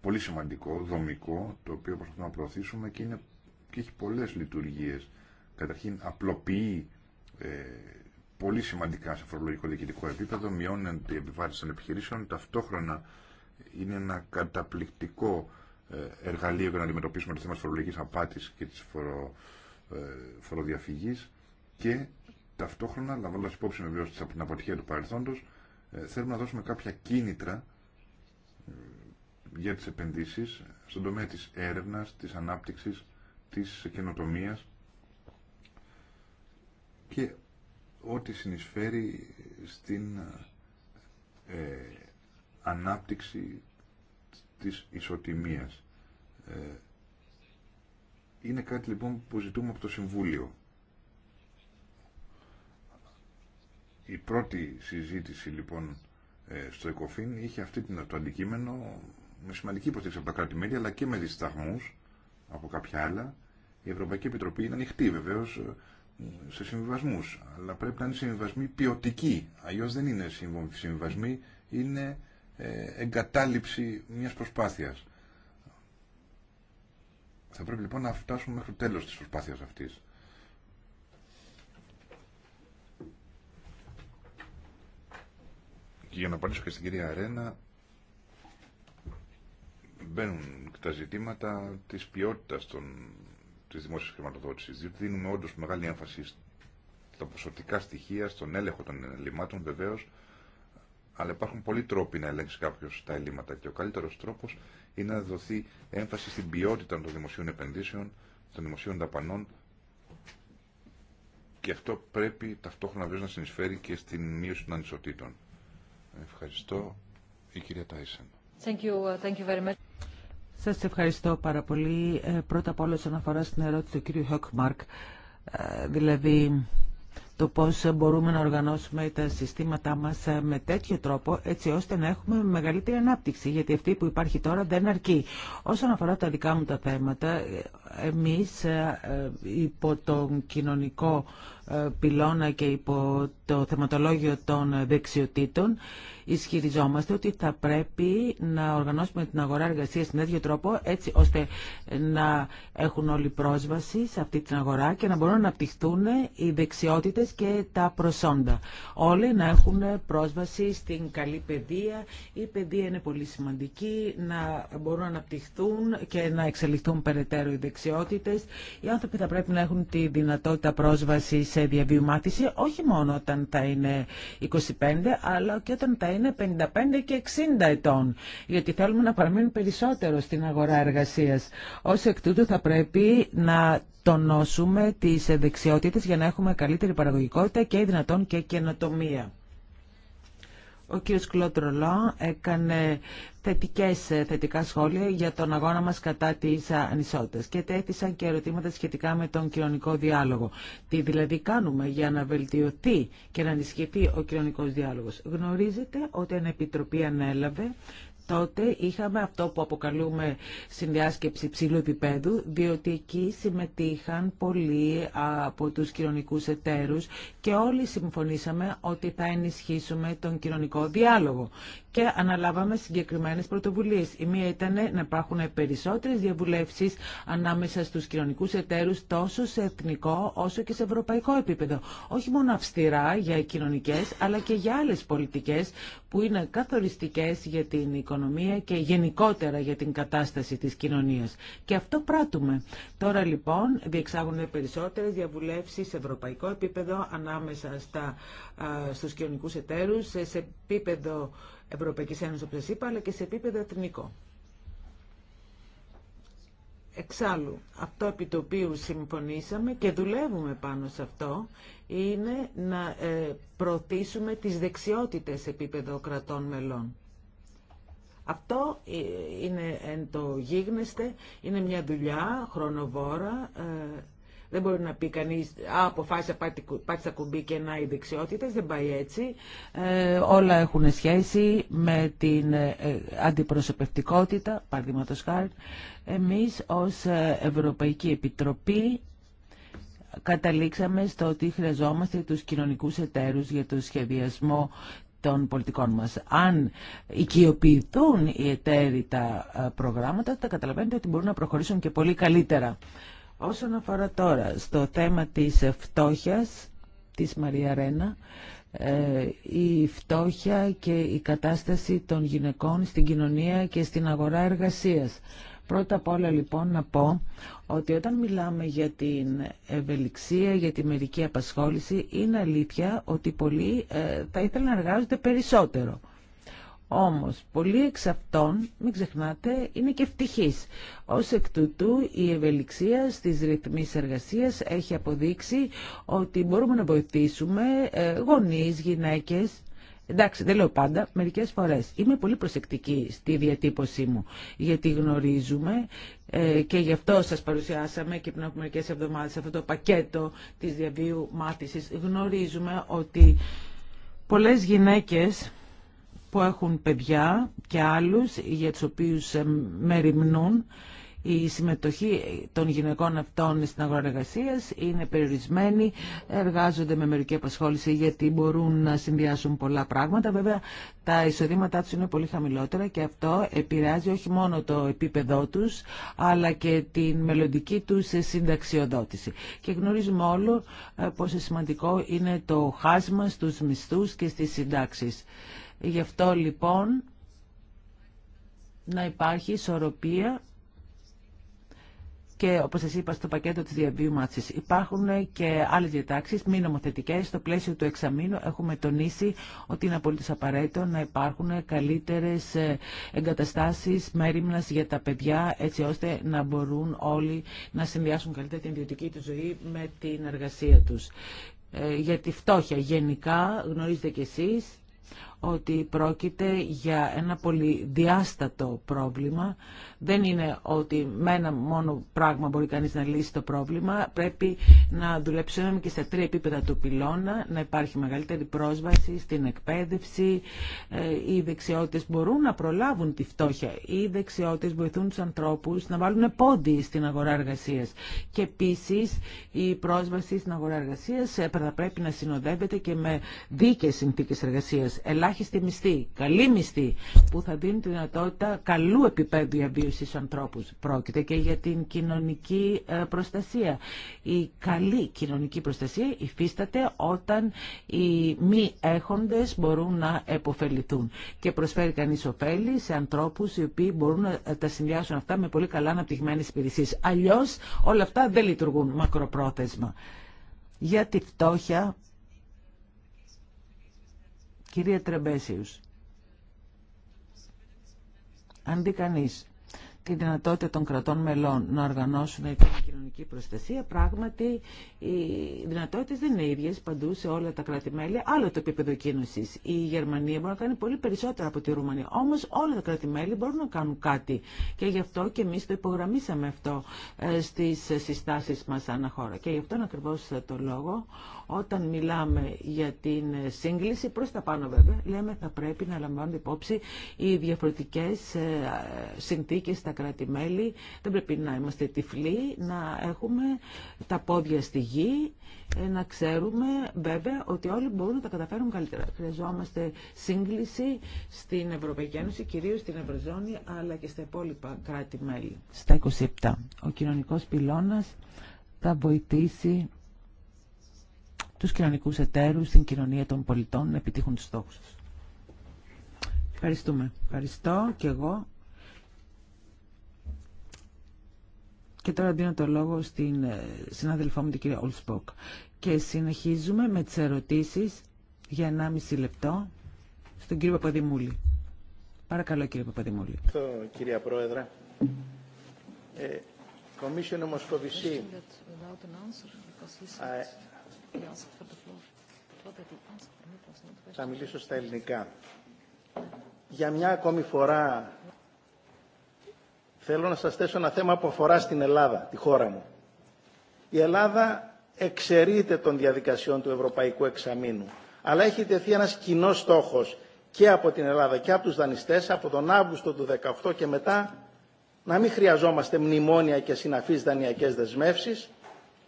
πολύ σημαντικό, δομικό, το οποίο προσπαθούμε να προωθήσουμε και, είναι, και έχει πολλές λειτουργίες καταρχήν απλοποιεί ε, πολύ σημαντικά σε φορολογικό διοικητικό επίπεδο, μειώνει την επιβάρηση των επιχειρήσεων, ταυτόχρονα είναι ένα καταπληκτικό ε, εργαλείο για να αντιμετωπίσουμε το θέμα της φορολογικής απάτης και της φορο, ε, φοροδιαφυγής και ταυτόχρονα, λαμβάνοντας υπόψη με από την αποτυχία του παρελθόντος, ε, θέλουμε να δώσουμε κάποια κίνητρα ε, για τις επενδύσεις στον τομέα της έρευνας, της ανάπτυξης, της καινοτομίας και ό,τι συνεισφέρει στην ε, ανάπτυξη της ισοτιμίας. Ε, είναι κάτι λοιπόν που ζητούμε από το Συμβούλιο. Η πρώτη συζήτηση λοιπόν ε, στο ΕΚΟΦΗΝ είχε αυτή την, το αντικείμενο με σημαντική υποστήριξη από τα κράτη-μέλη αλλά και με δισταγμούς από κάποια άλλα. Η Ευρωπαϊκή Επιτροπή είναι ανοιχτή βεβαίω σε συμβιβασμού. Αλλά πρέπει να είναι συμβιβασμοί ποιοτικοί. Αλλιώ δεν είναι συμβιβασμοί, είναι ε, εγκατάλειψη μια προσπάθεια. Θα πρέπει λοιπόν να φτάσουμε μέχρι το τέλο τη προσπάθεια αυτή. Και για να απαντήσω και στην κυρία Αρένα, μπαίνουν τα ζητήματα της ποιότητας των τη δημόσια χρηματοδότηση. Διότι δίνουμε όντω μεγάλη έμφαση στα ποσοτικά στοιχεία, στον έλεγχο των ελλείμματων βεβαίω, αλλά υπάρχουν πολλοί τρόποι να ελέγξει κάποιο τα ελλείμματα και ο καλύτερο τρόπο είναι να δοθεί έμφαση στην ποιότητα των δημοσίων επενδύσεων, των δημοσίων δαπανών και αυτό πρέπει ταυτόχρονα βέβαια να συνεισφέρει και στην μείωση των ανισοτήτων. Ευχαριστώ. Η κυρία Τάισεν. Uh, σας ευχαριστώ πάρα πολύ. Ε, πρώτα απ' όλα, όσον αφορά στην ερώτηση του κύριου Χόκμαρκ, ε, δηλαδή το πώς μπορούμε να οργανώσουμε τα συστήματά μας ε, με τέτοιο τρόπο έτσι ώστε να έχουμε μεγαλύτερη ανάπτυξη γιατί αυτή που υπάρχει τώρα δεν αρκεί. Όσον αφορά τα δικά μου τα θέματα εμείς υπό τον κοινωνικό πυλώνα και υπό το θεματολόγιο των δεξιοτήτων, ισχυριζόμαστε ότι θα πρέπει να οργανώσουμε την αγορά εργασίας με ίδιο τρόπο, έτσι ώστε να έχουν όλοι πρόσβαση σε αυτή την αγορά και να μπορούν να αναπτυχθούν οι δεξιότητες και τα προσόντα. Όλοι να έχουν πρόσβαση στην καλή παιδεία. Η παιδεία είναι πολύ σημαντική, να μπορούν να αναπτυχθούν και να εξελιχθούν περαιτέρω οι δεξιότητες. Οι άνθρωποι θα πρέπει να έχουν τη δυνατότητα Διαβιωμάτιση όχι μόνο όταν θα είναι 25 αλλά και όταν θα είναι 55 και 60 ετών γιατί θέλουμε να παραμείνουν περισσότερο στην αγορά εργασίας. Ως εκ τούτου θα πρέπει να τονώσουμε τις δεξιότητες για να έχουμε καλύτερη παραγωγικότητα και δυνατόν και καινοτομία. Ο κύριος Κλώτρολό έκανε θετικές, ε, θετικά σχόλια για τον αγώνα μας κατά της ε, ανισότητας και τέθησαν και ερωτήματα σχετικά με τον κοινωνικό διάλογο. Τι δηλαδή κάνουμε για να βελτιωθεί και να ενισχυθεί ο κοινωνικός διάλογος. Γνωρίζετε ότι η Επιτροπή ανέλαβε τότε είχαμε αυτό που αποκαλούμε συνδιάσκεψη ψηλού επίπεδου, διότι εκεί συμμετείχαν πολλοί από τους κοινωνικούς εταίρους και όλοι συμφωνήσαμε ότι θα ενισχύσουμε τον κοινωνικό διάλογο και αναλάβαμε συγκεκριμένες πρωτοβουλίες. Η μία ήταν να υπάρχουν περισσότερες διαβουλεύσεις ανάμεσα στους κοινωνικούς εταίρους τόσο σε εθνικό όσο και σε ευρωπαϊκό επίπεδο. Όχι μόνο αυστηρά για κοινωνικές αλλά και για άλλες πολιτικές που είναι καθοριστικές για την οικονομία και γενικότερα για την κατάσταση της κοινωνίας. Και αυτό πράττουμε. Τώρα λοιπόν διεξάγουν περισσότερες διαβουλεύσεις σε ευρωπαϊκό επίπεδο ανάμεσα στα, στους κοινωνικούς εταίρους, σε επίπεδο Ευρωπαϊκής Ένωσης, όπως σας είπα, αλλά και σε επίπεδο εθνικό. Εξάλλου, αυτό επί το οποίο συμφωνήσαμε και δουλεύουμε πάνω σε αυτό είναι να ε, προωθήσουμε τις δεξιότητες επίπεδο κρατών μελών. Αυτό ε, είναι εν το γίγνεσθε, είναι μια δουλειά χρονοβόρα, ε, δεν μπορεί να πει κανείς, α, αποφάσισα πάτη στα κουμπί και να οι δεξιότητε. δεν πάει έτσι. Ε, όλα έχουν σχέση με την ε, αντιπροσωπευτικότητα, παραδείγματο χάρη. Εμείς ως ε, Ευρωπαϊκή Επιτροπή καταλήξαμε στο ότι χρειαζόμαστε τους κοινωνικούς εταίρους για το σχεδιασμό των πολιτικών μας. Αν οικειοποιηθούν οι εταίροι τα προγράμματα, θα καταλαβαίνετε ότι μπορούν να προχωρήσουν και πολύ καλύτερα. Όσον αφορά τώρα στο θέμα της φτώχειας της Μαρία Ρένα, ε, η φτώχεια και η κατάσταση των γυναικών στην κοινωνία και στην αγορά εργασίας. Πρώτα απ' όλα λοιπόν να πω ότι όταν μιλάμε για την ευελιξία, για τη μερική απασχόληση, είναι αλήθεια ότι πολλοί ε, θα ήθελαν να εργάζονται περισσότερο. Όμως, πολλοί εξ αυτών, μην ξεχνάτε, είναι και ευτυχείς. Ως εκ τούτου, η ευελιξία στις ρυθμίσεις εργασίας έχει αποδείξει ότι μπορούμε να βοηθήσουμε ε, γονείς, γυναίκες, Εντάξει, δεν λέω πάντα, μερικέ φορέ. Είμαι πολύ προσεκτική στη διατύπωσή μου, γιατί γνωρίζουμε ε, και γι' αυτό σας παρουσιάσαμε και πριν από μερικές εβδομάδε αυτό το πακέτο της διαβίου μάθησης, Γνωρίζουμε ότι πολλές γυναίκες που έχουν παιδιά και άλλους για τους οποίους ε, μεριμνούν. Η συμμετοχή των γυναικών αυτών στην αγορά είναι περιορισμένη, εργάζονται με μερική απασχόληση γιατί μπορούν να συνδυάσουν πολλά πράγματα. Βέβαια, τα εισοδήματά τους είναι πολύ χαμηλότερα και αυτό επηρεάζει όχι μόνο το επίπεδό τους, αλλά και την μελλοντική τους συνταξιοδότηση. Και γνωρίζουμε όλο ε, πόσο σημαντικό είναι το χάσμα στους μισθούς και στις συντάξεις. Γι' αυτό λοιπόν να υπάρχει ισορροπία και όπως σας είπα στο πακέτο της διαβίωματσης. υπάρχουν και άλλες διατάξεις μη νομοθετικές. Στο πλαίσιο του εξαμήνου έχουμε τονίσει ότι είναι απολύτως απαραίτητο να υπάρχουν καλύτερες εγκαταστάσεις μέρημνας για τα παιδιά έτσι ώστε να μπορούν όλοι να συνδυάσουν καλύτερα την ιδιωτική του ζωή με την εργασία τους. Ε, για τη φτώχεια γενικά γνωρίζετε κι εσείς ότι πρόκειται για ένα πολυδιάστατο πρόβλημα. Δεν είναι ότι με ένα μόνο πράγμα μπορεί κανείς να λύσει το πρόβλημα. Πρέπει να δουλέψουμε και στα τρία επίπεδα του πυλώνα, να υπάρχει μεγαλύτερη πρόσβαση στην εκπαίδευση. Ε, οι δεξιότητες μπορούν να προλάβουν τη φτώχεια. Οι δεξιότητες βοηθούν τους ανθρώπους να βάλουν πόντι στην αγορά εργασία. Και επίση, η πρόσβαση στην αγορά εργασία πρέπει να συνοδεύεται και με δίκαιες συνθήκες εργασίας ελάχιστη μισθή, καλή μισθή, που θα δίνει τη δυνατότητα καλού επίπεδου διαβίωση στους ανθρώπους. Πρόκειται και για την κοινωνική ε, προστασία. Η καλή κοινωνική προστασία υφίσταται όταν οι μη έχοντες μπορούν να επωφεληθούν και προσφέρει κανεί ωφέλη σε ανθρώπους οι οποίοι μπορούν να ε, τα συνδυάσουν αυτά με πολύ καλά αναπτυγμένες υπηρεσίε. Αλλιώς όλα αυτά δεν λειτουργούν μακροπρόθεσμα. Για τη φτώχεια Κυρία Τρεμπέσιους, αν δει κανεί τη δυνατότητα των κρατών μελών να οργανώσουν την κοινωνική προστασία, πράγματι οι δυνατότητε δεν είναι ίδιε παντού σε όλα τα κράτη-μέλη, άλλο το επίπεδο κίνηση. Η Γερμανία μπορεί να κάνει πολύ περισσότερα από τη Ρουμανία. Όμω όλα τα κράτη-μέλη μπορούν να κάνουν κάτι. Και γι' αυτό και εμεί το υπογραμμίσαμε αυτό ε, στι συστάσει μα ανά χώρα. Και γι' αυτό είναι ακριβώ το λόγο όταν μιλάμε για την σύγκληση, προς τα πάνω βέβαια, λέμε θα πρέπει να λαμβάνουν υπόψη οι διαφορετικές ε, συνθήκες στα κράτη-μέλη. Δεν πρέπει να είμαστε τυφλοί, να έχουμε τα πόδια στη γη, ε, να ξέρουμε βέβαια ότι όλοι μπορούν να τα καταφέρουν καλύτερα. Χρειαζόμαστε σύγκληση στην Ευρωπαϊκή Ένωση, κυρίως στην Ευρωζώνη, αλλά και στα υπόλοιπα κράτη-μέλη. Στα 27. Ο κοινωνικός πυλώνας θα βοηθήσει τους κοινωνικούς εταίρους, την κοινωνία των πολιτών να επιτύχουν τους στόχους τους. Ευχαριστούμε. Ευχαριστώ και εγώ. Και τώρα δίνω το λόγο στην ε, συνάδελφό μου την κυρία Ολσπόκ. Και συνεχίζουμε με τις ερωτήσεις για 1,5 λεπτό στον κύριο Παπαδημούλη. Παρακαλώ κύριε Παπαδημούλη. Ευχαριστώ κυρία Πρόεδρε. Ε, θα μιλήσω στα ελληνικά. Για μια ακόμη φορά θέλω να σας θέσω ένα θέμα που αφορά στην Ελλάδα, τη χώρα μου. Η Ελλάδα εξαιρείται των διαδικασιών του Ευρωπαϊκού Εξαμήνου, αλλά έχει τεθεί ένας κοινός στόχος και από την Ελλάδα και από τους δανειστές από τον Αύγουστο του 2018 και μετά να μην χρειαζόμαστε μνημόνια και συναφείς δανειακές δεσμεύσεις,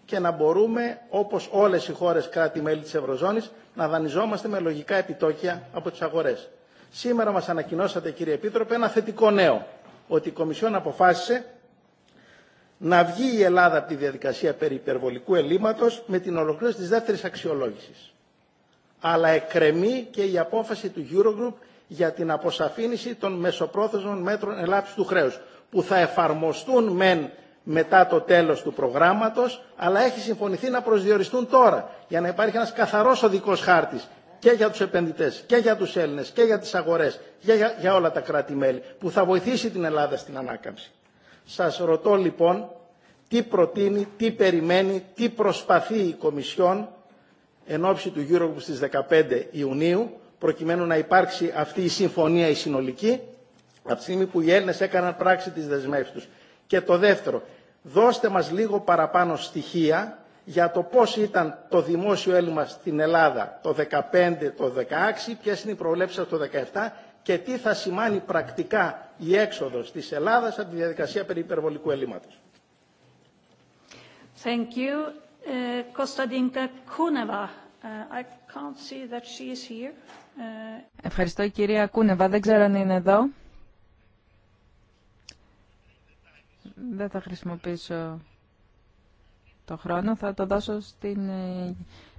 και να μπορούμε, όπως όλες οι χώρες κράτη-μέλη της Ευρωζώνης, να δανειζόμαστε με λογικά επιτόκια από τις αγορές. Σήμερα μας ανακοινώσατε, κύριε Επίτροπε, ένα θετικό νέο, ότι η Κομισιόν αποφάσισε να βγει η Ελλάδα από τη διαδικασία περί υπερβολικού ελλείμματος με την ολοκλήρωση της δεύτερης αξιολόγησης. Αλλά εκκρεμεί και η απόφαση του Eurogroup για την αποσαφήνιση των μεσοπρόθεσμων μέτρων ελάψης του χρέους, που θα εφαρμοστούν μεν μετά το τέλος του προγράμματος, αλλά έχει συμφωνηθεί να προσδιοριστούν τώρα, για να υπάρχει ένας καθαρός οδικός χάρτης και για τους επενδυτές, και για τους Έλληνες, και για τις αγορές, και για, για όλα τα κράτη-μέλη, που θα βοηθήσει την Ελλάδα στην ανάκαμψη. Σας ρωτώ λοιπόν τι προτείνει, τι περιμένει, τι προσπαθεί η Κομισιόν εν ώψη του Eurogroup στις 15 Ιουνίου, προκειμένου να υπάρξει αυτή η συμφωνία η συνολική, από τη στιγμή που οι Έλληνες έκαναν πράξη τις δεσμεύσεις τους. Και το δεύτερο, δώστε μας λίγο παραπάνω στοιχεία για το πώς ήταν το δημόσιο έλλειμμα στην Ελλάδα το 2015 το 2016, ποιες είναι οι προβλέψεις το 2017 και τι θα σημάνει πρακτικά η έξοδος της Ελλάδας από τη διαδικασία περί υπερβολικού έλλειμματος. Thank you. Ε, ε, I can't see that she is here. Ε, κυρία Κούνεβα. Δεν ξέρω αν είναι εδώ. Δεν θα χρησιμοποιήσω το χρόνο, θα το δώσω στην ε,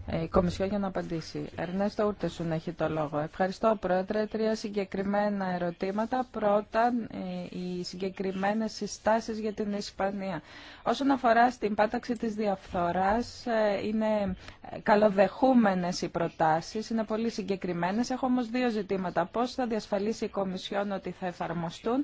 ε Κομισιό για να απαντήσει. Ερνέστο να έχει το λόγο. Ευχαριστώ, Πρόεδρε. Τρία συγκεκριμένα ερωτήματα. Πρώτα, ε, οι συγκεκριμένες συστάσεις για την Ισπανία. Όσον αφορά στην πάταξη της διαφθοράς, ε, είναι καλοδεχούμενες οι προτάσεις, είναι πολύ συγκεκριμένες. Έχω όμως δύο ζητήματα. Πώς θα διασφαλίσει η Κομισιόν ότι θα εφαρμοστούν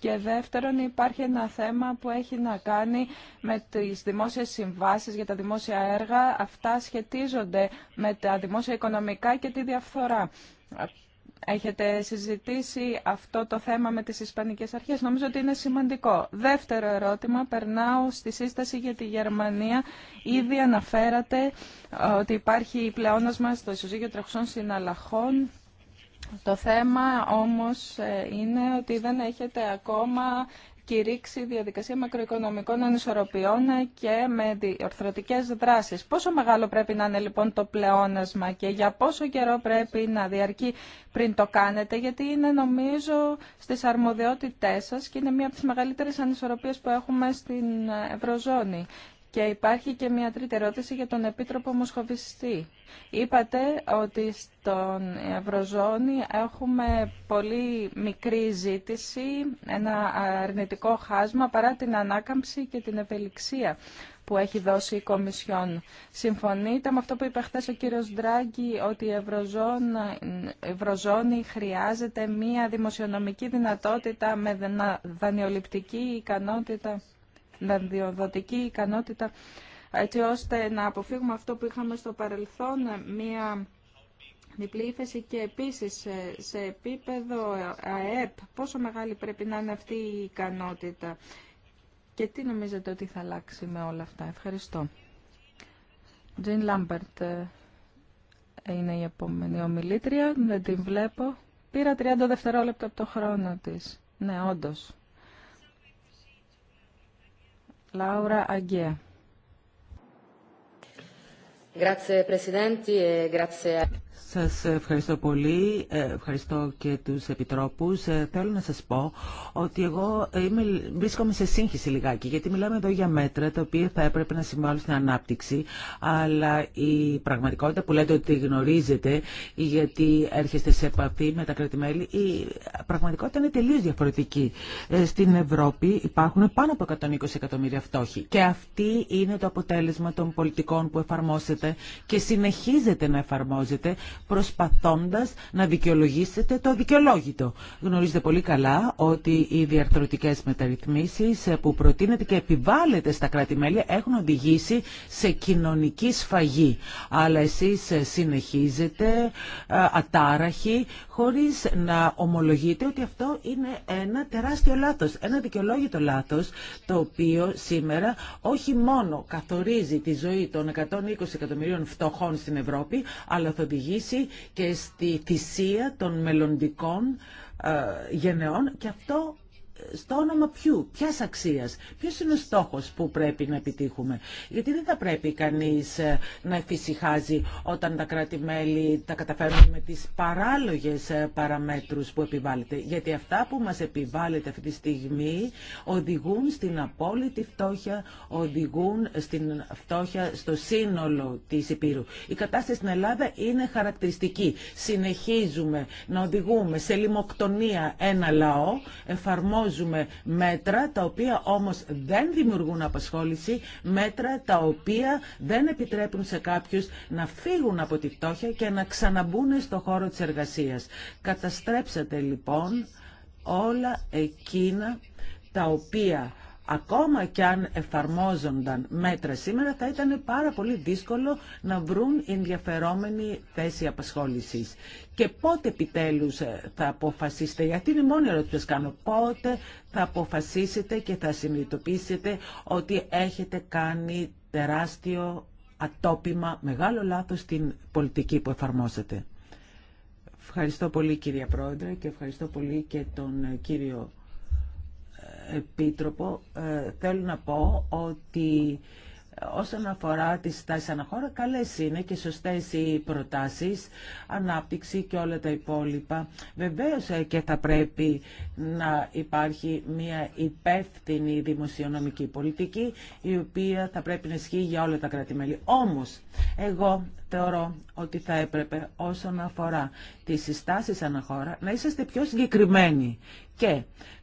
και δεύτερον υπάρχει ένα θέμα που έχει να κάνει με τις δημόσιες συμβάσεις για τα δημόσια έργα. Αυτά σχετίζονται με τα δημόσια οικονομικά και τη διαφθορά. Έχετε συζητήσει αυτό το θέμα με τις Ισπανικές Αρχές. Νομίζω ότι είναι σημαντικό. Δεύτερο ερώτημα, περνάω στη σύσταση για τη Γερμανία. Ήδη αναφέρατε ότι υπάρχει πλεόνασμα στο ισοζύγιο τρεχουσών συναλλαχών το θέμα όμως ε, είναι ότι δεν έχετε ακόμα κηρύξει διαδικασία μακροοικονομικών ανισορροπιών και με ορθρωτικές δράσεις. Πόσο μεγάλο πρέπει να είναι λοιπόν το πλεόνασμα και για πόσο καιρό πρέπει να διαρκεί πριν το κάνετε, γιατί είναι νομίζω στις αρμοδιότητές σας και είναι μία από τις μεγαλύτερες ανισορροπίες που έχουμε στην ε, Ευρωζώνη. Και υπάρχει και μια τρίτη ερώτηση για τον Επίτροπο Μοσχοβιστή. Είπατε ότι στον Ευρωζώνη έχουμε πολύ μικρή ζήτηση, ένα αρνητικό χάσμα παρά την ανάκαμψη και την ευελιξία που έχει δώσει η Κομισιόν. Συμφωνείτε με αυτό που είπε χθε ο κύριος Ντράγκη ότι η Ευρωζώνη χρειάζεται μια δημοσιονομική δυνατότητα με δανειοληπτική ικανότητα δανειοδοτική ικανότητα έτσι ώστε να αποφύγουμε αυτό που είχαμε στο παρελθόν, μία διπλή ύφεση και επίσης σε επίπεδο ΑΕΠ πόσο μεγάλη πρέπει να είναι αυτή η ικανότητα και τι νομίζετε ότι θα αλλάξει με όλα αυτά. Ευχαριστώ. Τζιν Λάμπερτ ε, είναι η επόμενη ομιλήτρια, δεν την βλέπω. Πήρα 30 δευτερόλεπτα από το χρόνο της. Ναι, όντως. Laura Aguia. Grazie Presidenti e grazie a... Σας ευχαριστώ πολύ. Ε, ευχαριστώ και τους επιτρόπους. Ε, θέλω να σας πω ότι εγώ είμαι, βρίσκομαι σε σύγχυση λιγάκι, γιατί μιλάμε εδώ για μέτρα τα οποία θα έπρεπε να συμβάλλουν στην ανάπτυξη, αλλά η πραγματικότητα που λέτε ότι γνωρίζετε ή γιατί έρχεστε σε επαφή με τα κρατημέλη, η πραγματικότητα είναι τελείως διαφορετική. Ε, στην Ευρώπη υπάρχουν πάνω από 120 εκατομμύρια φτώχοι και αυτή είναι το αποτέλεσμα των πολιτικών που εφαρμόσετε και συνεχίζετε να εφαρμόζετε προσπαθώντας να δικαιολογήσετε το δικαιολόγητο. Γνωρίζετε πολύ καλά ότι οι διαρθρωτικές μεταρρυθμίσεις που προτείνεται και επιβάλλετε στα κράτη-μέλη έχουν οδηγήσει σε κοινωνική σφαγή. Αλλά εσείς συνεχίζετε ε, ατάραχοι χωρίς να ομολογείτε ότι αυτό είναι ένα τεράστιο λάθος, ένα δικαιολόγητο λάθος το οποίο σήμερα όχι μόνο καθορίζει τη ζωή των 120 εκατομμυρίων φτωχών στην Ευρώπη αλλά θα και στη θυσία των μελλοντικών ε, γενεών και αυτό στο όνομα ποιου, ποια αξία, ποιο είναι ο στόχο που πρέπει να επιτύχουμε. Γιατί δεν θα πρέπει κανεί ε, να εφησυχάζει όταν τα κράτη-μέλη τα καταφέρνουν με τι παράλογε παραμέτρου που επιβάλλεται. Γιατί αυτά που μα επιβάλλεται αυτή τη στιγμή οδηγούν στην απόλυτη φτώχεια, οδηγούν στην φτώχεια στο σύνολο τη Υπήρου. Η κατάσταση στην Ελλάδα είναι χαρακτηριστική. Συνεχίζουμε να οδηγούμε σε λιμοκτονία ένα λαό, εφαρμόζουμε μέτρα τα οποία όμως δεν δημιουργούν απασχόληση, μέτρα τα οποία δεν επιτρέπουν σε κάποιους να φύγουν από τη φτώχεια και να ξαναμπούν στο χώρο της εργασίας. Καταστρέψατε λοιπόν όλα εκείνα τα οποία Ακόμα και αν εφαρμόζονταν μέτρα σήμερα θα ήταν πάρα πολύ δύσκολο να βρουν ενδιαφερόμενη θέση απασχόλησης. Και πότε επιτέλους ε, θα αποφασίσετε, γιατί είναι η μόνη ερώτηση που κάνω, πότε θα αποφασίσετε και θα συνειδητοποιήσετε ότι έχετε κάνει τεράστιο ατόπιμα, μεγάλο λάθος στην πολιτική που εφαρμόσετε. Ευχαριστώ πολύ κυρία Πρόεδρε και ευχαριστώ πολύ και τον ε, κύριο Επίτροπο ε, θέλω να πω ότι όσον αφορά τις στάσεις αναχώρα, καλές είναι και σωστές οι προτάσεις, ανάπτυξη και όλα τα υπόλοιπα. Βεβαίως ε, και θα πρέπει να υπάρχει μια υπεύθυνη δημοσιονομική πολιτική, η οποία θα πρέπει να ισχύει για όλα τα κράτη-μέλη. Όμως, εγώ θεωρώ ότι θα έπρεπε όσον αφορά τις συστάσεις αναχώρα να είσαστε πιο συγκεκριμένοι και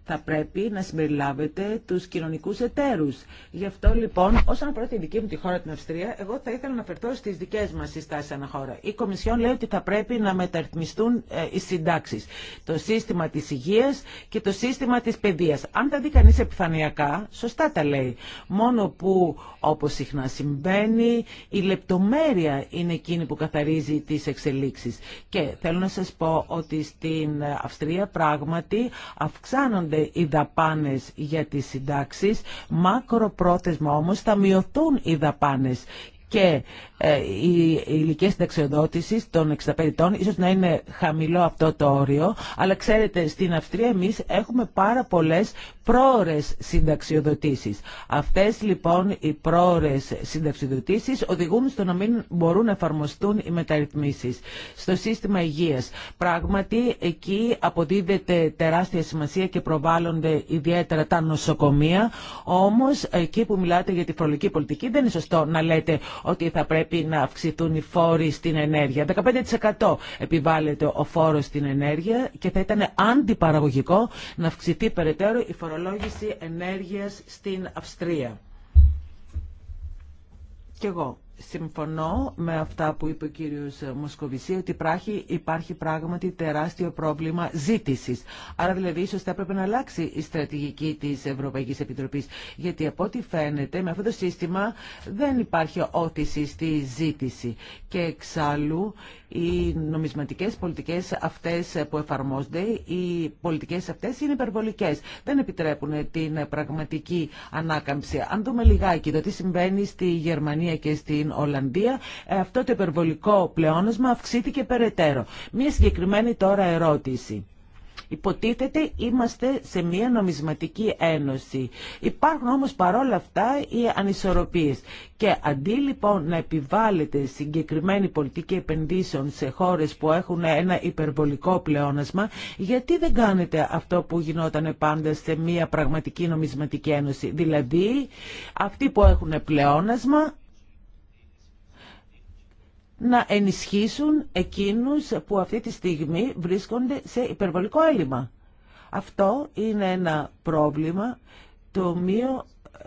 θα πρέπει να συμπεριλάβετε του κοινωνικού εταίρους. Γι' αυτό λοιπόν, όσον αφορά τη δική μου τη χώρα, την Αυστρία, εγώ θα ήθελα να αναφερθώ στι δικέ μα συστάσεις ανά χώρα. Η Κομισιόν λέει ότι θα πρέπει να μεταρρυθμιστούν ε, οι συντάξει. το σύστημα τη υγεία και το σύστημα τη παιδείας. Αν τα δει κανεί επιφανειακά, σωστά τα λέει. Μόνο που, όπω συχνά συμβαίνει, η λεπτομέρεια είναι εκείνη που καθαρίζει τι εξελίξει. Και θέλω να σα πω ότι στην Αυστρία πράγματι αυξάνονται οι δαπάνες για τις συντάξεις, μακροπρόθεσμα όμως θα μειωθούν οι δαπάνες και οι ε, ηλικίε συνταξιοδότηση των 65 ετών ίσως να είναι χαμηλό αυτό το όριο, αλλά ξέρετε στην Αυστρία εμεί έχουμε πάρα πολλέ πρόορε συνταξιοδοτήσει. Αυτέ λοιπόν οι πρόορε συνταξιοδοτήσει οδηγούν στο να μην μπορούν να εφαρμοστούν οι μεταρρυθμίσεις. Στο σύστημα υγεία. πράγματι εκεί αποδίδεται τεράστια σημασία και προβάλλονται ιδιαίτερα τα νοσοκομεία, Όμω, εκεί που μιλάτε για τη φορολογική πολιτική δεν είναι σωστό να λέτε ότι θα πρέπει πρέπει να αυξηθούν οι φόροι στην ενέργεια. 15% επιβάλλεται ο φόρο στην ενέργεια και θα ήταν αντιπαραγωγικό να αυξηθεί περαιτέρω η φορολόγηση ενέργεια στην Αυστρία. Κι εγώ συμφωνώ με αυτά που είπε ο κύριος Μοσκοβισή ότι υπάρχει, υπάρχει πράγματι τεράστιο πρόβλημα ζήτησης. Άρα δηλαδή ίσως θα έπρεπε να αλλάξει η στρατηγική της Ευρωπαϊκής Επιτροπής γιατί από ό,τι φαίνεται με αυτό το σύστημα δεν υπάρχει όθηση στη ζήτηση και εξάλλου οι νομισματικές πολιτικές αυτές που εφαρμόζονται, οι πολιτικές αυτές είναι υπερβολικές. Δεν επιτρέπουν την πραγματική ανάκαμψη. Αν δούμε λιγάκι το τι συμβαίνει στη Γερμανία και στην Ολλανδία, ε, αυτό το υπερβολικό πλεόνασμα αυξήθηκε περαιτέρω. Μία συγκεκριμένη τώρα ερώτηση. Υποτίθεται είμαστε σε μια νομισματική ένωση. Υπάρχουν όμως παρόλα αυτά οι ανισορροπίες. Και αντί λοιπόν να επιβάλλεται συγκεκριμένη πολιτική επενδύσεων σε χώρες που έχουν ένα υπερβολικό πλεόνασμα, γιατί δεν κάνετε αυτό που γινόταν πάντα σε μια πραγματική νομισματική ένωση. Δηλαδή, αυτοί που έχουν πλεόνασμα να ενισχύσουν εκείνους που αυτή τη στιγμή βρίσκονται σε υπερβολικό έλλειμμα. Αυτό είναι ένα πρόβλημα το οποίο,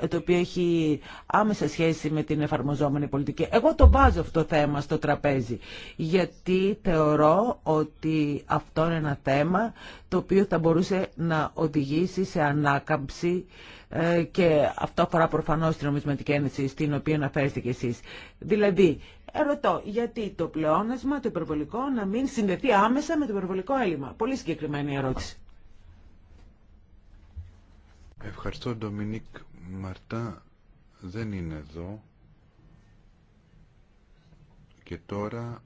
το οποίο έχει άμεσα σχέση με την εφαρμοζόμενη πολιτική. Εγώ το βάζω αυτό το θέμα στο τραπέζι, γιατί θεωρώ ότι αυτό είναι ένα θέμα το οποίο θα μπορούσε να οδηγήσει σε ανάκαμψη ε, και αυτό αφορά προφανώς την νομισματική ένωση στην οποία αναφέρεστε κι εσείς. Δηλαδή, Ερωτώ, γιατί το πλεόνασμα, το υπερβολικό, να μην συνδεθεί άμεσα με το υπερβολικό έλλειμμα. Πολύ συγκεκριμένη ερώτηση. Ευχαριστώ, Ντομινίκ Μαρτά. Δεν είναι εδώ. Και τώρα...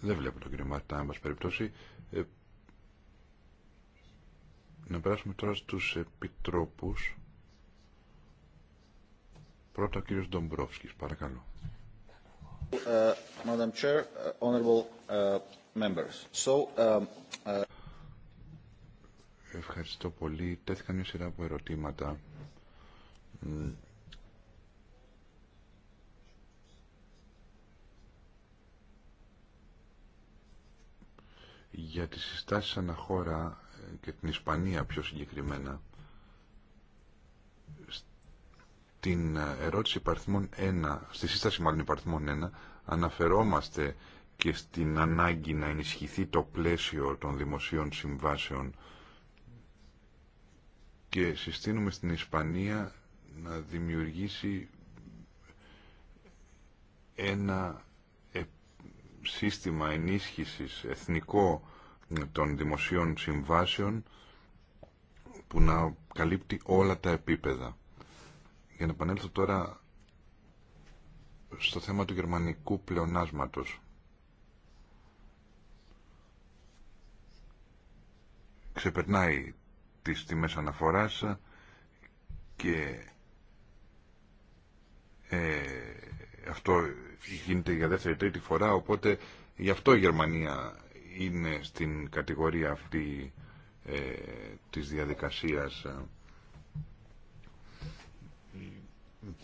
Δεν βλέπω τον κύριο Μαρτά, αν περιπτώσει. Ε... να περάσουμε τώρα στους επιτρόπους. Πρώτα ο κύριος Ντομπρόφσκης, παρακαλώ. Ε, ε, ε, Ευχαριστώ πολύ. Τέθηκαν μια σειρά από ερωτήματα. Για τις συστάσεις αναχώρα και την Ισπανία πιο συγκεκριμένα, την ε, ερώτηση 1, στη σύσταση μάλλον υπαρθμών 1, αναφερόμαστε και στην ανάγκη να ενισχυθεί το πλαίσιο των δημοσίων συμβάσεων και συστήνουμε στην Ισπανία να δημιουργήσει ένα ε, σύστημα ενίσχυσης εθνικό ε, των δημοσίων συμβάσεων που να καλύπτει όλα τα επίπεδα. Για να επανέλθω τώρα στο θέμα του γερμανικού πλεονάσματος. Ξεπερνάει τις τιμές αναφοράς και ε, αυτό γίνεται για δεύτερη τρίτη φορά οπότε γι' αυτό η Γερμανία είναι στην κατηγορία αυτή ε, της διαδικασίας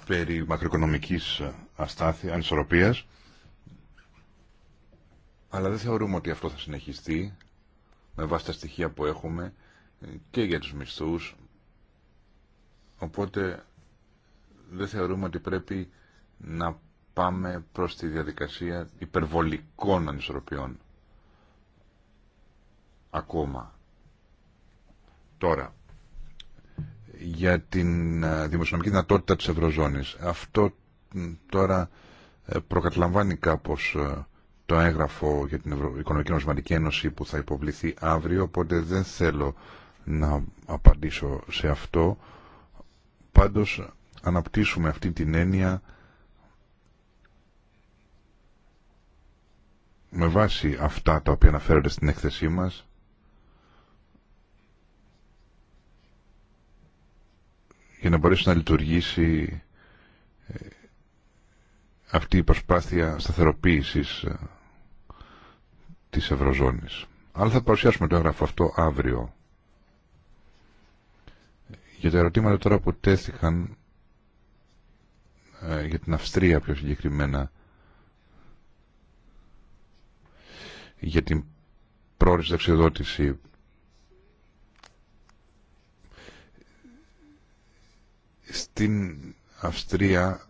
περί μακροοικονομικής αστάθειας, ανισορροπίας. Αλλά δεν θεωρούμε ότι αυτό θα συνεχιστεί με βάση τα στοιχεία που έχουμε και για τους μισθούς. Οπότε δεν θεωρούμε ότι πρέπει να πάμε προς τη διαδικασία υπερβολικών ανισορροπιών. Ακόμα. Τώρα, για την ε, δημοσιονομική δυνατότητα της Ευρωζώνης. Αυτό τώρα ε, προκαταλαμβάνει κάπως ε, το έγγραφο για την Οικονομική Ένωση που θα υποβληθεί αύριο, οπότε δεν θέλω να απαντήσω σε αυτό. Πάντως αναπτύσσουμε αυτή την έννοια με βάση αυτά τα οποία αναφέρονται στην έκθεσή μας για να μπορέσει να λειτουργήσει ε, αυτή η προσπάθεια σταθεροποίησης ε, της Ευρωζώνης. Αλλά θα παρουσιάσουμε το έγγραφο αυτό αύριο. Για τα ερωτήματα τώρα που τέθηκαν ε, για την Αυστρία πιο συγκεκριμένα για την πρόορη εξεδότηση Στην Αυστρία,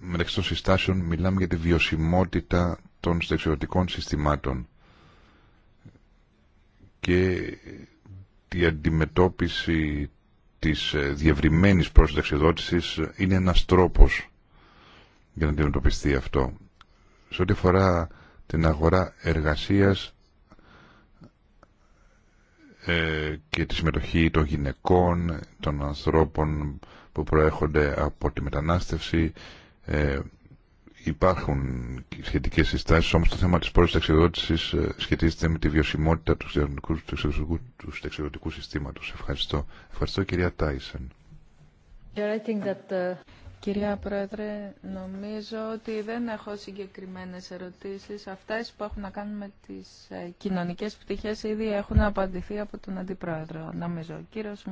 μεταξύ των συστάσεων, μιλάμε για τη βιωσιμότητα των στεξιωτικών συστημάτων και η αντιμετώπιση της ε, διευρυμένης προσδεξιδότησης είναι ένας τρόπος για να αντιμετωπιστεί αυτό. Σε ό,τι αφορά την αγορά εργασίας ε, και τη συμμετοχή των γυναικών, των ανθρώπων που προέρχονται από τη μετανάστευση ε, υπάρχουν σχετικέ συστάσει, όμω το θέμα τη πρώτη ταξιδιώτηση ε, σχετίζεται με τη βιωσιμότητα του ταξιδιωτικού, του συστήματο. Ευχαριστώ. Ευχαριστώ, κυρία Τάισεν. Uh, κυρία Πρόεδρε, νομίζω ότι δεν έχω συγκεκριμένες ερωτήσεις. Αυτές που έχουν να κάνουν με τις ε, κοινωνικές πτυχές ήδη έχουν απαντηθεί από τον Αντιπρόεδρο, νομίζω, κύριο κύριος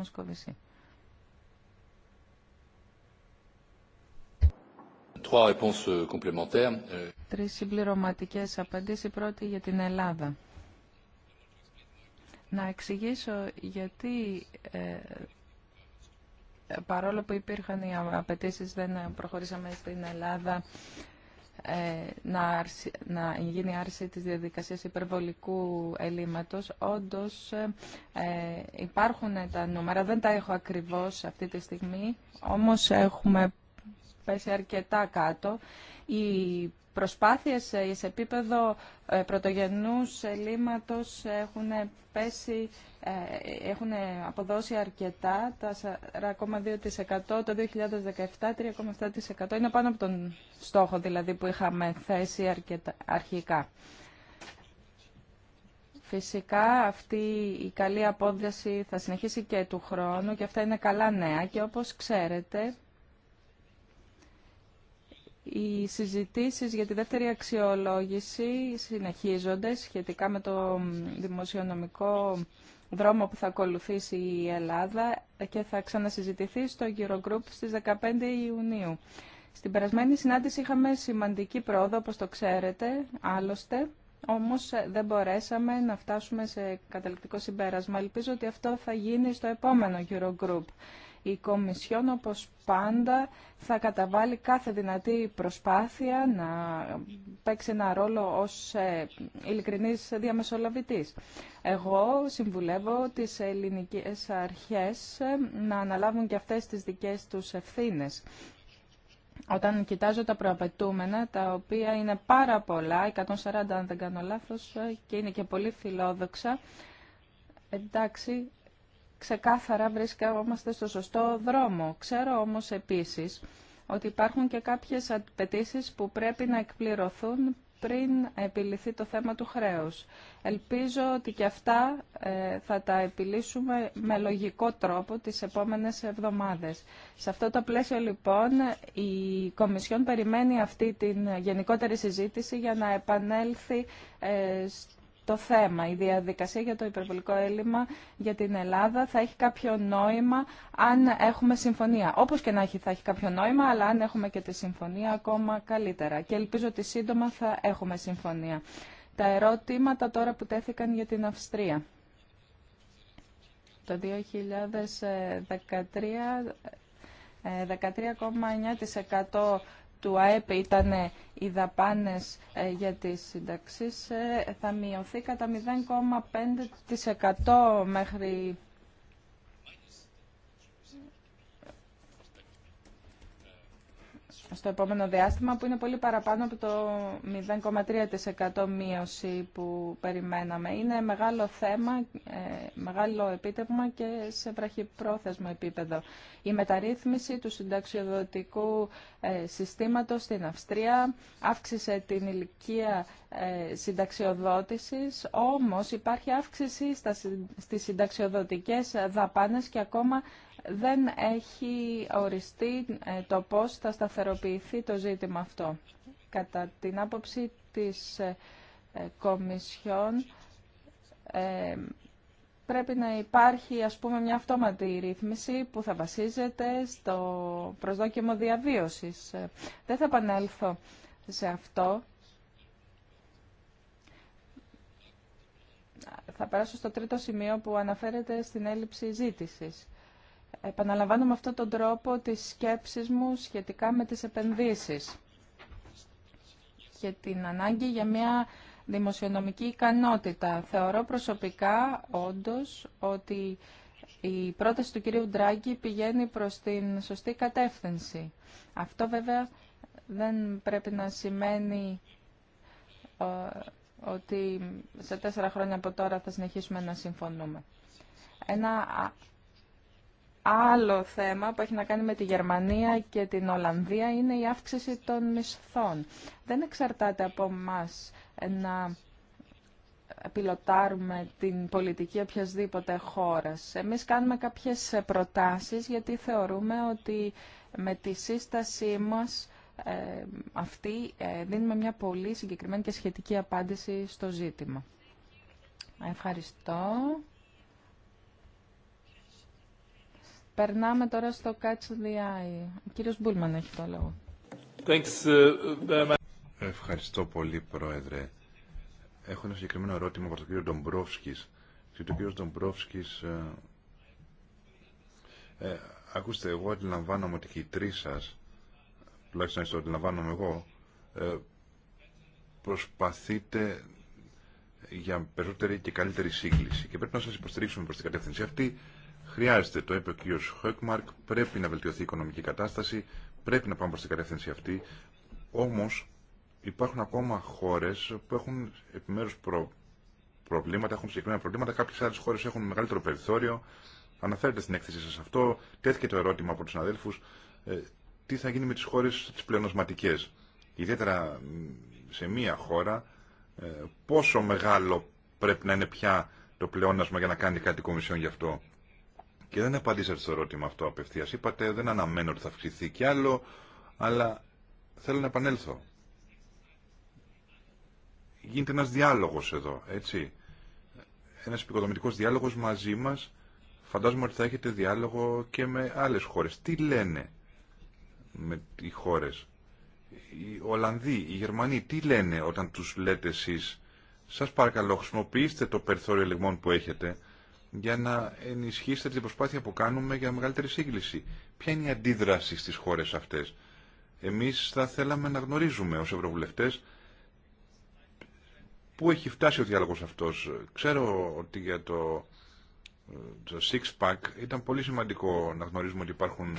Euh, euh. Τρεις συμπληρωματικές απαντήσεις. πρώτη για την Ελλάδα. Να εξηγήσω γιατί ε, παρόλο που υπήρχαν οι απαιτήσει δεν προχωρήσαμε στην Ελλάδα ε, να, γίνει άρση της διαδικασίας υπερβολικού ελλείμματος. Όντως ε, υπάρχουν τα νούμερα, δεν τα έχω ακριβώς αυτή τη στιγμή, όμως έχουμε πέσει αρκετά κάτω. Οι προσπάθειες ε, σε επίπεδο ε, πρωτογενούς ελλείμματος έχουν πέσει, ε, έχουν αποδώσει αρκετά, τα 4,2% το 2017, 3,7% είναι πάνω από τον στόχο δηλαδή που είχαμε θέσει αρκετά, αρχικά. Φυσικά αυτή η καλή απόδοση θα συνεχίσει και του χρόνου και αυτά είναι καλά νέα και όπως ξέρετε οι συζητήσεις για τη δεύτερη αξιολόγηση συνεχίζονται σχετικά με το δημοσιονομικό δρόμο που θα ακολουθήσει η Ελλάδα και θα ξανασυζητηθεί στο Eurogroup στις 15 Ιουνίου. Στην περασμένη συνάντηση είχαμε σημαντική πρόοδο, όπως το ξέρετε, άλλωστε, όμως δεν μπορέσαμε να φτάσουμε σε καταληκτικό συμπέρασμα. Ελπίζω ότι αυτό θα γίνει στο επόμενο Eurogroup. Η Κομισιόν όπως πάντα θα καταβάλει κάθε δυνατή προσπάθεια να παίξει ένα ρόλο ως ε, ειλικρινής διαμεσολαβητής. Εγώ συμβουλεύω τις ελληνικές αρχές ε, να αναλάβουν και αυτές τις δικές τους ευθύνες. Όταν κοιτάζω τα προαπαιτούμενα, τα οποία είναι πάρα πολλά, 140 αν δεν κάνω λάθος, ε, και είναι και πολύ φιλόδοξα, εντάξει, ξεκάθαρα βρίσκομαστε στο σωστό δρόμο. Ξέρω όμως επίσης ότι υπάρχουν και κάποιες απαιτήσει που πρέπει να εκπληρωθούν πριν επιληθεί το θέμα του χρέους. Ελπίζω ότι και αυτά ε, θα τα επιλύσουμε με λογικό τρόπο τις επόμενες εβδομάδες. Σε αυτό το πλαίσιο λοιπόν η Κομισιόν περιμένει αυτή την γενικότερη συζήτηση για να επανέλθει ε, το θέμα. Η διαδικασία για το υπερβολικό έλλειμμα για την Ελλάδα θα έχει κάποιο νόημα αν έχουμε συμφωνία. Όπως και να έχει θα έχει κάποιο νόημα, αλλά αν έχουμε και τη συμφωνία ακόμα καλύτερα. Και ελπίζω ότι σύντομα θα έχουμε συμφωνία. Τα ερώτηματα τώρα που τέθηκαν για την Αυστρία. Το 2013 13,9% του ΑΕΠ ήταν ε, οι δαπάνες ε, για τις συνταξίες ε, θα μειωθεί κατά 0,5% μέχρι στο επόμενο διάστημα που είναι πολύ παραπάνω από το 0,3% μείωση που περιμέναμε. Είναι μεγάλο θέμα, ε, μεγάλο επίτευγμα και σε βραχυπρόθεσμο επίπεδο. Η μεταρρύθμιση του συνταξιοδοτικού ε, συστήματος στην Αυστρία αύξησε την ηλικία ε, συνταξιοδότησης, όμως υπάρχει αύξηση στις συνταξιοδοτικές δαπάνες και ακόμα δεν έχει οριστεί ε, το πώς θα σταθεροποιηθεί το ζήτημα αυτό. Κατά την άποψη της ε, ε, Κομισιόν πρέπει να υπάρχει ας πούμε μια αυτόματη ρύθμιση που θα βασίζεται στο προσδόκιμο διαβίωσης. Δεν θα επανέλθω σε αυτό. Θα περάσω στο τρίτο σημείο που αναφέρεται στην έλλειψη ζήτησης επαναλαμβάνω με αυτόν τον τρόπο τις σκέψεις μου σχετικά με τις επενδύσεις και την ανάγκη για μια δημοσιονομική ικανότητα. Θεωρώ προσωπικά όντως ότι η πρόταση του κυρίου Ντράγκη πηγαίνει προς την σωστή κατεύθυνση. Αυτό βέβαια δεν πρέπει να σημαίνει ε, ότι σε τέσσερα χρόνια από τώρα θα συνεχίσουμε να συμφωνούμε. Ένα Άλλο θέμα που έχει να κάνει με τη Γερμανία και την Ολλανδία είναι η αύξηση των μισθών. Δεν εξαρτάται από μας να πιλωτάρουμε την πολιτική οποιασδήποτε χώρας. Εμείς κάνουμε κάποιες προτάσεις γιατί θεωρούμε ότι με τη σύστασή μας ε, αυτή ε, δίνουμε μια πολύ συγκεκριμένη και σχετική απάντηση στο ζήτημα. Ευχαριστώ. Περνάμε τώρα στο Catch the Eye. Ο κύριος Μπούλμαν έχει το λόγο. Ε, ε, ε, Ευχαριστώ πολύ, Πρόεδρε. Έχω ένα συγκεκριμένο ερώτημα από τον κύριο Ντομπρόφσκη. Και κύριο Ντομπρόφσκης... Ε, ακούστε, εγώ αντιλαμβάνομαι ότι και οι τρει σα, τουλάχιστον έτσι το αντιλαμβάνομαι εγώ, ε, προσπαθείτε για περισσότερη και καλύτερη σύγκληση. Και πρέπει να σα υποστηρίξουμε προ την κατεύθυνση αυτή Χρειάζεται, το είπε ο κ. Χόκμαρκ, πρέπει να βελτιωθεί η οικονομική κατάσταση, πρέπει να πάμε προ την κατεύθυνση αυτή. Όμω υπάρχουν ακόμα χώρε που έχουν επιμέρου προβλήματα, έχουν συγκεκριμένα προβλήματα. Κάποιε άλλε χώρε έχουν μεγαλύτερο περιθώριο. Αναφέρετε στην έκθεσή σα αυτό. Τέθηκε το ερώτημα από του συναδέλφου ε, τι θα γίνει με τι χώρε τι πλεονοσματικέ. Ιδιαίτερα σε μία χώρα ε, πόσο μεγάλο πρέπει να είναι πια το πλεόνασμα για να κάνει κάτι Κομισιόν γι' αυτό και δεν απαντήσατε στο ερώτημα αυτό απευθείας. Είπατε δεν αναμένω ότι θα αυξηθεί κι άλλο, αλλά θέλω να επανέλθω. Γίνεται ένας διάλογος εδώ, έτσι. Ένας επικοδομητικός διάλογος μαζί μας. Φαντάζομαι ότι θα έχετε διάλογο και με άλλες χώρες. Τι λένε με οι χώρες. Οι Ολλανδοί, οι Γερμανοί, τι λένε όταν τους λέτε εσείς. Σας παρακαλώ χρησιμοποιήστε το περιθώριο λιγμών που έχετε για να ενισχύσετε την προσπάθεια που κάνουμε για μεγαλύτερη σύγκληση. Ποια είναι η αντίδραση στις χώρες αυτές. Εμείς θα θέλαμε να γνωρίζουμε ως ευρωβουλευτές πού έχει φτάσει ο διάλογος αυτός. Ξέρω ότι για το, το six-pack ήταν πολύ σημαντικό να γνωρίζουμε ότι υπάρχουν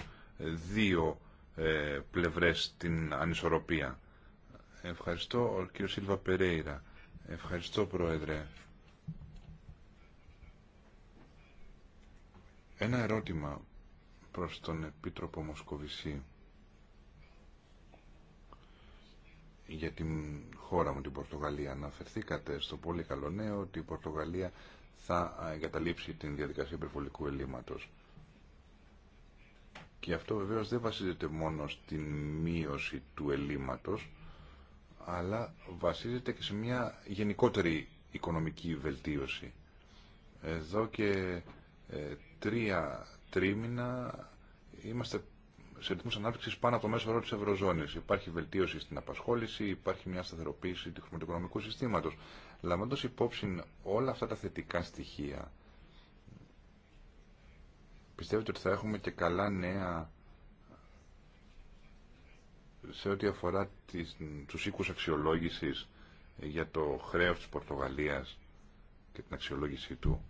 δύο ε, πλευρές στην ανισορροπία. Ευχαριστώ, ο Σίλβα Περέιρα. Ευχαριστώ, Πρόεδρε. Ένα ερώτημα προς τον Επίτροπο Μοσκοβισή για την χώρα μου, την Πορτογαλία. Αναφερθήκατε στο πολύ καλό νέο ότι η Πορτογαλία θα εγκαταλείψει την διαδικασία υπερβολικού ελλείμματος. Και αυτό βεβαίως δεν βασίζεται μόνο στην μείωση του ελλείμματος, αλλά βασίζεται και σε μια γενικότερη οικονομική βελτίωση. Εδώ και ε, τρία τρίμηνα είμαστε σε ρυθμού ανάπτυξη πάνω από το μέσο όρο τη Ευρωζώνη. Υπάρχει βελτίωση στην απασχόληση, υπάρχει μια σταθεροποίηση του χρηματοοικονομικού συστήματο. Λαμβάνοντα υπόψη όλα αυτά τα θετικά στοιχεία, πιστεύετε ότι θα έχουμε και καλά νέα σε ό,τι αφορά του οίκου αξιολόγηση για το χρέο τη Πορτογαλίας και την αξιολόγησή του.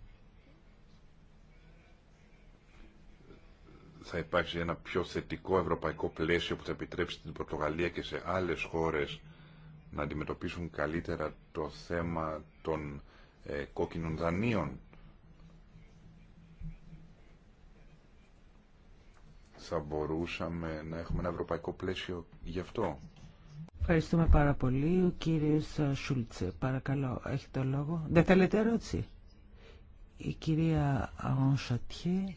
θα υπάρξει ένα πιο θετικό ευρωπαϊκό πλαίσιο που θα επιτρέψει την Πορτογαλία και σε άλλες χώρες να αντιμετωπίσουν καλύτερα το θέμα των ε, κόκκινων δανείων. Θα μπορούσαμε να έχουμε ένα ευρωπαϊκό πλαίσιο γι' αυτό. Ευχαριστούμε πάρα πολύ. Ο κύριος Σούλτσε, παρακαλώ, έχει το λόγο. Δεν θέλετε ερώτηση. Η κυρία Σατιέ.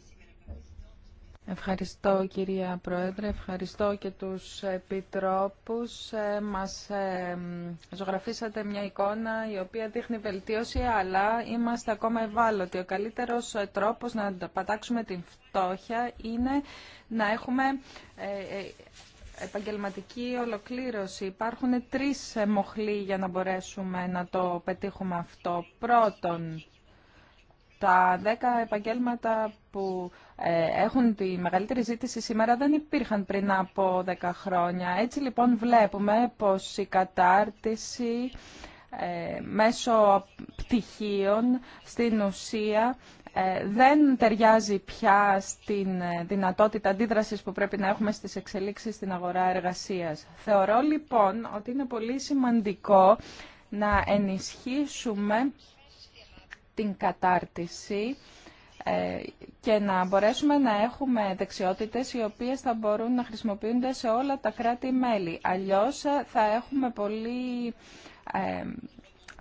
Ευχαριστώ κυρία Πρόεδρε, ευχαριστώ και τους επιτρόπους. Ε, μας ε, ζωγραφίσατε μια εικόνα η οποία δείχνει βελτίωση, αλλά είμαστε ακόμα ευάλωτοι. Ο καλύτερος τρόπος να πατάξουμε την φτώχεια είναι να έχουμε ε, επαγγελματική ολοκλήρωση. Υπάρχουν τρεις μοχλοί για να μπορέσουμε να το πετύχουμε αυτό. Πρώτον, τα 10 επαγγέλματα που ε, έχουν τη μεγαλύτερη ζήτηση σήμερα δεν υπήρχαν πριν από 10 χρόνια. Έτσι λοιπόν βλέπουμε πως η κατάρτιση ε, μέσω πτυχίων στην ουσία ε, δεν ταιριάζει πια στην δυνατότητα αντίδρασης που πρέπει να έχουμε στις εξελίξεις στην αγορά εργασίας. Θεωρώ λοιπόν ότι είναι πολύ σημαντικό να ενισχύσουμε την κατάρτιση ε, και να μπορέσουμε να έχουμε δεξιότητες οι οποίες θα μπορούν να χρησιμοποιούνται σε όλα τα κράτη-μέλη. Αλλιώς ε, θα έχουμε πολύ, ε,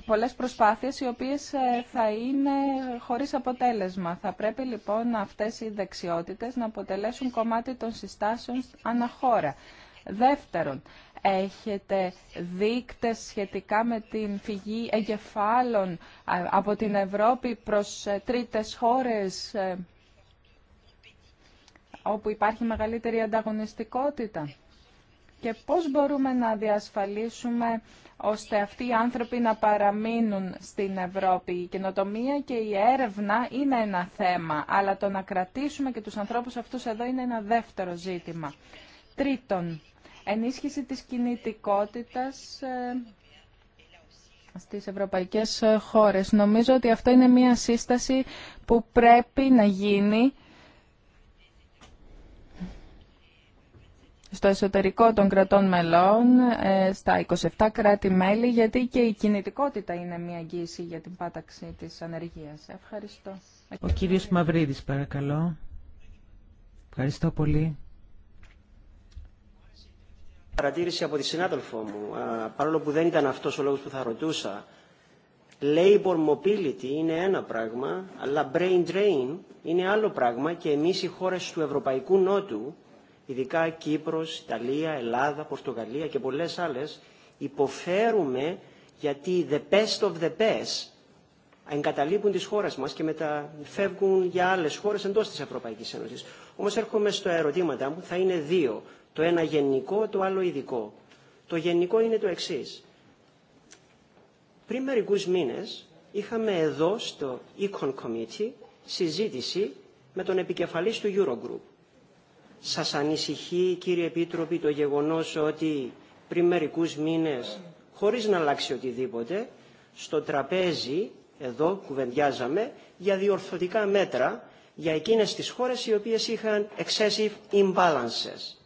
πολλές προσπάθειες οι οποίες θα είναι χωρίς αποτέλεσμα. Θα πρέπει λοιπόν αυτές οι δεξιότητες να αποτελέσουν κομμάτι των συστάσεων αναχώρα. Δεύτερον, Έχετε δείκτες σχετικά με την φυγή εγκεφάλων από την Ευρώπη προς ε, τρίτες χώρες ε, όπου υπάρχει μεγαλύτερη ανταγωνιστικότητα. Και πώς μπορούμε να διασφαλίσουμε ώστε αυτοί οι άνθρωποι να παραμείνουν στην Ευρώπη. Η καινοτομία και η έρευνα είναι ένα θέμα, αλλά το να κρατήσουμε και τους ανθρώπους αυτούς εδώ είναι ένα δεύτερο ζήτημα. Τρίτον, ενίσχυση της κινητικότητας ε, στις ευρωπαϊκές ε, χώρες. Νομίζω ότι αυτό είναι μια σύσταση που πρέπει να γίνει στο εσωτερικό των κρατών μελών, ε, στα 27 κράτη-μέλη, γιατί και η κινητικότητα είναι μια αγγίση για την πάταξη της ανεργίας. Ευχαριστώ. Ο κύριος Μαυρίδης, παρακαλώ. Ευχαριστώ πολύ. Παρατήρηση από τη συνάδελφό μου, παρόλο που δεν ήταν αυτός ο λόγος που θα ρωτούσα. Labor mobility είναι ένα πράγμα, αλλά brain drain είναι άλλο πράγμα και εμείς οι χώρες του Ευρωπαϊκού Νότου, ειδικά Κύπρος, Ιταλία, Ελλάδα, Πορτογαλία και πολλές άλλες, υποφέρουμε γιατί the best of the best εγκαταλείπουν τις χώρες μας και μετά φεύγουν για άλλες χώρες εντός της Ευρωπαϊκής Ένωσης. Όμως έρχομαι στο ερωτήματα μου, θα είναι δύο. Το ένα γενικό, το άλλο ειδικό. Το γενικό είναι το εξής. Πριν μερικούς μήνες είχαμε εδώ στο Econ Committee συζήτηση με τον επικεφαλής του Eurogroup. Σας ανησυχεί κύριε Επίτροπη το γεγονός ότι πριν μερικούς μήνες χωρίς να αλλάξει οτιδήποτε στο τραπέζι εδώ κουβεντιάζαμε για διορθωτικά μέτρα για εκείνες τις χώρες οι οποίες είχαν excessive imbalances.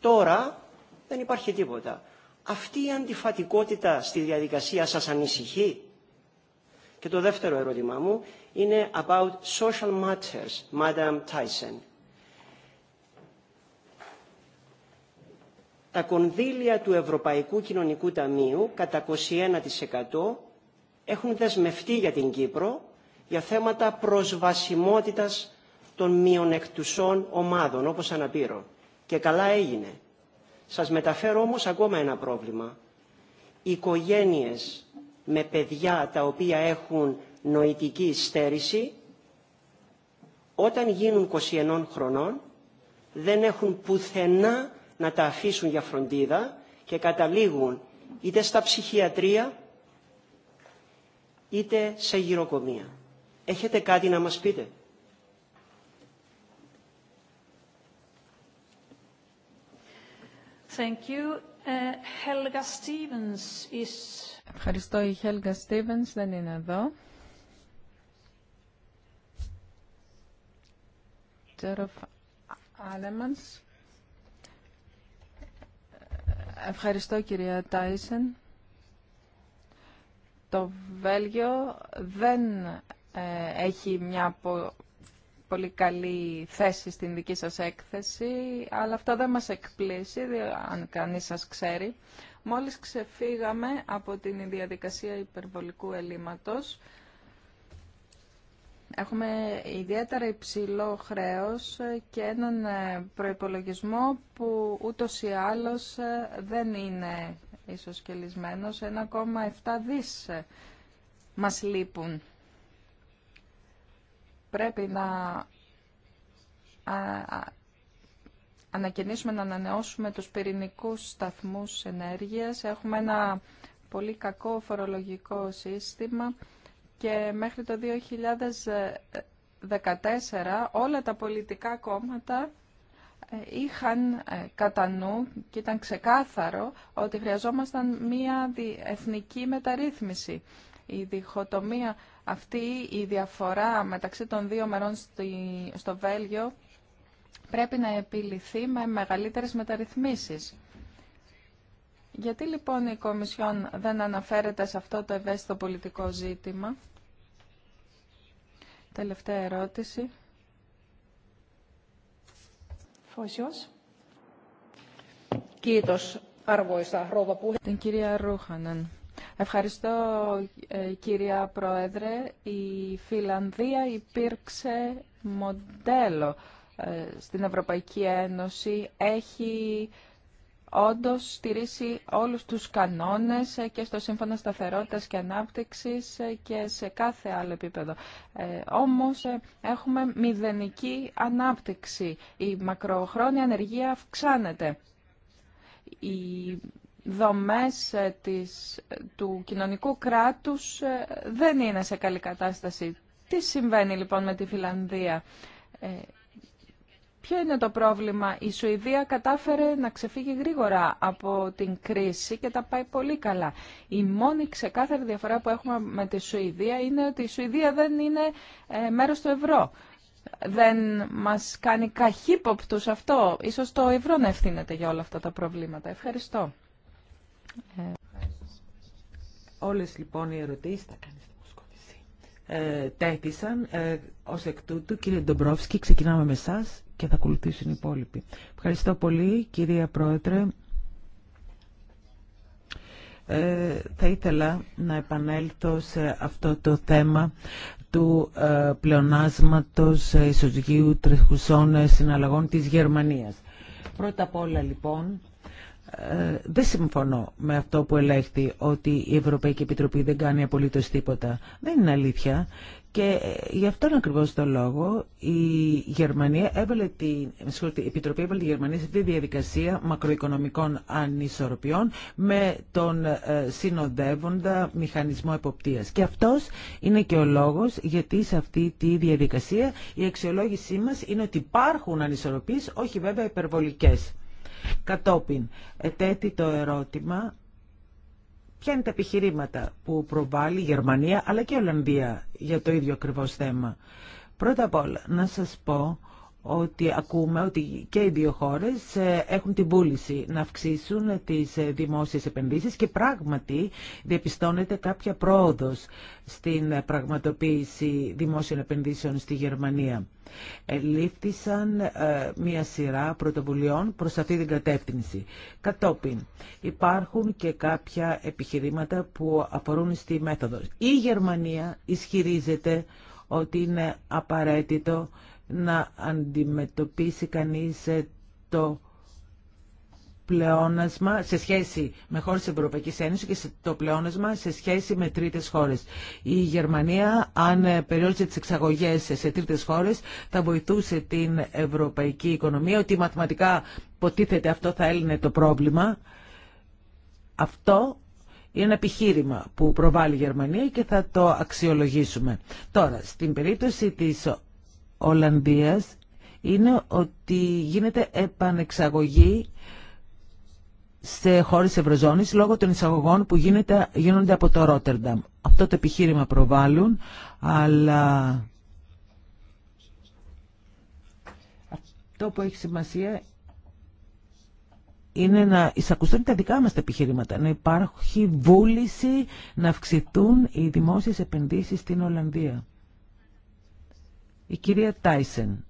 Τώρα δεν υπάρχει τίποτα. Αυτή η αντιφατικότητα στη διαδικασία σας ανησυχεί. Και το δεύτερο ερώτημά μου είναι about social matters, Madam Tyson. Τα κονδύλια του Ευρωπαϊκού Κοινωνικού Ταμείου κατά 21% έχουν δεσμευτεί για την Κύπρο για θέματα προσβασιμότητας των μειονεκτουσών ομάδων, όπως αναπήρω. Και καλά έγινε. Σας μεταφέρω όμως ακόμα ένα πρόβλημα. Οικογένειες με παιδιά τα οποία έχουν νοητική στέρηση, όταν γίνουν 21 χρονών, δεν έχουν πουθενά να τα αφήσουν για φροντίδα και καταλήγουν είτε στα ψυχιατρία, είτε σε γυροκομεία. Έχετε κάτι να μας πείτε. Ε, Ευχαριστώ. Η Χέλγα Stevens δεν είναι εδώ. Ευχαριστώ κυρία Τάισεν. Το Βέλγιο δεν ε, έχει μια πολύ καλή θέση στην δική σας έκθεση, αλλά αυτό δεν μας εκπλήσει, αν κανείς σας ξέρει. Μόλις ξεφύγαμε από την διαδικασία υπερβολικού ελλείμματος, Έχουμε ιδιαίτερα υψηλό χρέος και έναν ε, προϋπολογισμό που ούτως ή άλλως ε, δεν είναι κελισμένος. 1,7 δις ε, μας λείπουν πρέπει να ανακαινήσουμε, να ανανεώσουμε τους πυρηνικούς σταθμούς ενέργειας. Έχουμε ένα πολύ κακό φορολογικό σύστημα και μέχρι το 2014 όλα τα πολιτικά κόμματα ε, είχαν ε, κατά νου και ήταν ξεκάθαρο ότι χρειαζόμασταν μία εθνική μεταρρύθμιση. Η διχοτομία αυτή η διαφορά μεταξύ των δύο μερών στο Βέλγιο πρέπει να επιληθεί με μεγαλύτερες μεταρρυθμίσεις. Γιατί λοιπόν η Κομισιόν δεν αναφέρεται σε αυτό το ευαίσθητο πολιτικό ζήτημα. Τελευταία ερώτηση. Την κυρία Ρούχανεν. Ευχαριστώ ε, κυρία Πρόεδρε. Η Φιλανδία υπήρξε μοντέλο ε, στην Ευρωπαϊκή Ένωση. Έχει όντως στηρίσει όλους τους κανόνες ε, και στο Σύμφωνο Σταθερότητας και Ανάπτυξης και σε κάθε άλλο επίπεδο. Όμως έχουμε μηδενική ανάπτυξη. Η μακροχρόνια ανεργία αυξάνεται δομές ε, της, ε, του κοινωνικού κράτους ε, δεν είναι σε καλή κατάσταση. Τι συμβαίνει λοιπόν με τη Φιλανδία. ποιο είναι το πρόβλημα. Η Σουηδία κατάφερε να ξεφύγει γρήγορα από την κρίση και τα πάει πολύ καλά. Η μόνη ξεκάθαρη διαφορά που έχουμε με τη Σουηδία είναι ότι η Σουηδία δεν είναι ε, μέρος του ευρώ. Δεν μας κάνει καχύποπτους αυτό. Ίσως το ευρώ να ευθύνεται για όλα αυτά τα προβλήματα. Ευχαριστώ. Ε, όλες λοιπόν οι ερωτήσεις θα κάνεις ε, τέθησαν. Ε, ως εκ τούτου, κύριε Ντομπρόφσκι, ξεκινάμε με εσά και θα ακολουθήσουν οι υπόλοιποι. Ευχαριστώ πολύ, κυρία Πρόεδρε. Ε, θα ήθελα να επανέλθω σε αυτό το θέμα του ε, πλεονάσματος ισοζυγίου τρεχουσών συναλλαγών της Γερμανίας. Πρώτα απ' όλα λοιπόν ε, δεν συμφωνώ με αυτό που ελέγχθη ότι η Ευρωπαϊκή Επιτροπή δεν κάνει απολύτως τίποτα. Δεν είναι αλήθεια. Και ε, γι' αυτόν ακριβώς το λόγο η Γερμανία έβαλε την, η Επιτροπή έβαλε τη Γερμανία σε αυτή τη διαδικασία μακροοικονομικών ανισορροπιών με τον ε, συνοδεύοντα μηχανισμό εποπτείας. Και αυτός είναι και ο λόγος γιατί σε αυτή τη διαδικασία η αξιολόγησή μας είναι ότι υπάρχουν ανισορροπίες, όχι βέβαια υπερβολικές. Κατόπιν, ετέθη το ερώτημα ποια είναι τα επιχειρήματα που προβάλλει η Γερμανία αλλά και η Ολλανδία για το ίδιο ακριβώς θέμα. Πρώτα απ' όλα, να σας πω ότι ακούμε ότι και οι δύο χώρες ε, έχουν την πούληση να αυξήσουν τις ε, δημόσιες επενδύσεις και πράγματι διαπιστώνεται κάποια πρόοδος στην ε, πραγματοποίηση δημόσιων επενδύσεων στη Γερμανία. Λήφθησαν μία σειρά πρωτοβουλειών προς αυτή την κατεύθυνση. Κατόπιν υπάρχουν και κάποια επιχειρήματα που αφορούν στη μέθοδο. Η Γερμανία ισχυρίζεται ότι είναι απαραίτητο να αντιμετωπίσει κανείς ε, το πλεόνασμα σε σχέση με χώρες της Ευρωπαϊκής Ένωσης και το πλεόνασμα σε σχέση με τρίτες χώρες. Η Γερμανία, αν ε, περιόριζε τις εξαγωγές σε τρίτες χώρες, θα βοηθούσε την ευρωπαϊκή οικονομία, ότι μαθηματικά ποτίθεται αυτό θα έλυνε το πρόβλημα. Αυτό είναι ένα επιχείρημα που προβάλλει η Γερμανία και θα το αξιολογήσουμε. Τώρα, στην περίπτωση της Ολλανδίας είναι ότι γίνεται επανεξαγωγή σε χώρες Ευρωζώνης λόγω των εισαγωγών που γίνεται, γίνονται από το Ρότερνταμ. Αυτό το επιχείρημα προβάλλουν, αλλά αυτό που έχει σημασία είναι να εισακουστούν τα δικά μας τα επιχειρήματα, να υπάρχει βούληση να αυξηθούν οι δημόσιες επενδύσεις στην Ολλανδία. Η κυρία Τάισεν.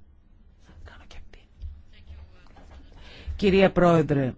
Κυρία Πρόεδρε.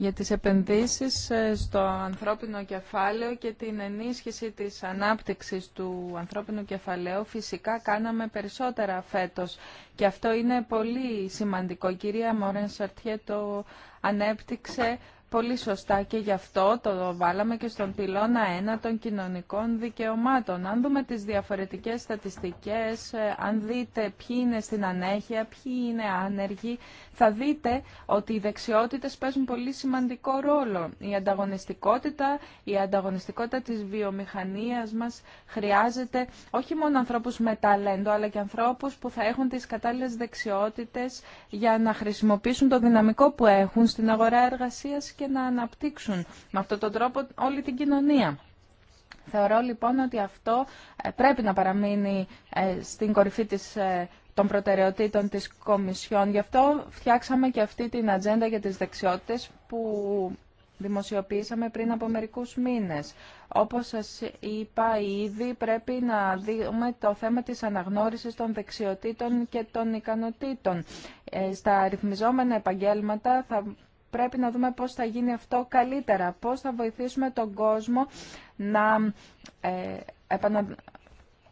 Για τις επενδύσεις ε, στο ανθρώπινο κεφάλαιο και την ενίσχυση της ανάπτυξης του ανθρώπινου κεφαλαίου φυσικά κάναμε περισσότερα φέτος και αυτό είναι πολύ σημαντικό. Η κυρία Μόρεν Σαρτιέ το ανέπτυξε Πολύ σωστά και γι' αυτό το βάλαμε και στον πυλώνα 1 των κοινωνικών δικαιωμάτων. Αν δούμε τις διαφορετικές στατιστικές, ε, αν δείτε ποιοι είναι στην ανέχεια, ποιοι είναι άνεργοι, θα δείτε ότι οι δεξιότητες παίζουν πολύ σημαντικό ρόλο. Η ανταγωνιστικότητα, η ανταγωνιστικότητα της βιομηχανίας μας χρειάζεται όχι μόνο ανθρώπους με ταλέντο, αλλά και ανθρώπους που θα έχουν τις κατάλληλες δεξιότητες για να χρησιμοποιήσουν το δυναμικό που έχουν στην αγορά εργασίας και να αναπτύξουν με αυτόν τον τρόπο όλη την κοινωνία. Θεωρώ λοιπόν ότι αυτό ε, πρέπει να παραμείνει ε, στην κορυφή της ε, των προτεραιοτήτων της Κομισιόν. Γι' αυτό φτιάξαμε και αυτή την ατζέντα για τις δεξιότητες που δημοσιοποιήσαμε πριν από μερικούς μήνες. Όπως σας είπα ήδη, πρέπει να δούμε το θέμα της αναγνώρισης των δεξιοτήτων και των ικανοτήτων. στα ρυθμιζόμενα επαγγέλματα θα πρέπει να δούμε πώς θα γίνει αυτό καλύτερα, πώς θα βοηθήσουμε τον κόσμο να ε,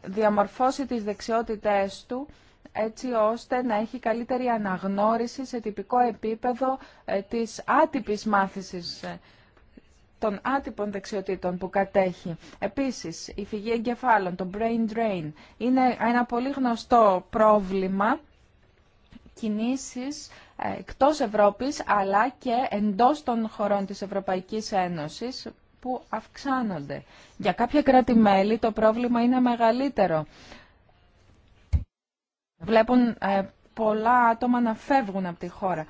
διαμορφώσει τις δεξιότητές του έτσι ώστε να έχει καλύτερη αναγνώριση σε τυπικό επίπεδο ε, της άτυπης μάθησης ε, των άτυπων δεξιοτήτων που κατέχει. Επίσης, η φυγή εγκεφάλων, το brain drain, είναι ένα πολύ γνωστό πρόβλημα κινήσεις εκτός Ευρώπης αλλά και εντός των χωρών της Ευρωπαϊκής Ένωσης που αυξάνονται. Για κάποια κράτη-μέλη το πρόβλημα είναι μεγαλύτερο. Βλέπουν ε, πολλά άτομα να φεύγουν από τη χώρα.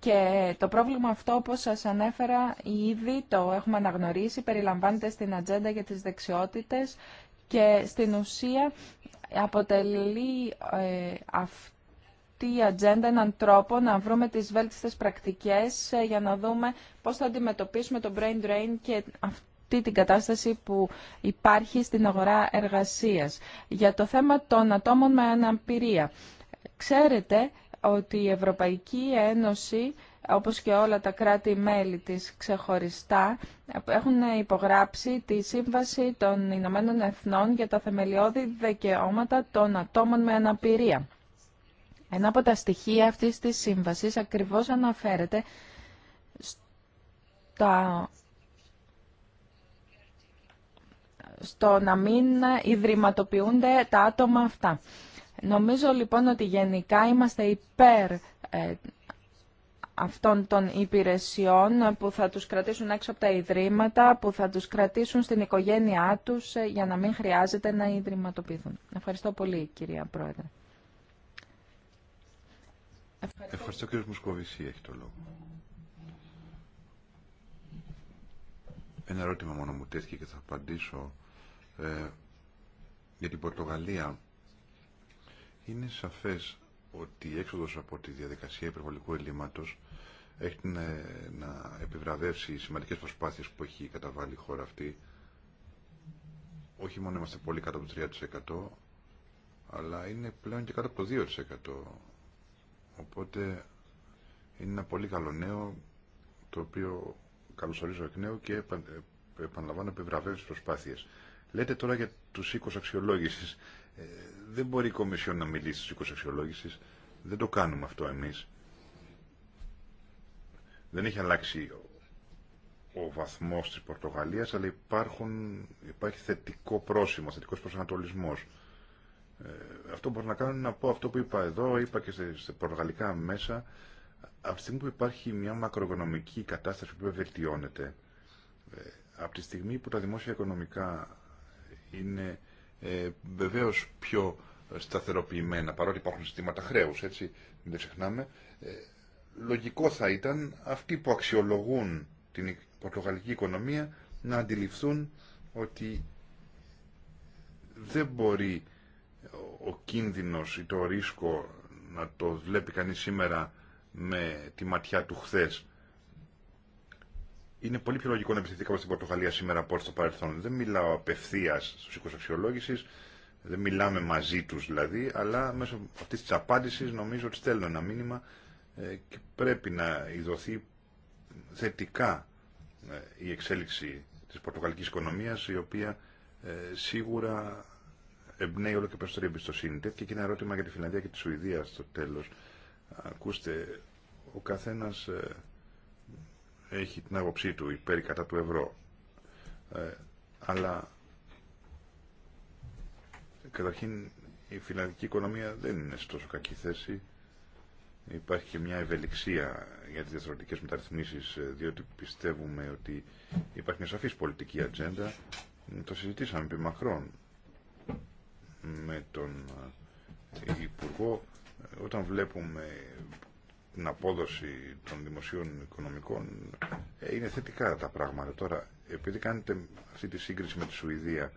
Και το πρόβλημα αυτό, όπως σας ανέφερα ήδη, το έχουμε αναγνωρίσει, περιλαμβάνεται στην ατζέντα για τις δεξιότητες και στην ουσία αποτελεί ε, αυτό η ατζέντα έναν τρόπο να βρούμε τις βέλτιστες πρακτικές ε, για να δούμε πώς θα αντιμετωπίσουμε το brain drain και αυτή την κατάσταση που υπάρχει στην αγορά εργασίας. Για το θέμα των ατόμων με αναπηρία. Ξέρετε ότι η Ευρωπαϊκή Ένωση όπως και όλα τα κράτη-μέλη της ξεχωριστά, έχουν υπογράψει τη Σύμβαση των Ηνωμένων Εθνών για τα θεμελιώδη δικαιώματα των ατόμων με αναπηρία. Ένα από τα στοιχεία αυτής της σύμβασης ακριβώς αναφέρεται στο να μην ιδρυματοποιούνται τα άτομα αυτά. Νομίζω λοιπόν ότι γενικά είμαστε υπέρ ε, αυτών των υπηρεσιών που θα τους κρατήσουν έξω από τα ιδρύματα, που θα τους κρατήσουν στην οικογένειά τους ε, για να μην χρειάζεται να ιδρυματοποιηθούν. Ευχαριστώ πολύ κυρία Πρόεδρε. Ευχαριστώ, κύριε Μουσκοβίση, έχει το λόγο. Ένα ερώτημα μόνο μου τέθηκε και θα απαντήσω ε, για την Πορτογαλία. Είναι σαφές ότι η έξοδος από τη διαδικασία υπερβολικού ελλείμματος έχει να επιβραβεύσει σημαντικές προσπάθειες που έχει καταβάλει η χώρα αυτή. Όχι μόνο είμαστε πολύ κάτω από το 3%, αλλά είναι πλέον και κάτω από το 2%. Οπότε είναι ένα πολύ καλό νέο το οποίο καλωσορίζω εκ νέου και ε, επαναλαμβάνω επιβραβεύει τι προσπάθειε. Λέτε τώρα για του οίκου αξιολόγηση. Ε, δεν μπορεί η Κομισιόν να μιλήσει στου οίκου αξιολόγηση. Δεν το κάνουμε αυτό εμεί. Δεν έχει αλλάξει ο βαθμός της Πορτογαλίας, αλλά υπάρχουν, υπάρχει θετικό πρόσημο, θετικό προσανατολισμός. Ε, αυτό που μπορώ να κάνω είναι να πω αυτό που είπα εδώ, είπα και σε πορτογαλικά μέσα. Από τη στιγμή που υπάρχει μια μακροοικονομική κατάσταση που βελτιώνεται, ε, από τη στιγμή που τα δημόσια οικονομικά είναι ε, βεβαίω πιο σταθεροποιημένα, παρότι υπάρχουν συστήματα χρέου, έτσι, μην το ξεχνάμε, ε, λογικό θα ήταν αυτοί που αξιολογούν την πορτογαλική οικονομία να αντιληφθούν ότι δεν μπορεί ο κίνδυνος ή το ρίσκο να το βλέπει κανείς σήμερα με τη ματιά του χθες. Είναι πολύ πιο λογικό να κάπως στην Πορτογαλία σήμερα από στο παρελθόν. Δεν μιλάω απευθεία στου οίκου αξιολόγηση, δεν μιλάμε μαζί του δηλαδή, αλλά μέσω αυτή τη απάντηση νομίζω ότι στέλνω ένα μήνυμα ε, και πρέπει να ειδωθεί θετικά ε, η εξέλιξη της πορτογαλικής οικονομίας η οποία ε, σίγουρα εμπνέει όλο και περισσότερη εμπιστοσύνη. Τέτοια και ένα ερώτημα για τη Φιλανδία και τη Σουηδία στο τέλο. Ακούστε, ο καθένα ε, έχει την άποψή του υπέρ κατά του ευρώ. Ε, αλλά καταρχήν η φιλανδική οικονομία δεν είναι σε τόσο κακή θέση. Υπάρχει και μια ευελιξία για τις διαστροτικές μεταρρυθμίσεις, ε, διότι πιστεύουμε ότι υπάρχει μια σαφής πολιτική ατζέντα. Το συζητήσαμε επί μακρόν με τον ε, Υπουργό όταν βλέπουμε την απόδοση των δημοσίων οικονομικών ε, είναι θετικά τα πράγματα. Τώρα, επειδή κάνετε αυτή τη σύγκριση με τη Σουηδία,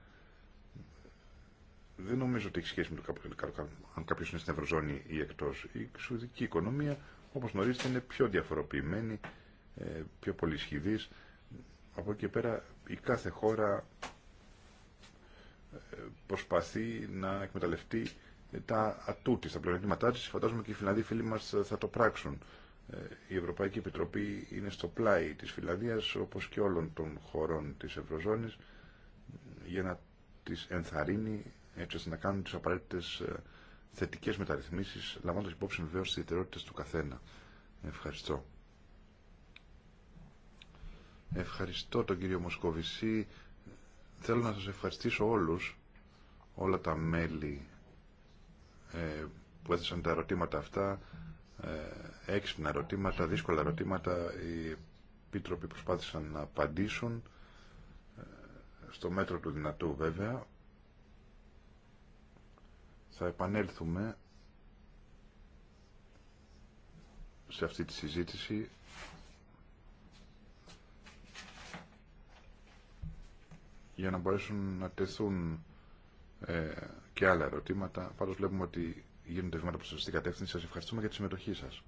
δεν νομίζω ότι έχει σχέση με το αν κάποιο είναι στην Ευρωζώνη ή εκτό. Η Σουηδική οικονομία όπως γνωρίζετε είναι πιο διαφοροποιημένη ε, πιο πολυσχηδής από εκεί πέρα η σουηδικη οικονομια οπως γνωριζετε ειναι πιο διαφοροποιημενη πιο πολυσχηδης απο εκει περα η καθε χωρα προσπαθεί να εκμεταλλευτεί τα ατού της, τα πλεονεκτήματά της. Φαντάζομαι και οι Φιλανδοί φίλοι μας θα το πράξουν. Ε, η Ευρωπαϊκή Επιτροπή είναι στο πλάι της Φιλανδίας, όπως και όλων των χωρών της Ευρωζώνης, για να τις ενθαρρύνει, έτσι ώστε να κάνουν τις απαραίτητες ε, θετικές μεταρρυθμίσεις, λαμβάνοντας υπόψη βεβαίως τις ιδιαιτερότητες του καθένα. Ευχαριστώ. Ευχαριστώ τον κύριο Μοσκοβισή. Θέλω να σας ευχαριστήσω όλους, όλα τα μέλη ε, που έθεσαν τα ερωτήματα αυτά, ε, έξυπνα ερωτήματα, δύσκολα ερωτήματα. Οι επίτροποι προσπάθησαν να απαντήσουν, ε, στο μέτρο του δυνατού βέβαια. Θα επανέλθουμε σε αυτή τη συζήτηση για να μπορέσουν να τεθούν ε, και άλλα ερωτήματα. Πάντως βλέπουμε ότι γίνονται βήματα προς τη κατεύθυνση. Σας ευχαριστούμε για τη συμμετοχή σας.